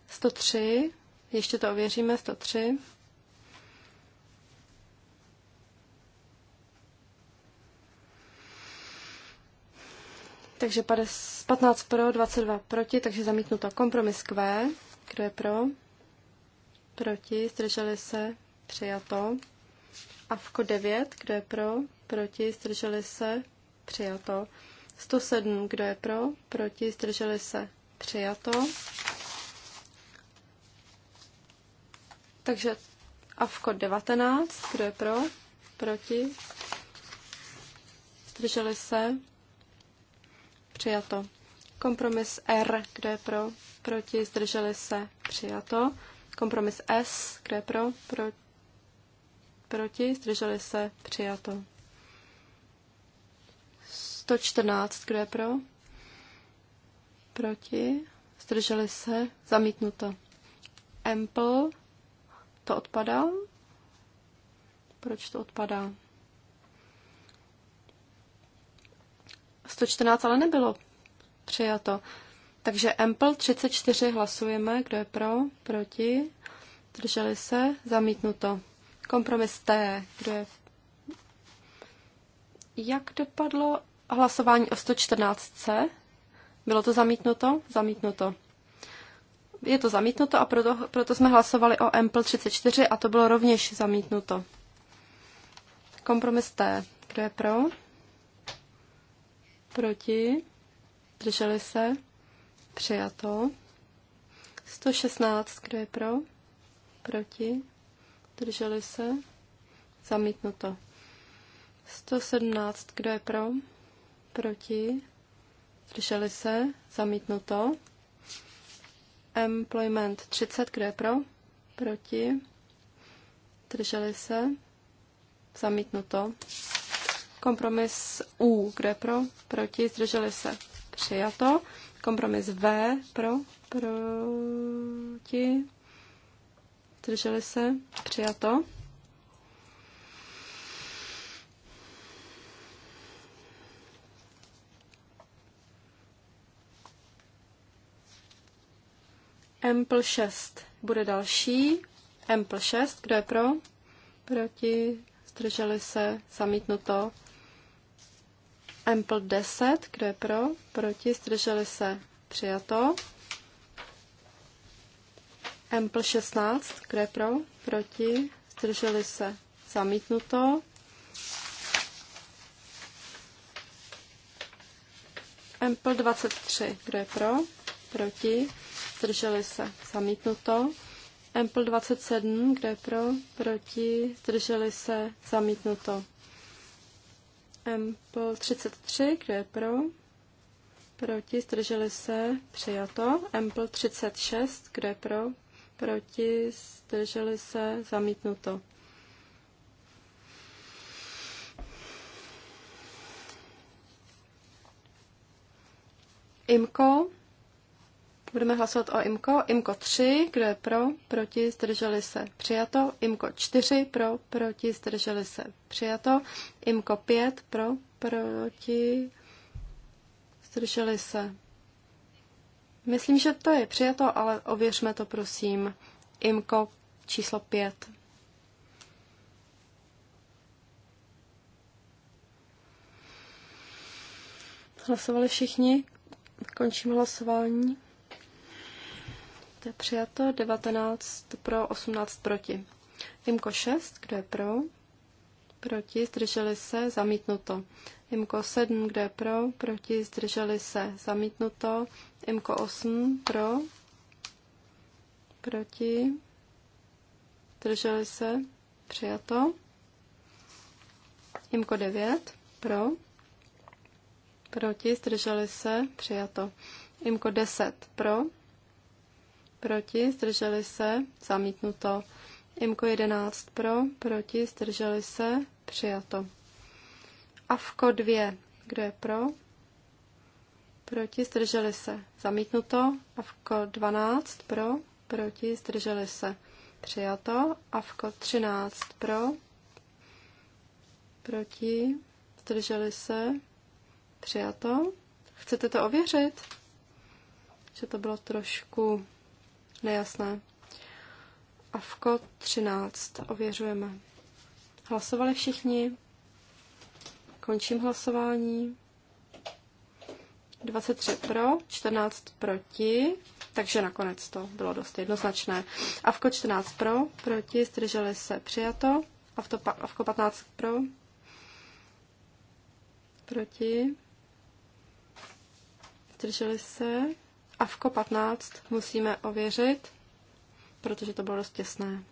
103, ještě to ověříme, 103. takže 15 pro, 22 proti, takže zamítnuto kompromis Q. Kdo je pro? Proti, zdrželi se, přijato. AFKO 9, kdo je pro? Proti, zdrželi se, přijato. 107, kdo je pro? Proti, zdrželi se, přijato. Takže AFKO 19, kdo je pro? Proti, zdrželi se, Přijato. Kompromis R, kdo je pro? Proti, zdrželi se. Přijato. Kompromis S, kdo je pro? pro proti, zdrželi se. Přijato. 114, kdo je pro? Proti, zdrželi se. Zamítnuto. Ample, to odpadá? Proč to odpadá? 114 ale nebylo přijato. Takže Ample 34 hlasujeme, kdo je pro, proti, drželi se, zamítnuto. Kompromis T, kdo je... Jak dopadlo hlasování o 114C? Bylo to zamítnuto? Zamítnuto. Je to zamítnuto a proto, proto jsme hlasovali o Ample 34 a to bylo rovněž zamítnuto. Kompromis T, kdo je pro? proti, drželi se, přijato. 116, kdo je pro, proti, drželi se, zamítnuto. 117, kdo je pro, proti, drželi se, zamítnuto. Employment 30, kdo je pro, proti, drželi se, zamítnuto. Kompromis U, kde pro, proti, zdrželi se, přijato. Kompromis V, pro, proti, zdrželi se, přijato. Ample 6 bude další. Ample 6, kdo je pro? Proti, zdrželi se, zamítnuto. Ample 10, kdo je pro, proti, zdrželi se, přijato. Ample 16, kdo je pro, proti, zdrželi se, zamítnuto. Ample 23, kdo je pro, proti, zdrželi se, zamítnuto. Ample 27, kdo je pro, proti, zdrželi se, zamítnuto. Empl 33, kdo je pro? Proti, zdrželi se, přijato. Empl 36, kdo je pro? Proti, zdrželi se, zamítnuto. Imko budeme hlasovat o IMKO. IMKO 3, kdo je pro, proti, zdrželi se, přijato. IMKO 4, pro, proti, zdrželi se, přijato. IMKO 5, pro, proti, zdrželi se. Myslím, že to je přijato, ale ověřme to, prosím. IMKO číslo 5. Hlasovali všichni? Končím hlasování je přijato, 19 pro, 18 proti. Imko 6, kdo je pro? Proti, zdrželi se, zamítnuto. Imko 7, kdo je pro? Proti, zdrželi se, zamítnuto. Imko 8, pro? Proti, zdrželi se, přijato. Imko 9, pro? Proti, zdrželi se, přijato. Imko 10, pro? proti, zdrželi se, zamítnuto. Imko 11 pro, proti, zdrželi se, přijato. Avko 2, kdo je pro? Proti, zdrželi se, zamítnuto. Avko 12 pro, proti, zdrželi se, přijato. Avko 13 pro, proti, zdrželi se, přijato. Chcete to ověřit? Že to bylo trošku nejasné. Avko 13 ověřujeme. Hlasovali všichni. Končím hlasování. 23 pro, 14 proti, takže nakonec to bylo dost jednoznačné. Avko 14 pro, proti, zdrželi se přijato. Avto, avko 15 pro, proti, zdrželi se AVKO 15 musíme ověřit, protože to bylo dost těsné.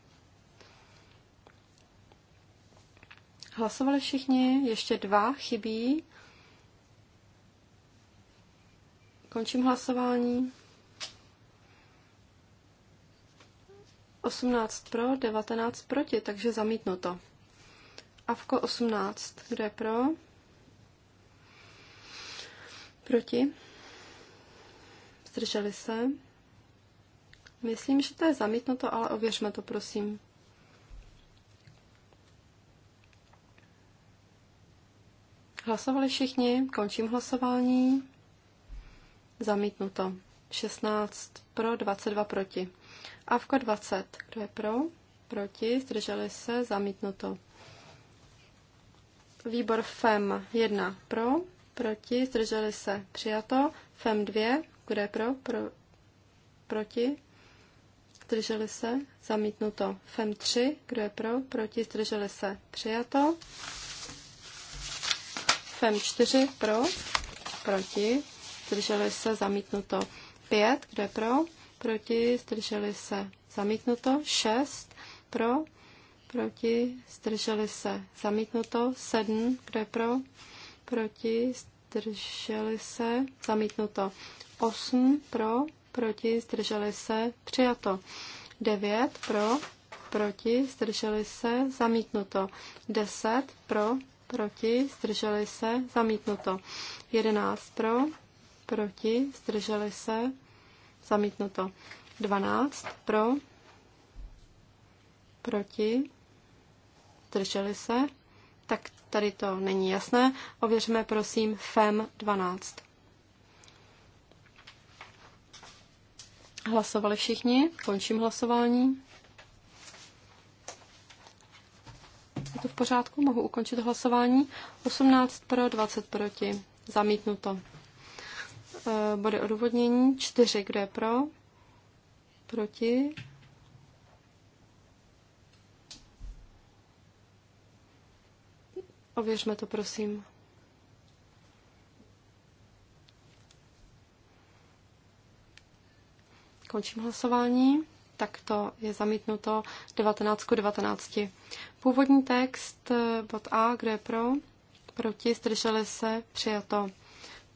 Hlasovali všichni, ještě dva chybí. Končím hlasování. 18 pro, 19 proti, takže zamítnuto. Avko 18, kdo je pro? Proti? zdrželi se. Myslím, že to je zamítnuto, ale ověřme to, prosím. Hlasovali všichni, končím hlasování. Zamítnuto. 16 pro, 22 proti. Avko 20, kdo je pro? Proti, zdrželi se, zamítnuto. Výbor FEM 1 pro, proti, zdrželi se, přijato. FEM 2 kdo je pro? pro proti? Zdrželi se? Zamítnuto. FEM 3. Kdo je pro? Proti? Zdrželi se? Přijato. FEM 4. Pro? Proti? Zdrželi se? Zamítnuto. 5. Kdo je pro? Proti? Zdrželi se? Zamítnuto. 6. Pro? Proti? Zdrželi se? Zamítnuto. 7. Kdo je pro? Proti? Zdrželi se? Zamítnuto. 8 pro, proti, zdrželi se, přijato. 9 pro, proti, zdrželi se, zamítnuto. 10 pro, proti, zdrželi se, zamítnuto. 11 pro, proti, zdrželi se, zamítnuto. 12 pro, proti, zdrželi se, tak tady to není jasné. Ověřme prosím FEM 12. Hlasovali všichni? Končím hlasování. Je to v pořádku? Mohu ukončit hlasování. 18 pro, 20 proti. Zamítnuto. E, body odůvodnění. 4. Kdo je pro? Proti? Ověřme to, prosím. Končím hlasování. Tak to je zamítnuto 19 19. Původní text, eh, bod A, kdo je pro? Proti, zdrželi se, přijato.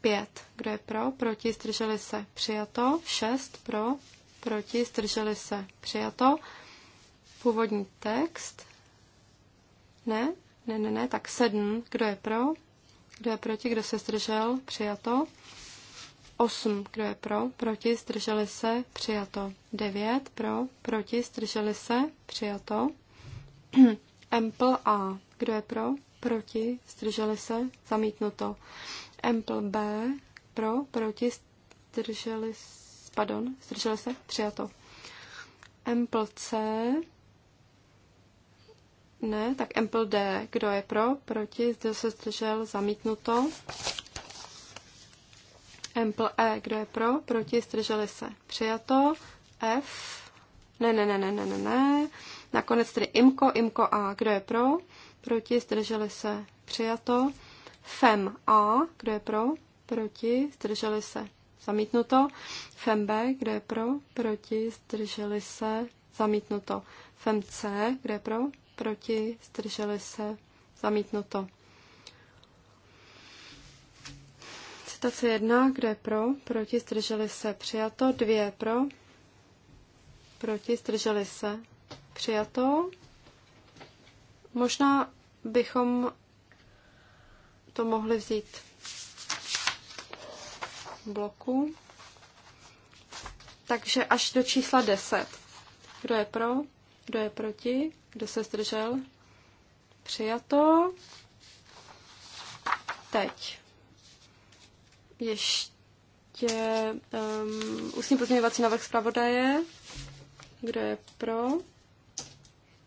5. Kdo je pro? Proti, zdrželi se, přijato. 6. Pro, proti, zdrželi se, přijato. Původní text. Ne, ne, ne, ne, tak 7. Kdo je pro? Kdo je proti? Kdo se zdržel? Přijato. 8, kdo je pro, proti, zdrželi se, přijato. 9, pro, proti, zdrželi se, přijato. Empl A, kdo je pro, proti, zdrželi se, zamítnuto. Empl B, pro, proti, zdrželi se, pardon, zdrželi se, přijato. Empl C, ne, tak Empl D, kdo je pro, proti, zde se zdržel, zamítnuto. Ample E, kdo je pro, proti, zdrželi se. Přijato. F, ne, ne, ne, ne, ne, ne, ne. Nakonec tedy IMKO, IMKO A, kdo je pro, proti, zdrželi se. Přijato. FEM A, kdo je pro, proti, zdrželi se. Zamítnuto. FEM B, kdo je pro, proti, zdrželi se. Zamítnuto. FEM C, kdo je pro, proti, zdrželi se. Zamítnuto. Citace jedna kde je pro, proti, zdrželi se, přijato. dvě pro, proti, zdrželi se, přijato. Možná bychom to mohli vzít bloku. Takže až do čísla 10. Kdo je pro? Kdo je proti? Kdo se zdržel? Přijato. Teď ještě um, ústní pozměňovací návrh zpravodaje. Kdo je pro?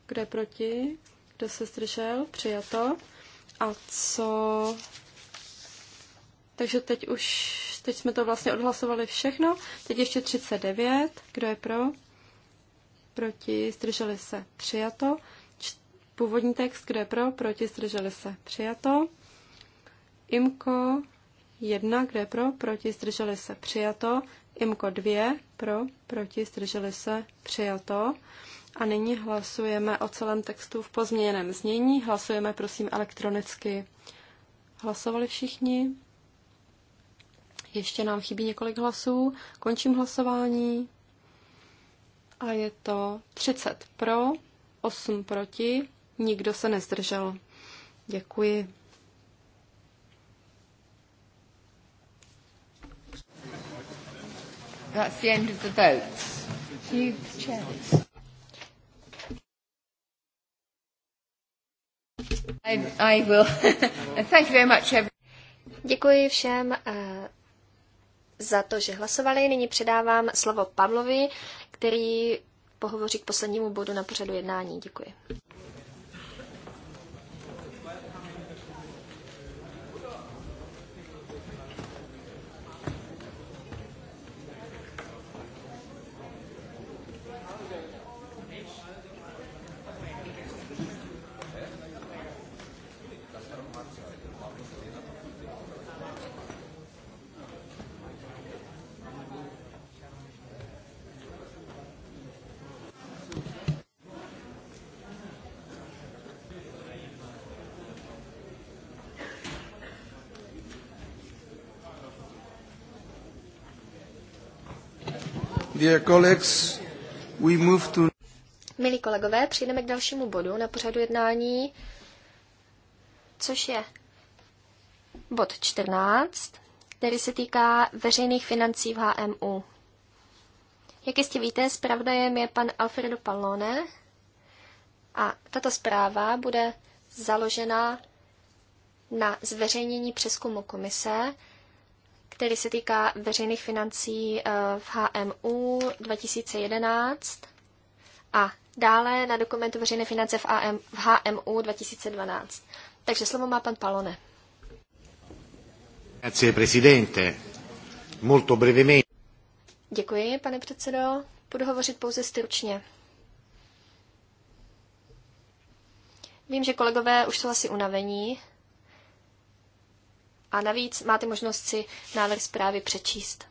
Kdo je proti? Kdo se zdržel? Přijato. A co... Takže teď už, teď jsme to vlastně odhlasovali všechno. Teď ještě 39. Kdo je pro? Proti? Zdrželi se? Přijato. Původní text, kdo je pro? Proti? Zdrželi se? Přijato. Imko 1, kde pro, proti, zdrželi se, přijato. IMKO 2, pro, proti, zdrželi se, přijato. A nyní hlasujeme o celém textu v pozměněném znění. Hlasujeme, prosím, elektronicky. Hlasovali všichni? Ještě nám chybí několik hlasů. Končím hlasování. A je to 30 pro, 8 proti, nikdo se nezdržel. Děkuji. That's the end of the votes. You chairs. I, I will. Thank you very much. Děkuji všem eh, za to, že hlasovali. Nyní předávám slovo Pavlovi, který pohovoří k poslednímu bodu na pořadu jednání. Děkuji. Dear colleagues, we move to... Milí kolegové, přijdeme k dalšímu bodu na pořadu jednání, což je bod 14, který se týká veřejných financí v HMU. Jak jistě víte, zpravodajem je pan Alfredo Pallone a tato zpráva bude založena na zveřejnění přeskumu komise který se týká veřejných financí eh, v HMU 2011 a dále na dokumentu veřejné finance v, AM, v HMU 2012. Takže slovo má pan Palone. Děkuji, pane předsedo. Budu hovořit pouze stručně. Vím, že kolegové už jsou asi unavení, a navíc máte možnost si návrh zprávy přečíst.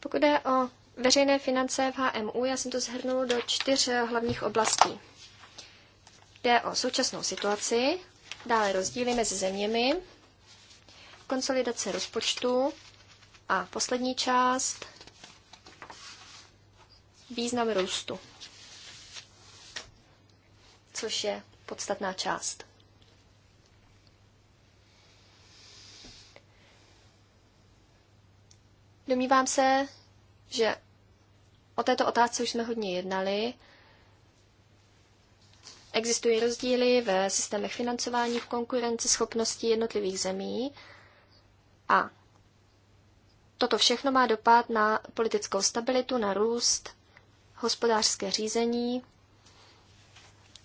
Pokud je o veřejné finance v HMU, já jsem to zhrnul do čtyř hlavních oblastí. Jde o současnou situaci, dále rozdíly mezi zeměmi, konsolidace rozpočtu a poslední část význam růstu což je podstatná část. Domnívám se, že o této otázce už jsme hodně jednali. Existují rozdíly ve systémech financování, v konkurenci, schopnosti jednotlivých zemí a toto všechno má dopad na politickou stabilitu, na růst, hospodářské řízení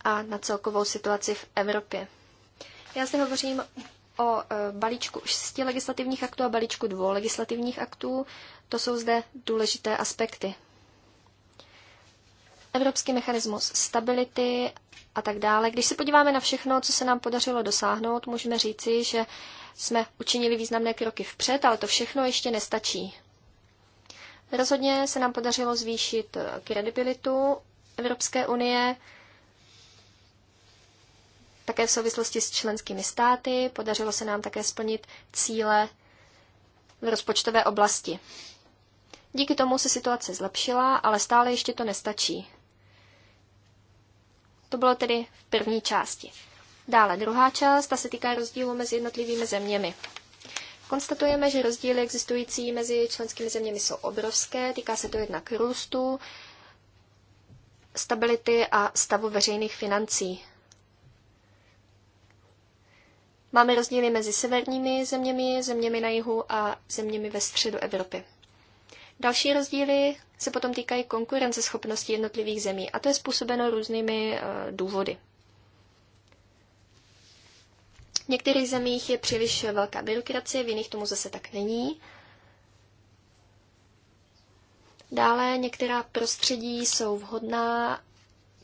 a na celkovou situaci v Evropě. Já zde hovořím o e, balíčku šesti legislativních aktů a balíčku dvou legislativních aktů. To jsou zde důležité aspekty. Evropský mechanismus stability a tak dále. Když se podíváme na všechno, co se nám podařilo dosáhnout, můžeme říci, že jsme učinili významné kroky vpřed, ale to všechno ještě nestačí. Rozhodně se nám podařilo zvýšit kredibilitu Evropské unie, také v souvislosti s členskými státy. Podařilo se nám také splnit cíle v rozpočtové oblasti. Díky tomu se situace zlepšila, ale stále ještě to nestačí. To bylo tedy v první části. Dále druhá část, ta se týká rozdílu mezi jednotlivými zeměmi. Konstatujeme, že rozdíly existující mezi členskými zeměmi jsou obrovské, týká se to jednak růstu, stability a stavu veřejných financí. Máme rozdíly mezi severními zeměmi, zeměmi na jihu a zeměmi ve středu Evropy. Další rozdíly se potom týkají konkurenceschopnosti jednotlivých zemí a to je způsobeno různými eh, důvody. V některých zemích je příliš velká byrokracie, v jiných tomu zase tak není. Dále některá prostředí jsou vhodná,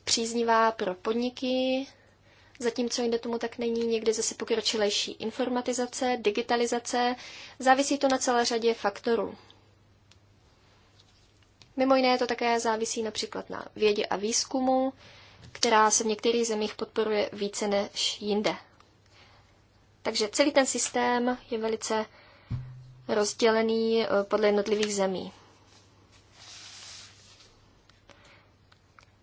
příznivá pro podniky, zatímco jinde tomu tak není, někdy zase pokročilejší informatizace, digitalizace, závisí to na celé řadě faktorů. Mimo jiné to také závisí například na vědě a výzkumu, která se v některých zemích podporuje více než jinde. Takže celý ten systém je velice rozdělený eh, podle jednotlivých zemí.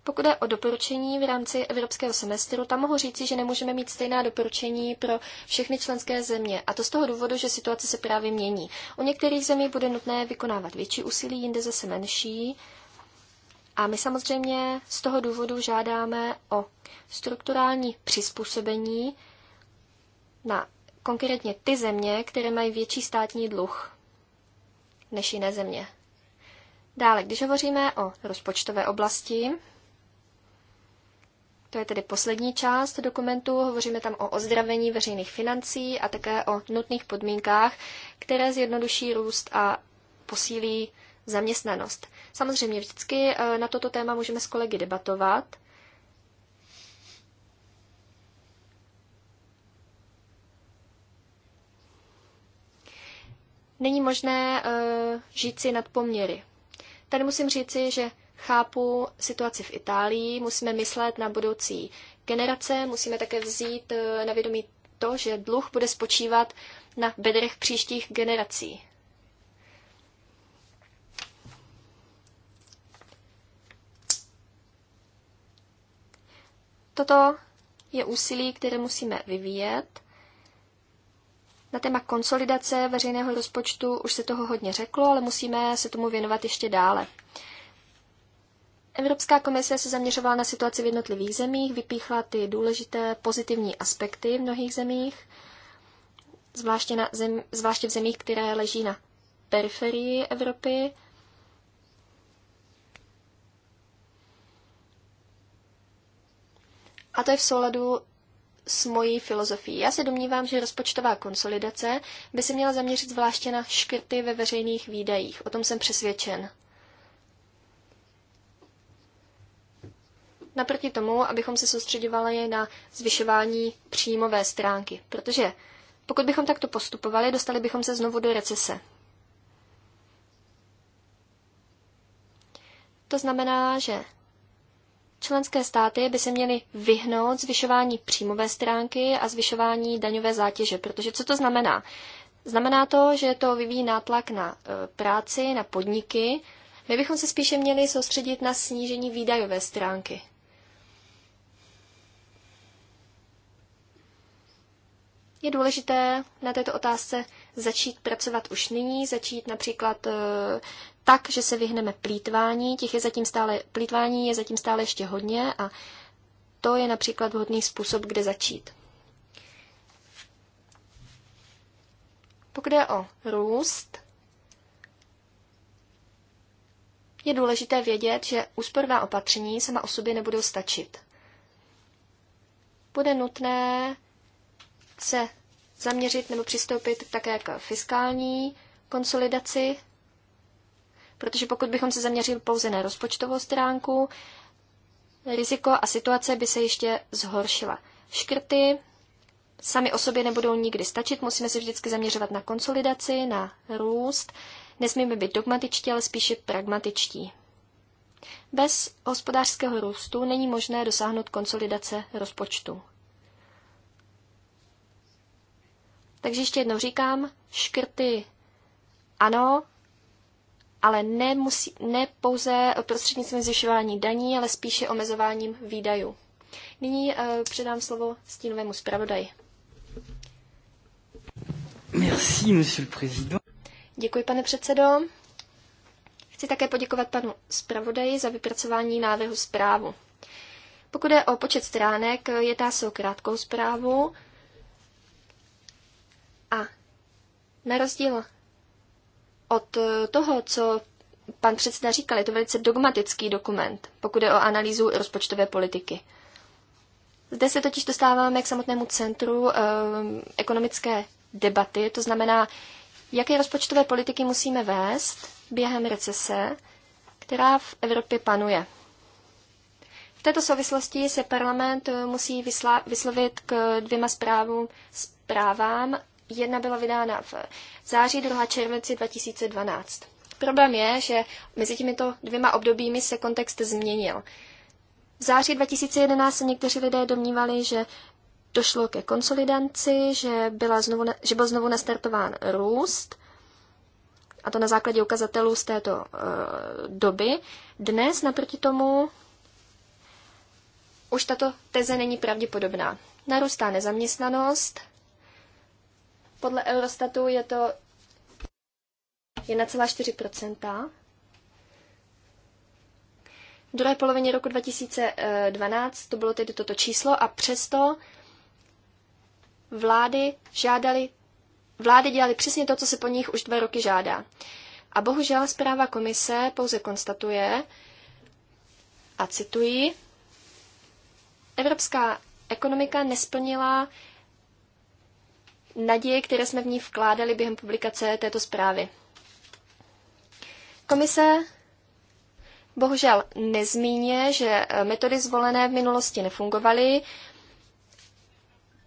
Pokud je o doporučení v rámci evropského semestru, tam mohu říci, že nemůžeme mít stejná doporučení pro všechny členské země. A to z toho důvodu, že situace se právě mění. U některých zemí bude nutné vykonávat větší úsilí, jinde zase menší. A my samozřejmě z toho důvodu žádáme o strukturální přizpůsobení na konkrétně ty země, které mají větší státní dluh než jiné země. Dále, když hovoříme o rozpočtové oblasti, to je tedy poslední část dokumentu. Hovoříme tam o ozdravení veřejných financí a také o nutných podmínkách, které zjednoduší růst a posílí zaměstnanost. Samozřejmě vždycky eh, na toto téma můžeme s kolegy debatovat. Není možné uh, žít si nad poměry. Tady musím říci, že chápu situaci v Itálii, musíme myslet na budoucí generace, musíme také vzít eh, na vědomí to, že dluh bude spočívat na bedrech příštích generací. Toto je úsilí, které musíme vyvíjet. Na téma konsolidace veřejného rozpočtu už se toho hodně řeklo, ale musíme se tomu věnovat ještě dále. Evropská komise se zaměřovala na situaci v jednotlivých zemích, vypíchla ty důležité pozitivní aspekty v mnohých zemích, zvláště, na zem, zvláště v zemích, které leží na periferii Evropy. A to je v souladu s mojí filozofií. Já se domnívám, že rozpočtová konsolidace by se měla zaměřit zvláště na škrty ve veřejných výdajích. O tom jsem přesvědčen. naproti tomu, abychom se soustředovali na zvyšování příjmové stránky. Protože pokud bychom takto postupovali, dostali bychom se znovu do recese. To znamená, že členské státy by se měly vyhnout zvyšování příjmové stránky a zvyšování daňové zátěže. Protože co to znamená? Znamená to, že to vyvíjí nátlak na e, práci, na podniky. My bychom se spíše měli soustředit na snížení výdajové stránky. je důležité na této otázce začít pracovat už nyní, začít například eh, tak, že se vyhneme plítvání. Těch je zatím stále, plítvání je zatím stále ještě hodně a to je například vhodný způsob, kde začít. Pokud je o růst, je důležité vědět, že úsporná opatření sama o sobě nebudou stačit. Bude nutné se zaměřit nebo přistoupit také k fiskální konsolidaci, protože pokud bychom se zaměřili pouze na rozpočtovou stránku, riziko a situace by se ještě zhoršila. Škrty sami o sobě nebudou nikdy stačit, musíme se vždycky zaměřovat na konsolidaci, na růst, nesmíme být dogmatičtí, ale spíše pragmatičtí. Bez hospodářského růstu není možné dosáhnout konsolidace rozpočtu. Takže ještě jednou říkám, škrty ano, ale ne, musí, ne pouze prostřednictvím zvyšování daní, ale spíše omezováním výdajů. Nyní uh, předám slovo stínovému zpravodaji. Merci, monsieur le président. Děkuji, pane předsedo. Chci také poděkovat panu zpravodaji za vypracování návrhu zprávu. Pokud je o počet stránek, eh, jedná se o krátkou zprávu, a na rozdíl od eh, toho, co pan předseda říkal, je to velice dogmatický dokument, pokud je o analýzu rozpočtové politiky. Zde se totiž dostáváme k samotnému centru um, ekonomické debaty, to znamená, jaké rozpočtové politiky musíme vést během recese, která v Evropě panuje. V této souvislosti se parlament eh, musí vyslovit k dvěma zprávám Jedna byla vydána v září, druhá červenci 2012. Problém je, že mezi těmito dvěma obdobími se kontext změnil. V září 2011 se někteří lidé domnívali, že došlo ke konsolidanci, že, byla znovu, že byl znovu nastartován růst, a to na základě ukazatelů z této uh, doby. Dnes naproti tomu už tato teze není pravděpodobná. Narůstá nezaměstnanost, podle Eurostatu je to 1,4 V druhé polovině roku 2012 to bylo tedy toto číslo a přesto vlády žádali, vlády dělali přesně to, co se po nich už dva roky žádá. A bohužel zpráva komise pouze konstatuje, a cituji, evropská ekonomika nesplnila naděje, které jsme v ní vkládali během publikace této zprávy. Komise bohužel nezmíně, že metody zvolené v minulosti nefungovaly,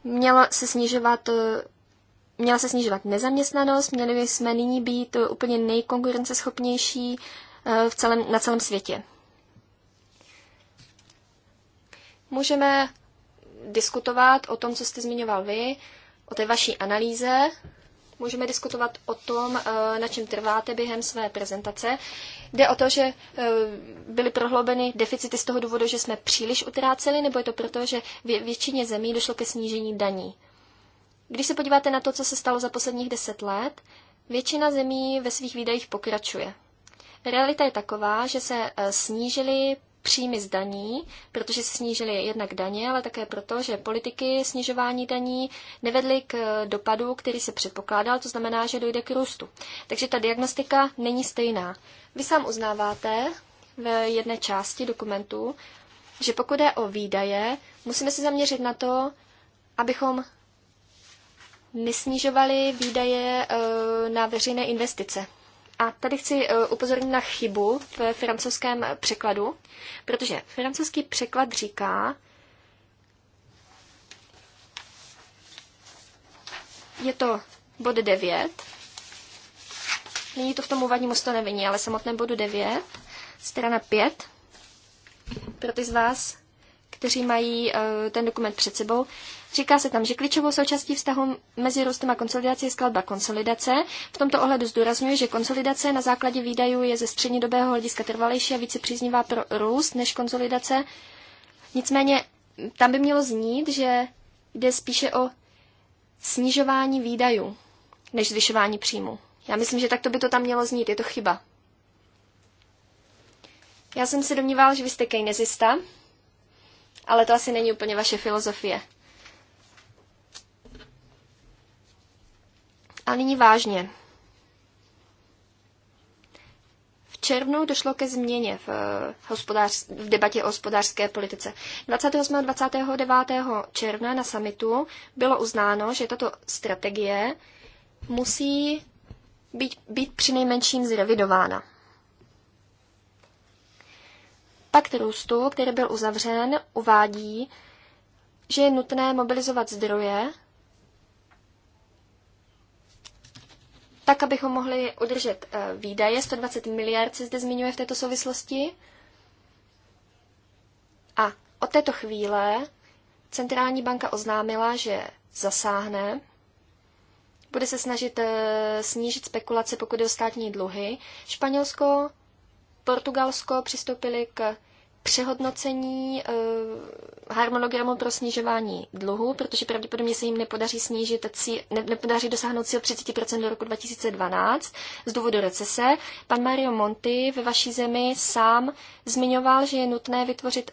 měla se snižovat měla se snižovat nezaměstnanost, měli jsme nyní být úplně nejkonkurenceschopnější eh, v celém, na celém světě. Můžeme diskutovat o tom, co jste zmiňoval vy, o té vaší analýze. Můžeme diskutovat o tom, eh, na čem trváte během své prezentace. Jde o to, že eh, byly prohloubeny deficity z toho důvodu, že jsme příliš utráceli, nebo je to proto, že většině zemí došlo ke snížení daní. Když se podíváte na to, co se stalo za posledních deset let, většina zemí ve svých výdajích pokračuje. Realita je taková, že se eh, snížily příjmy z daní, protože se snížily jednak daně, ale také proto, že politiky snižování daní nevedly k eh, dopadu, který se předpokládal, to znamená, že dojde k růstu. Takže ta diagnostika není stejná. Vy sám uznáváte v jedné části dokumentu, že pokud je o výdaje, musíme se zaměřit na to, abychom nesnižovali výdaje eh, na veřejné investice. A tady chci eh, upozornit na chybu v francouzském překladu, protože francouzský překlad říká, je to bod 9, není to v tom úvodním ustanovení, ale samotné bodu 9, strana 5, pro ty z vás, kteří mají eh, ten dokument před sebou, Říká se tam, že klíčovou součástí vztahu mezi růstem a konsolidací je skladba konsolidace. V tomto ohledu zdůrazňuje, že konsolidace na základě výdajů je ze střednědobého hlediska trvalejší a více příznivá pro růst než konsolidace. Nicméně tam by mělo znít, že jde spíše o snižování výdajů než zvyšování příjmu. Já myslím, že takto by to tam mělo znít, je to chyba. Já jsem se domníval, že vy jste keynesista, ale to asi není úplně vaše filozofie. A nyní vážně. V červnu došlo ke změně v, eh, hospodář, v debatě o hospodářské politice. 28. a 29. června na samitu bylo uznáno, že tato strategie musí být, být nejmenším zrevidována. Pakt růstu, který byl uzavřen, uvádí, že je nutné mobilizovat zdroje tak abychom mohli udržet eh, výdaje. 120 miliard se zde zmiňuje v této souvislosti. A od této chvíle centrální banka oznámila, že zasáhne, bude se snažit eh, snížit spekulace, pokud je o státní dluhy. Španělsko, Portugalsko přistoupili k přehodnocení eh, harmonogramu pro snižování dluhu, protože pravděpodobně se jim nepodaří snížit, ne, nepodaří dosáhnout cíl 30% do roku 2012 z důvodu recese. Pan Mario Monti ve vaší zemi sám zmiňoval, že je nutné vytvořit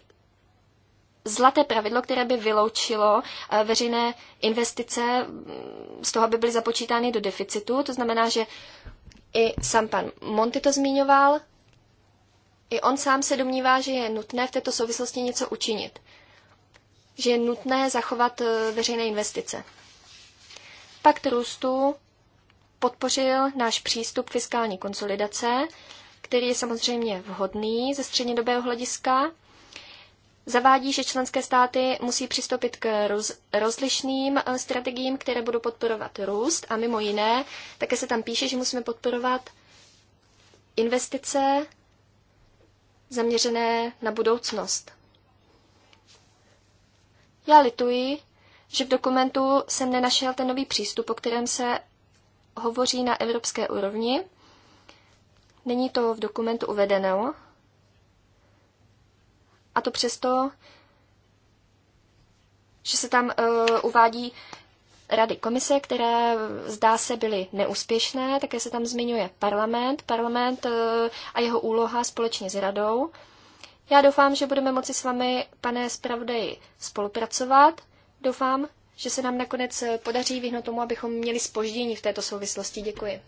zlaté pravidlo, které by vyloučilo eh, veřejné investice mm, z toho, aby byly započítány do deficitu. To znamená, že i sám pan Monti to zmiňoval, i on sám se domnívá, že je nutné v této souvislosti něco učinit. Že je nutné zachovat eh, veřejné investice. Pakt růstu podpořil náš přístup fiskální konsolidace, který je samozřejmě vhodný ze střednědobého hlediska. Zavádí, že členské státy musí přistoupit k roz, rozlišným eh, strategiím, které budou podporovat růst a mimo jiné také se tam píše, že musíme podporovat investice zaměřené na budoucnost. Já lituji, že v dokumentu jsem nenašel ten nový přístup, o kterém se hovoří na evropské úrovni. Není to v dokumentu uvedeno. A to přesto, že se tam uh, uvádí rady komise, které eh, zdá se byly neúspěšné, také se tam zmiňuje parlament, parlament eh, a jeho úloha společně s radou. Já doufám, že budeme moci s vámi, pane zpravodaji, spolupracovat. Doufám, že se nám nakonec eh, podaří vyhnout tomu, abychom měli spoždění v této souvislosti. Děkuji.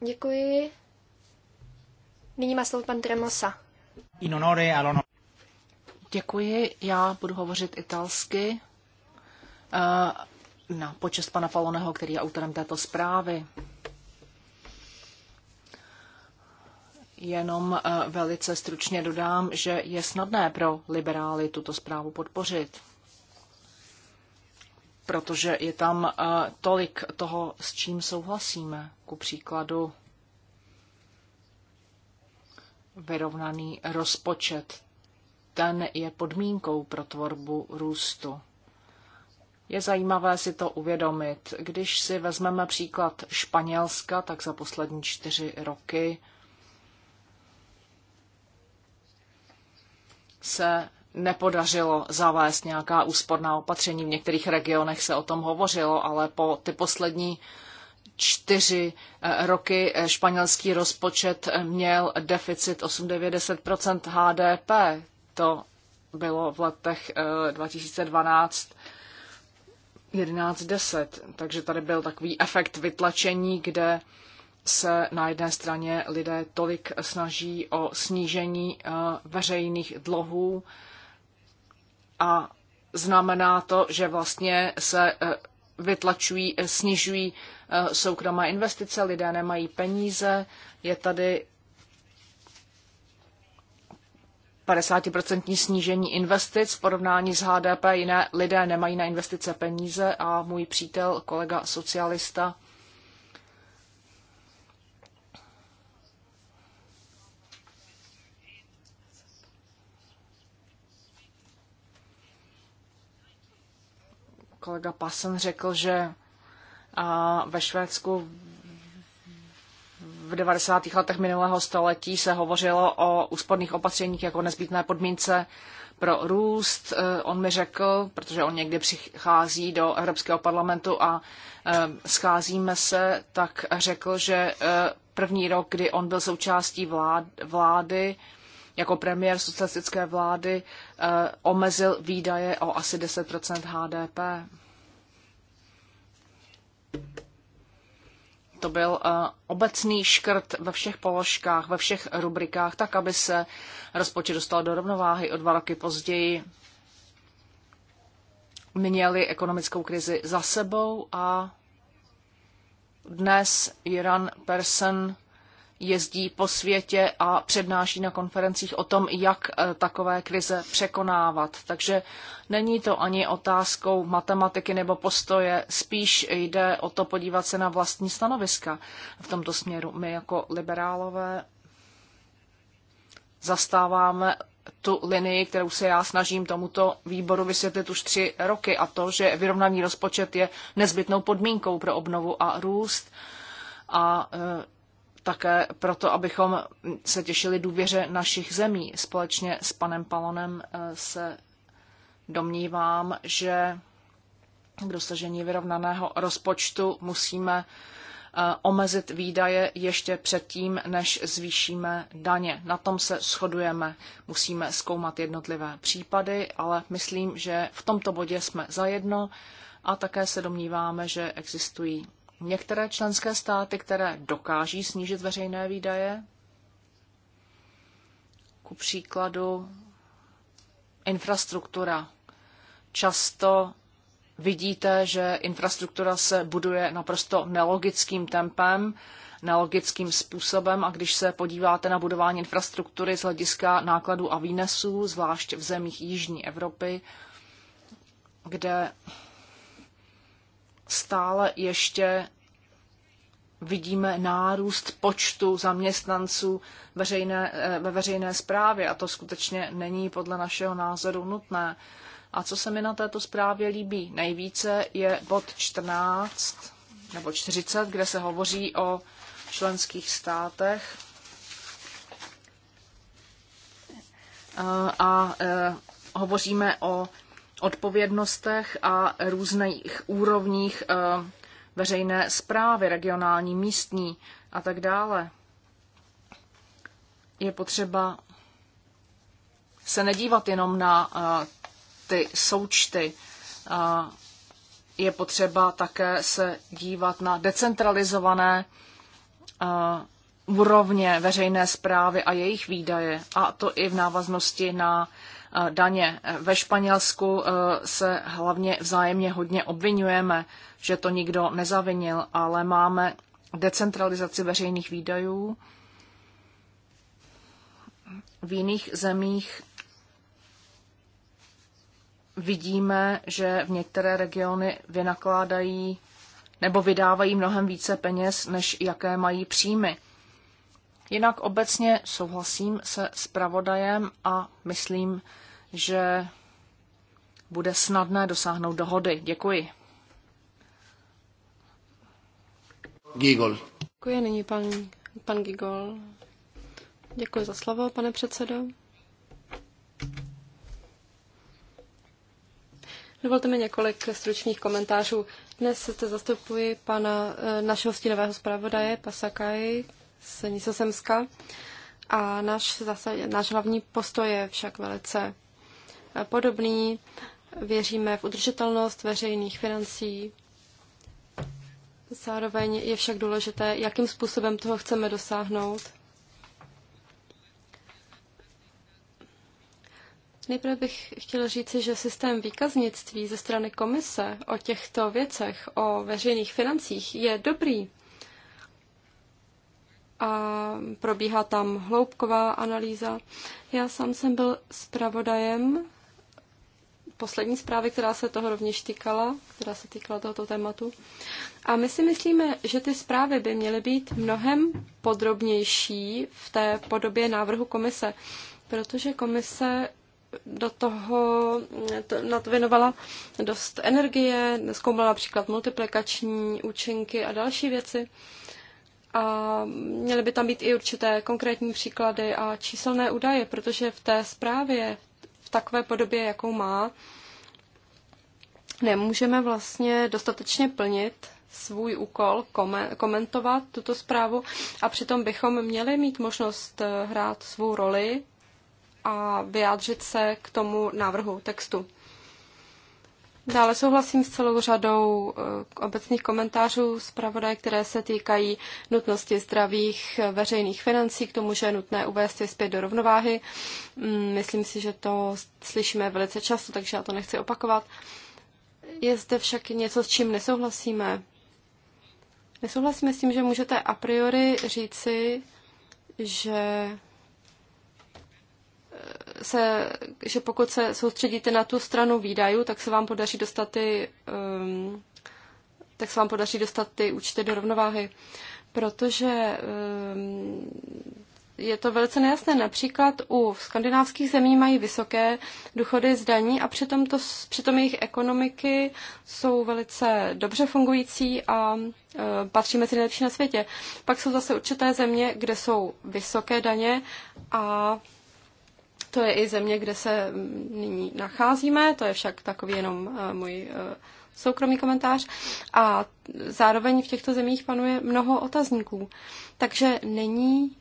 Děkuji. Nyní má slovo pan Tremosa. In onore Děkuji, já budu hovořit italsky. Eh, na počest pana Faloneho, který je autorem této zprávy. Jenom eh, velice stručně dodám, že je snadné pro liberály tuto zprávu podpořit, protože je tam eh, tolik toho, s čím souhlasíme. Ku příkladu vyrovnaný rozpočet. Ten je podmínkou pro tvorbu růstu. Je zajímavé si to uvědomit. Když si vezmeme příklad Španělska, tak za poslední čtyři roky se nepodařilo zavést nějaká úsporná opatření. V některých regionech se o tom hovořilo, ale po ty poslední čtyři eh, roky eh, španělský rozpočet měl deficit 8-90 HDP. To bylo v letech 2012 eh, 11.10. Takže tady byl takový efekt vytlačení, kde se na jedné straně lidé tolik snaží o snížení eh, veřejných dluhů a znamená to, že vlastně se eh, vytlačují, eh, snižují soukromé investice, lidé nemají peníze, je tady 50% snížení investic v porovnání s HDP, jiné lidé nemají na investice peníze a můj přítel, kolega socialista, kolega Passen řekl, že a ve Švédsku v 90. letech minulého století se hovořilo o úsporných opatřeních jako nezbytné podmínce pro růst. Eh, on mi řekl, protože on někdy přichází do Evropského parlamentu a eh, scházíme se, tak řekl, že eh, první rok, kdy on byl součástí vlády, jako premiér socialistické vlády, omezil výdaje o asi 10 HDP to byl eh, obecný škrt ve všech položkách, ve všech rubrikách, tak, aby se rozpočet dostal do rovnováhy o dva roky později. Měli ekonomickou krizi za sebou a dnes Iran Persen jezdí po světě a přednáší na konferencích o tom, jak e, takové krize překonávat. Takže není to ani otázkou matematiky nebo postoje, spíš jde o to podívat se na vlastní stanoviska v tomto směru. My jako liberálové zastáváme tu linii, kterou se já snažím tomuto výboru vysvětlit už tři roky, a to, že vyrovnaný rozpočet je nezbytnou podmínkou pro obnovu a růst a e, také proto, abychom se těšili důvěře našich zemí. Společně s panem Palonem eh, se domnívám, že k dosažení vyrovnaného rozpočtu musíme eh, omezit výdaje ještě předtím, než zvýšíme daně. Na tom se shodujeme. Musíme zkoumat jednotlivé případy, ale myslím, že v tomto bodě jsme zajedno a také se domníváme, že existují některé členské státy, které dokáží snížit veřejné výdaje, ku příkladu infrastruktura. Často vidíte, že infrastruktura se buduje naprosto nelogickým tempem, nelogickým způsobem a když se podíváte na budování infrastruktury z hlediska nákladů a výnesů, zvlášť v zemích Jižní Evropy, kde stále ještě vidíme nárůst počtu zaměstnanců veřejné, eh, ve veřejné správě a to skutečně není podle našeho názoru nutné. A co se mi na této zprávě líbí nejvíce je bod 14 nebo 40, kde se hovoří o členských státech eh, a eh, hovoříme o odpovědnostech a různých úrovních eh, veřejné zprávy, regionální, místní a tak dále. Je potřeba se nedívat jenom na eh, ty součty. Eh, je potřeba také se dívat na decentralizované úrovně veřejné zprávy a jejich výdaje, a to i v návaznosti na daně. Ve Španělsku e, se hlavně vzájemně hodně obvinujeme, že to nikdo nezavinil, ale máme decentralizaci veřejných výdajů. V jiných zemích vidíme, že v některé regiony vynakládají nebo vydávají mnohem více peněz, než jaké mají příjmy. Jinak obecně souhlasím se zpravodajem a myslím, že bude snadné dosáhnout dohody. Děkuji. Gigol. Děkuji, nyní pan, pan Gigol. Děkuji za slovo, pane předsedo. Dovolte mi několik stručných komentářů. Dnes se zastupuji pana eh, našeho stínového zpravodaje Pasakaj, z Nizozemska. A náš, zase, náš hlavní postoj je však velice eh, podobný. Věříme v udržitelnost veřejných financí. Zároveň je však důležité, jakým způsobem toho chceme dosáhnout. Nejprve bych chtěla říci, že systém výkaznictví ze strany komise o těchto věcech, o veřejných financích, je dobrý a probíhá tam hloubková analýza. Já sám jsem byl zpravodajem poslední zprávy, která se toho rovněž týkala, která se týkala tohoto tématu. A my si myslíme, že ty zprávy by měly být mnohem podrobnější v té podobě návrhu komise, protože komise do toho na to věnovala dost energie, zkoumala například multiplikační účinky a další věci a měly by tam být i určité konkrétní příklady a číselné údaje, protože v té zprávě v takové podobě, jakou má, nemůžeme vlastně dostatečně plnit svůj úkol komentovat tuto zprávu a přitom bychom měli mít možnost eh, hrát svou roli a vyjádřit se k tomu návrhu textu. Dále souhlasím s celou řadou eh, obecných komentářů pravodaj, které se týkají nutnosti zdravých eh, veřejných financí, k tomu, že je nutné uvést je zpět do rovnováhy. Mm, myslím si, že to slyšíme velice často, takže já to nechci opakovat. Je zde však něco, s čím nesouhlasíme. Nesouhlasíme s tím, že můžete a priori říci, že se, že pokud se soustředíte na tu stranu výdajů, tak se vám podaří dostat ty, um, tak se vám podaří dostat ty účty do rovnováhy, protože um, je to velice nejasné. Například u skandinávských zemí mají vysoké důchody zdaní a přitom, to, přitom jejich ekonomiky jsou velice dobře fungující a e, patří mezi nejlepší na světě. Pak jsou zase určité země, kde jsou vysoké daně a to je i země, kde se mm, nyní nacházíme, to je však takový jenom eh, můj eh, soukromý komentář. A zároveň v těchto zemích panuje mnoho otazníků. Takže není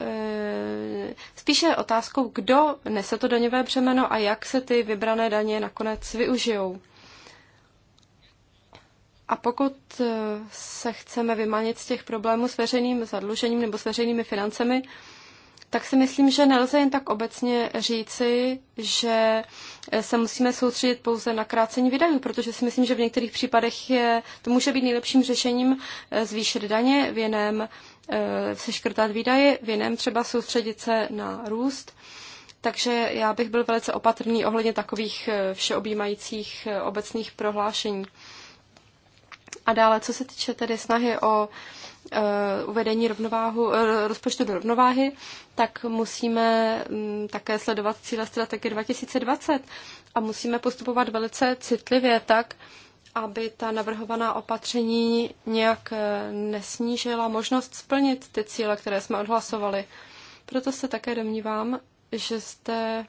eh, spíše otázkou, kdo nese to daňové břemeno a jak se ty vybrané daně nakonec využijou. A pokud se chceme vymanit z těch problémů s veřejným zadlužením nebo s veřejnými financemi, tak si myslím, že nelze jen tak obecně říci, že se musíme soustředit pouze na krácení výdajů, protože si myslím, že v některých případech je, to může být nejlepším řešením eh, zvýšit daně, v jiném eh, seškrtat výdaje, v jiném třeba soustředit se na růst. Takže já bych byl velice opatrný ohledně takových eh, všeobjímajících obecných prohlášení. A dále, co se týče tedy snahy o Eh, uvedení rovnováhu, eh, rozpočtu do rovnováhy, tak musíme mm, také sledovat cíle strategie 2020 a musíme postupovat velice citlivě tak, aby ta navrhovaná opatření nějak eh, nesnížila možnost splnit ty cíle, které jsme odhlasovali. Proto se také domnívám, že zde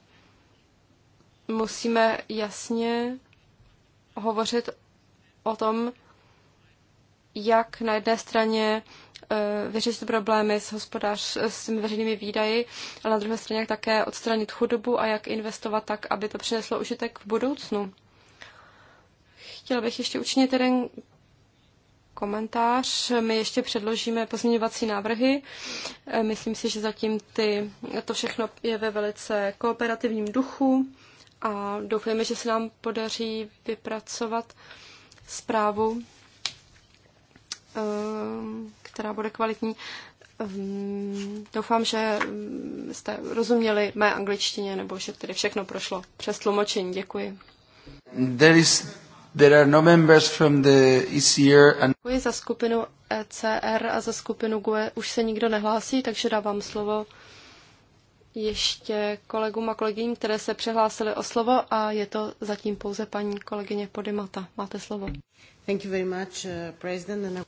musíme jasně hovořit o tom, jak na jedné straně eh, vyřešit problémy s, hospodář, s veřejnými výdaji, ale na druhé straně jak také odstranit chudobu a jak investovat tak, aby to přineslo užitek v budoucnu. Chtěla bych ještě učinit jeden komentář. My ještě předložíme pozměňovací návrhy. Eh, myslím si, že zatím ty, to všechno je ve velice kooperativním duchu a doufujeme, že se nám podaří vypracovat zprávu, Ehm, která bude kvalitní. Ehm, doufám, že ehm, jste rozuměli mé angličtině, nebo že tedy všechno prošlo přes tlumočení. Děkuji. There is, there are no members from the ECR and... Děkuji za skupinu ECR a za skupinu GUE. Už se nikdo nehlásí, takže dávám slovo ještě kolegům a kolegyním, které se přihlásili o slovo a je to zatím pouze paní kolegyně Podimata. Máte slovo. Thank you very much, uh, President.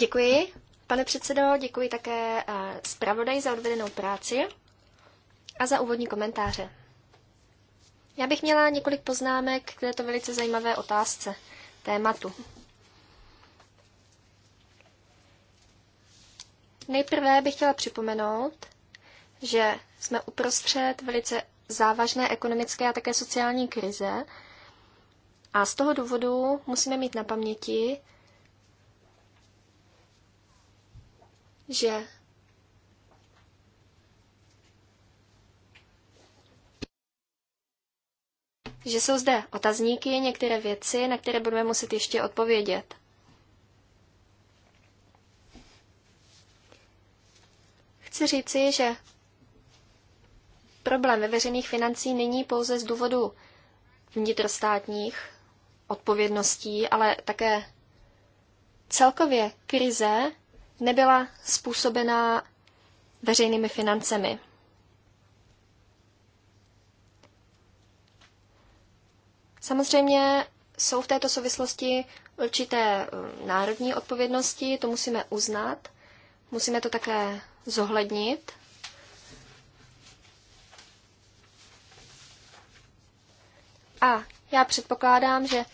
Děkuji, pane předsedo, děkuji také uh, zpravodaj za odvedenou práci a za úvodní komentáře. Já bych měla několik poznámek k této velice zajímavé otázce, tématu. Nejprve bych chtěla připomenout, že jsme uprostřed velice závažné ekonomické a také sociální krize, a z toho důvodu musíme mít na paměti, že že jsou zde otazníky, některé věci, na které budeme muset ještě odpovědět. Chci říci, že problém ve veřejných financí není pouze z důvodu vnitrostátních, odpovědností, ale také celkově krize nebyla způsobená veřejnými financemi. Samozřejmě jsou v této souvislosti určité eh, národní odpovědnosti, to musíme uznat, musíme to také zohlednit. A já předpokládám, že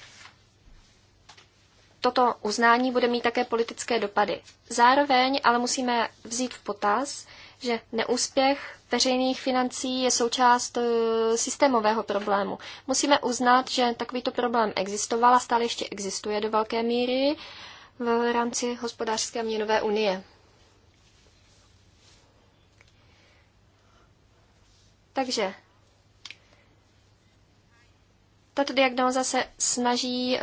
toto uznání bude mít také politické dopady. Zároveň ale musíme vzít v potaz, že neúspěch veřejných financí je součást eh, systémového problému. Musíme uznat, že takovýto problém existoval a stále ještě existuje do velké míry v rámci hospodářské a měnové unie. Takže tato diagnóza se snaží e,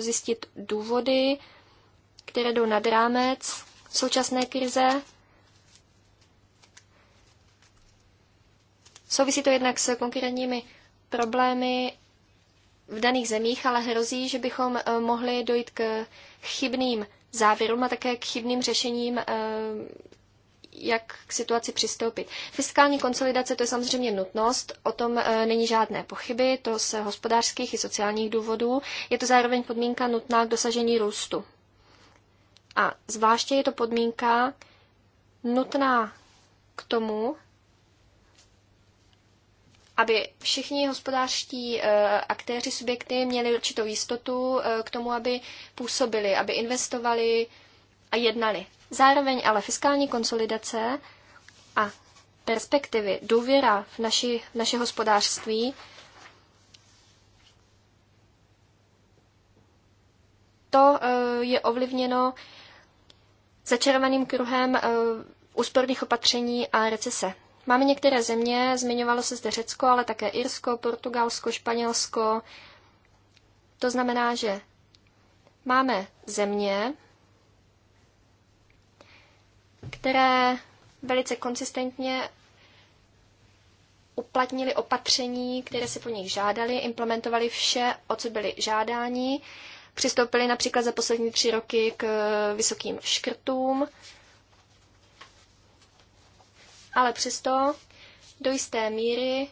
zjistit důvody, které jdou nad rámec současné krize. Souvisí to jednak s konkrétními problémy v daných zemích, ale hrozí, že bychom e, mohli dojít k chybným závěrům a také k chybným řešením e, jak k situaci přistoupit. Fiskální konsolidace to je samozřejmě nutnost, o tom e, není žádné pochyby, to z hospodářských i sociálních důvodů. Je to zároveň podmínka nutná k dosažení růstu. A zvláště je to podmínka nutná k tomu, aby všichni hospodářští e, aktéři, subjekty měli určitou jistotu e, k tomu, aby působili, aby investovali a jednali. Zároveň ale fiskální konsolidace a perspektivy, důvěra v, naši, v naše hospodářství, to e, je ovlivněno začarovaným kruhem e, úsporných opatření a recese. Máme některé země, zmiňovalo se zde Řecko, ale také Irsko, Portugalsko, Španělsko. To znamená, že máme země, které velice konsistentně uplatnili opatření, které se po nich žádali, implementovali vše, o co byli žádáni, přistoupili například za poslední tři roky k vysokým škrtům, ale přesto do jisté míry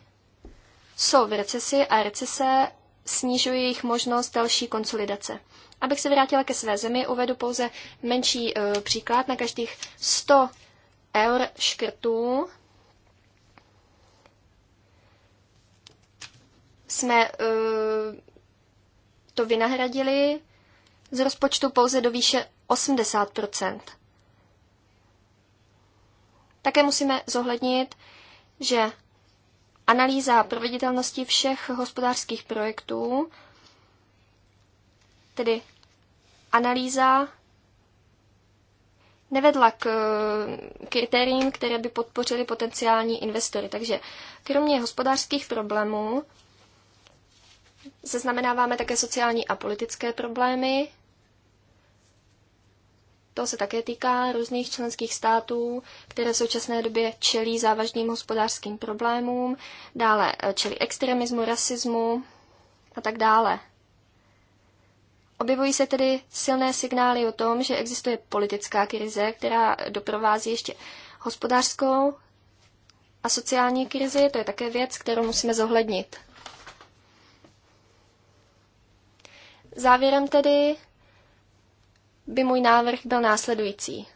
jsou v recesi a recese snižuje jejich možnost další konsolidace. Abych se vrátila ke své zemi, uvedu pouze menší uh, příklad. Na každých 100 eur škrtů jsme uh, to vynahradili z rozpočtu pouze do výše 80 Také musíme zohlednit, že analýza proveditelnosti všech hospodářských projektů Tedy analýza nevedla k eh, kritériím, které by podpořily potenciální investory. Takže kromě hospodářských problémů zaznamenáváme také sociální a politické problémy. To se také týká různých členských států, které v současné době čelí závažným hospodářským problémům, dále eh, čelí extremismu, rasismu a tak dále. Objevují se tedy silné signály o tom, že existuje politická krize, která doprovází ještě hospodářskou a sociální krizi. To je také věc, kterou musíme zohlednit. Závěrem tedy by můj návrh byl následující.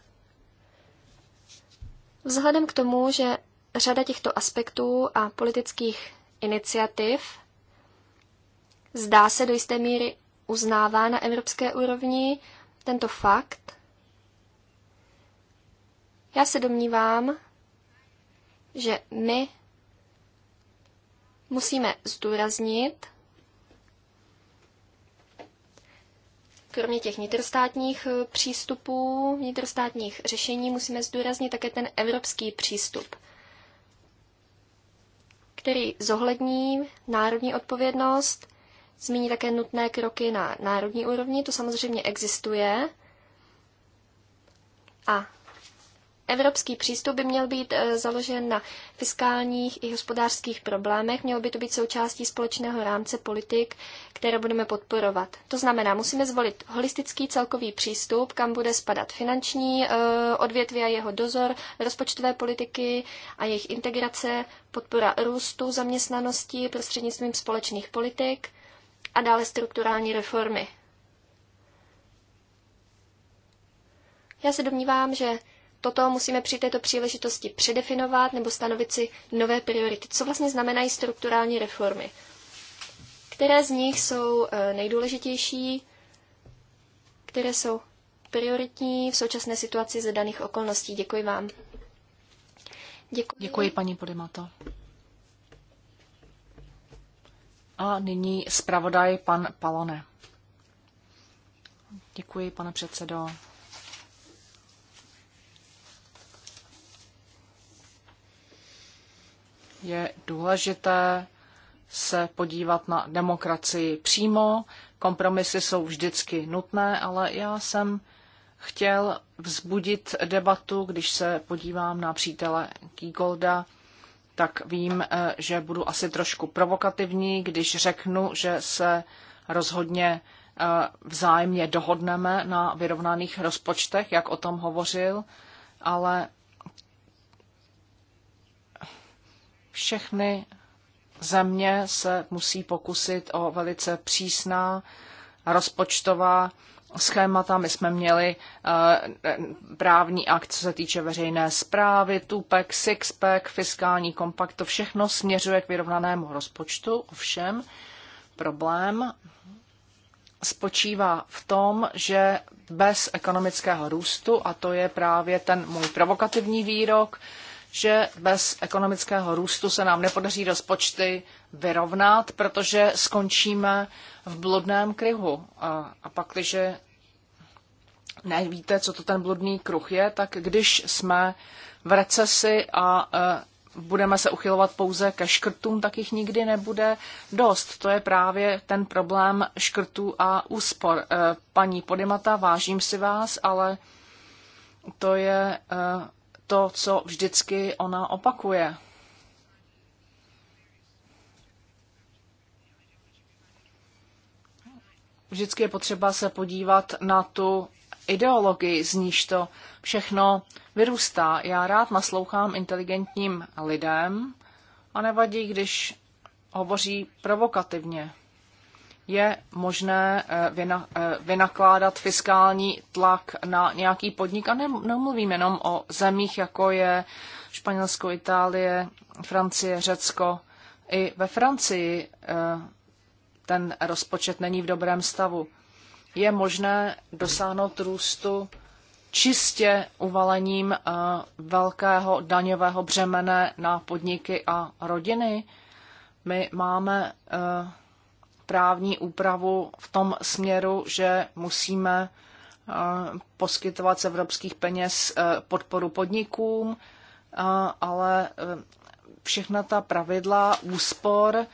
Vzhledem k tomu, že řada těchto aspektů a politických iniciativ zdá se do jisté míry uznává na evropské úrovni tento fakt. Já se domnívám, že my musíme zdůraznit, kromě těch vnitrostátních eh, přístupů, vnitrostátních řešení, musíme zdůraznit také ten evropský přístup, který zohlední národní odpovědnost, zmíní také nutné kroky na národní úrovni, to samozřejmě existuje. A evropský přístup by měl být eh, založen na fiskálních i hospodářských problémech, mělo by to být součástí společného rámce politik, které budeme podporovat. To znamená, musíme zvolit holistický celkový přístup, kam bude spadat finanční eh, odvětví a jeho dozor, rozpočtové politiky a jejich integrace, podpora růstu, zaměstnanosti prostřednictvím společných politik – a dále strukturální reformy. Já se domnívám, že toto musíme při této příležitosti předefinovat nebo stanovit si nové priority. Co vlastně znamenají strukturální reformy? Které z nich jsou eh, nejdůležitější? Které jsou prioritní v současné situaci ze daných okolností? Děkuji vám. Děkuji. Děkuji, paní Podemato. A nyní zpravodaj pan Palone. Děkuji, pane předsedo. Je důležité se podívat na demokracii přímo. Kompromisy jsou vždycky nutné, ale já jsem chtěl vzbudit debatu, když se podívám na přítele Kigolda, tak vím, eh, že budu asi trošku provokativní, když řeknu, že se rozhodně eh, vzájemně dohodneme na vyrovnaných rozpočtech, jak o tom hovořil, ale všechny země se musí pokusit o velice přísná rozpočtová schémata. My jsme měli eh, právní akt, co se týče veřejné zprávy, tupek, sixpack, fiskální kompakt, to všechno směřuje k vyrovnanému rozpočtu, ovšem problém spočívá v tom, že bez ekonomického růstu, a to je právě ten můj provokativní výrok, že bez ekonomického růstu se nám nepodaří rozpočty vyrovnat, protože skončíme v blodném kryhu. A, a pak, když nevíte, co to ten bludný kruh je, tak když jsme v recesi a e, budeme se uchylovat pouze ke škrtům, tak jich nikdy nebude dost. To je právě ten problém škrtů a úspor. E, paní Podimata, vážím si vás, ale to je e, to, co vždycky ona opakuje. vždycky je potřeba se podívat na tu ideologii, z níž to všechno vyrůstá. Já rád naslouchám inteligentním lidem a nevadí, když hovoří provokativně. Je možné eh, eh, vynakládat fiskální tlak na nějaký podnik a nemluvím jenom o zemích, jako je Španělsko, Itálie, Francie, Řecko. I ve Francii eh, ten rozpočet není v dobrém stavu. Je možné dosáhnout růstu čistě uvalením eh, velkého daňového břemene na podniky a rodiny. My máme eh, právní úpravu v tom směru, že musíme eh, poskytovat z evropských peněz podporu podnikům, ale všechna ta pravidla úspor, eh,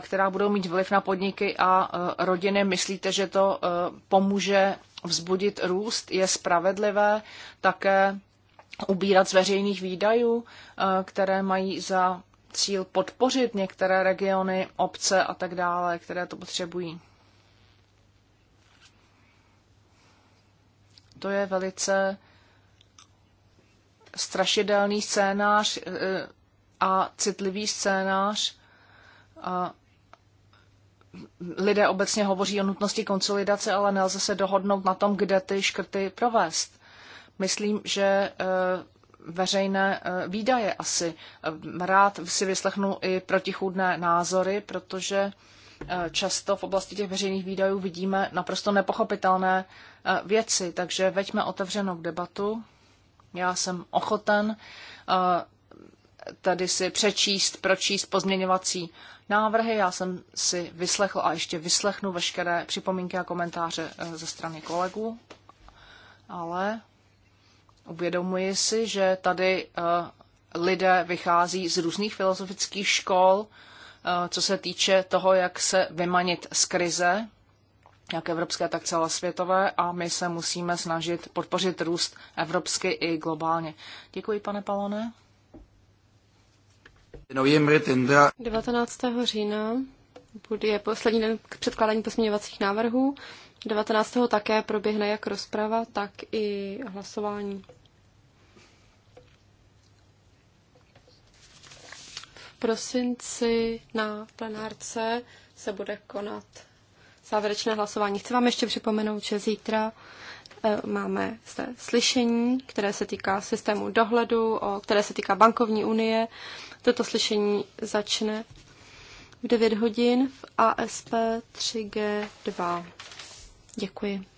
která budou mít vliv na podniky a eh, rodiny, myslíte, že to eh, pomůže vzbudit růst? Je spravedlivé také ubírat z veřejných výdajů, které mají za cíl podpořit některé regiony, obce a tak dále, které to potřebují? To je velice strašidelný scénář, a citlivý scénář. A lidé obecně hovoří o nutnosti konsolidace, ale nelze se dohodnout na tom, kde ty škrty provést. Myslím, že e, veřejné e, výdaje asi. E, rád si vyslechnu i protichůdné názory, protože často v oblasti těch veřejných výdajů vidíme naprosto nepochopitelné věci, takže veďme otevřenou debatu. Já jsem ochoten tady si přečíst, pročíst pozměňovací návrhy. Já jsem si vyslechl a ještě vyslechnu veškeré připomínky a komentáře eh, ze strany kolegů, ale uvědomuji si, že tady eh, lidé vychází z různých filozofických škol, eh, co se týče toho, jak se vymanit z krize, jak evropské, tak celosvětové, a my se musíme snažit podpořit růst evropsky i globálně. Děkuji, pane Palone. 19. října bude poslední den k předkládání pozměňovacích návrhů. 19. také proběhne jak rozprava, tak i hlasování. V prosinci na plenárce se bude konat závěrečné hlasování. Chci vám ještě připomenout, že zítra eh, máme zde slyšení, které se týká systému dohledu, o které se týká bankovní unie. Toto slyšení začne v 9 hodin v ASP 3G2. Děkuji.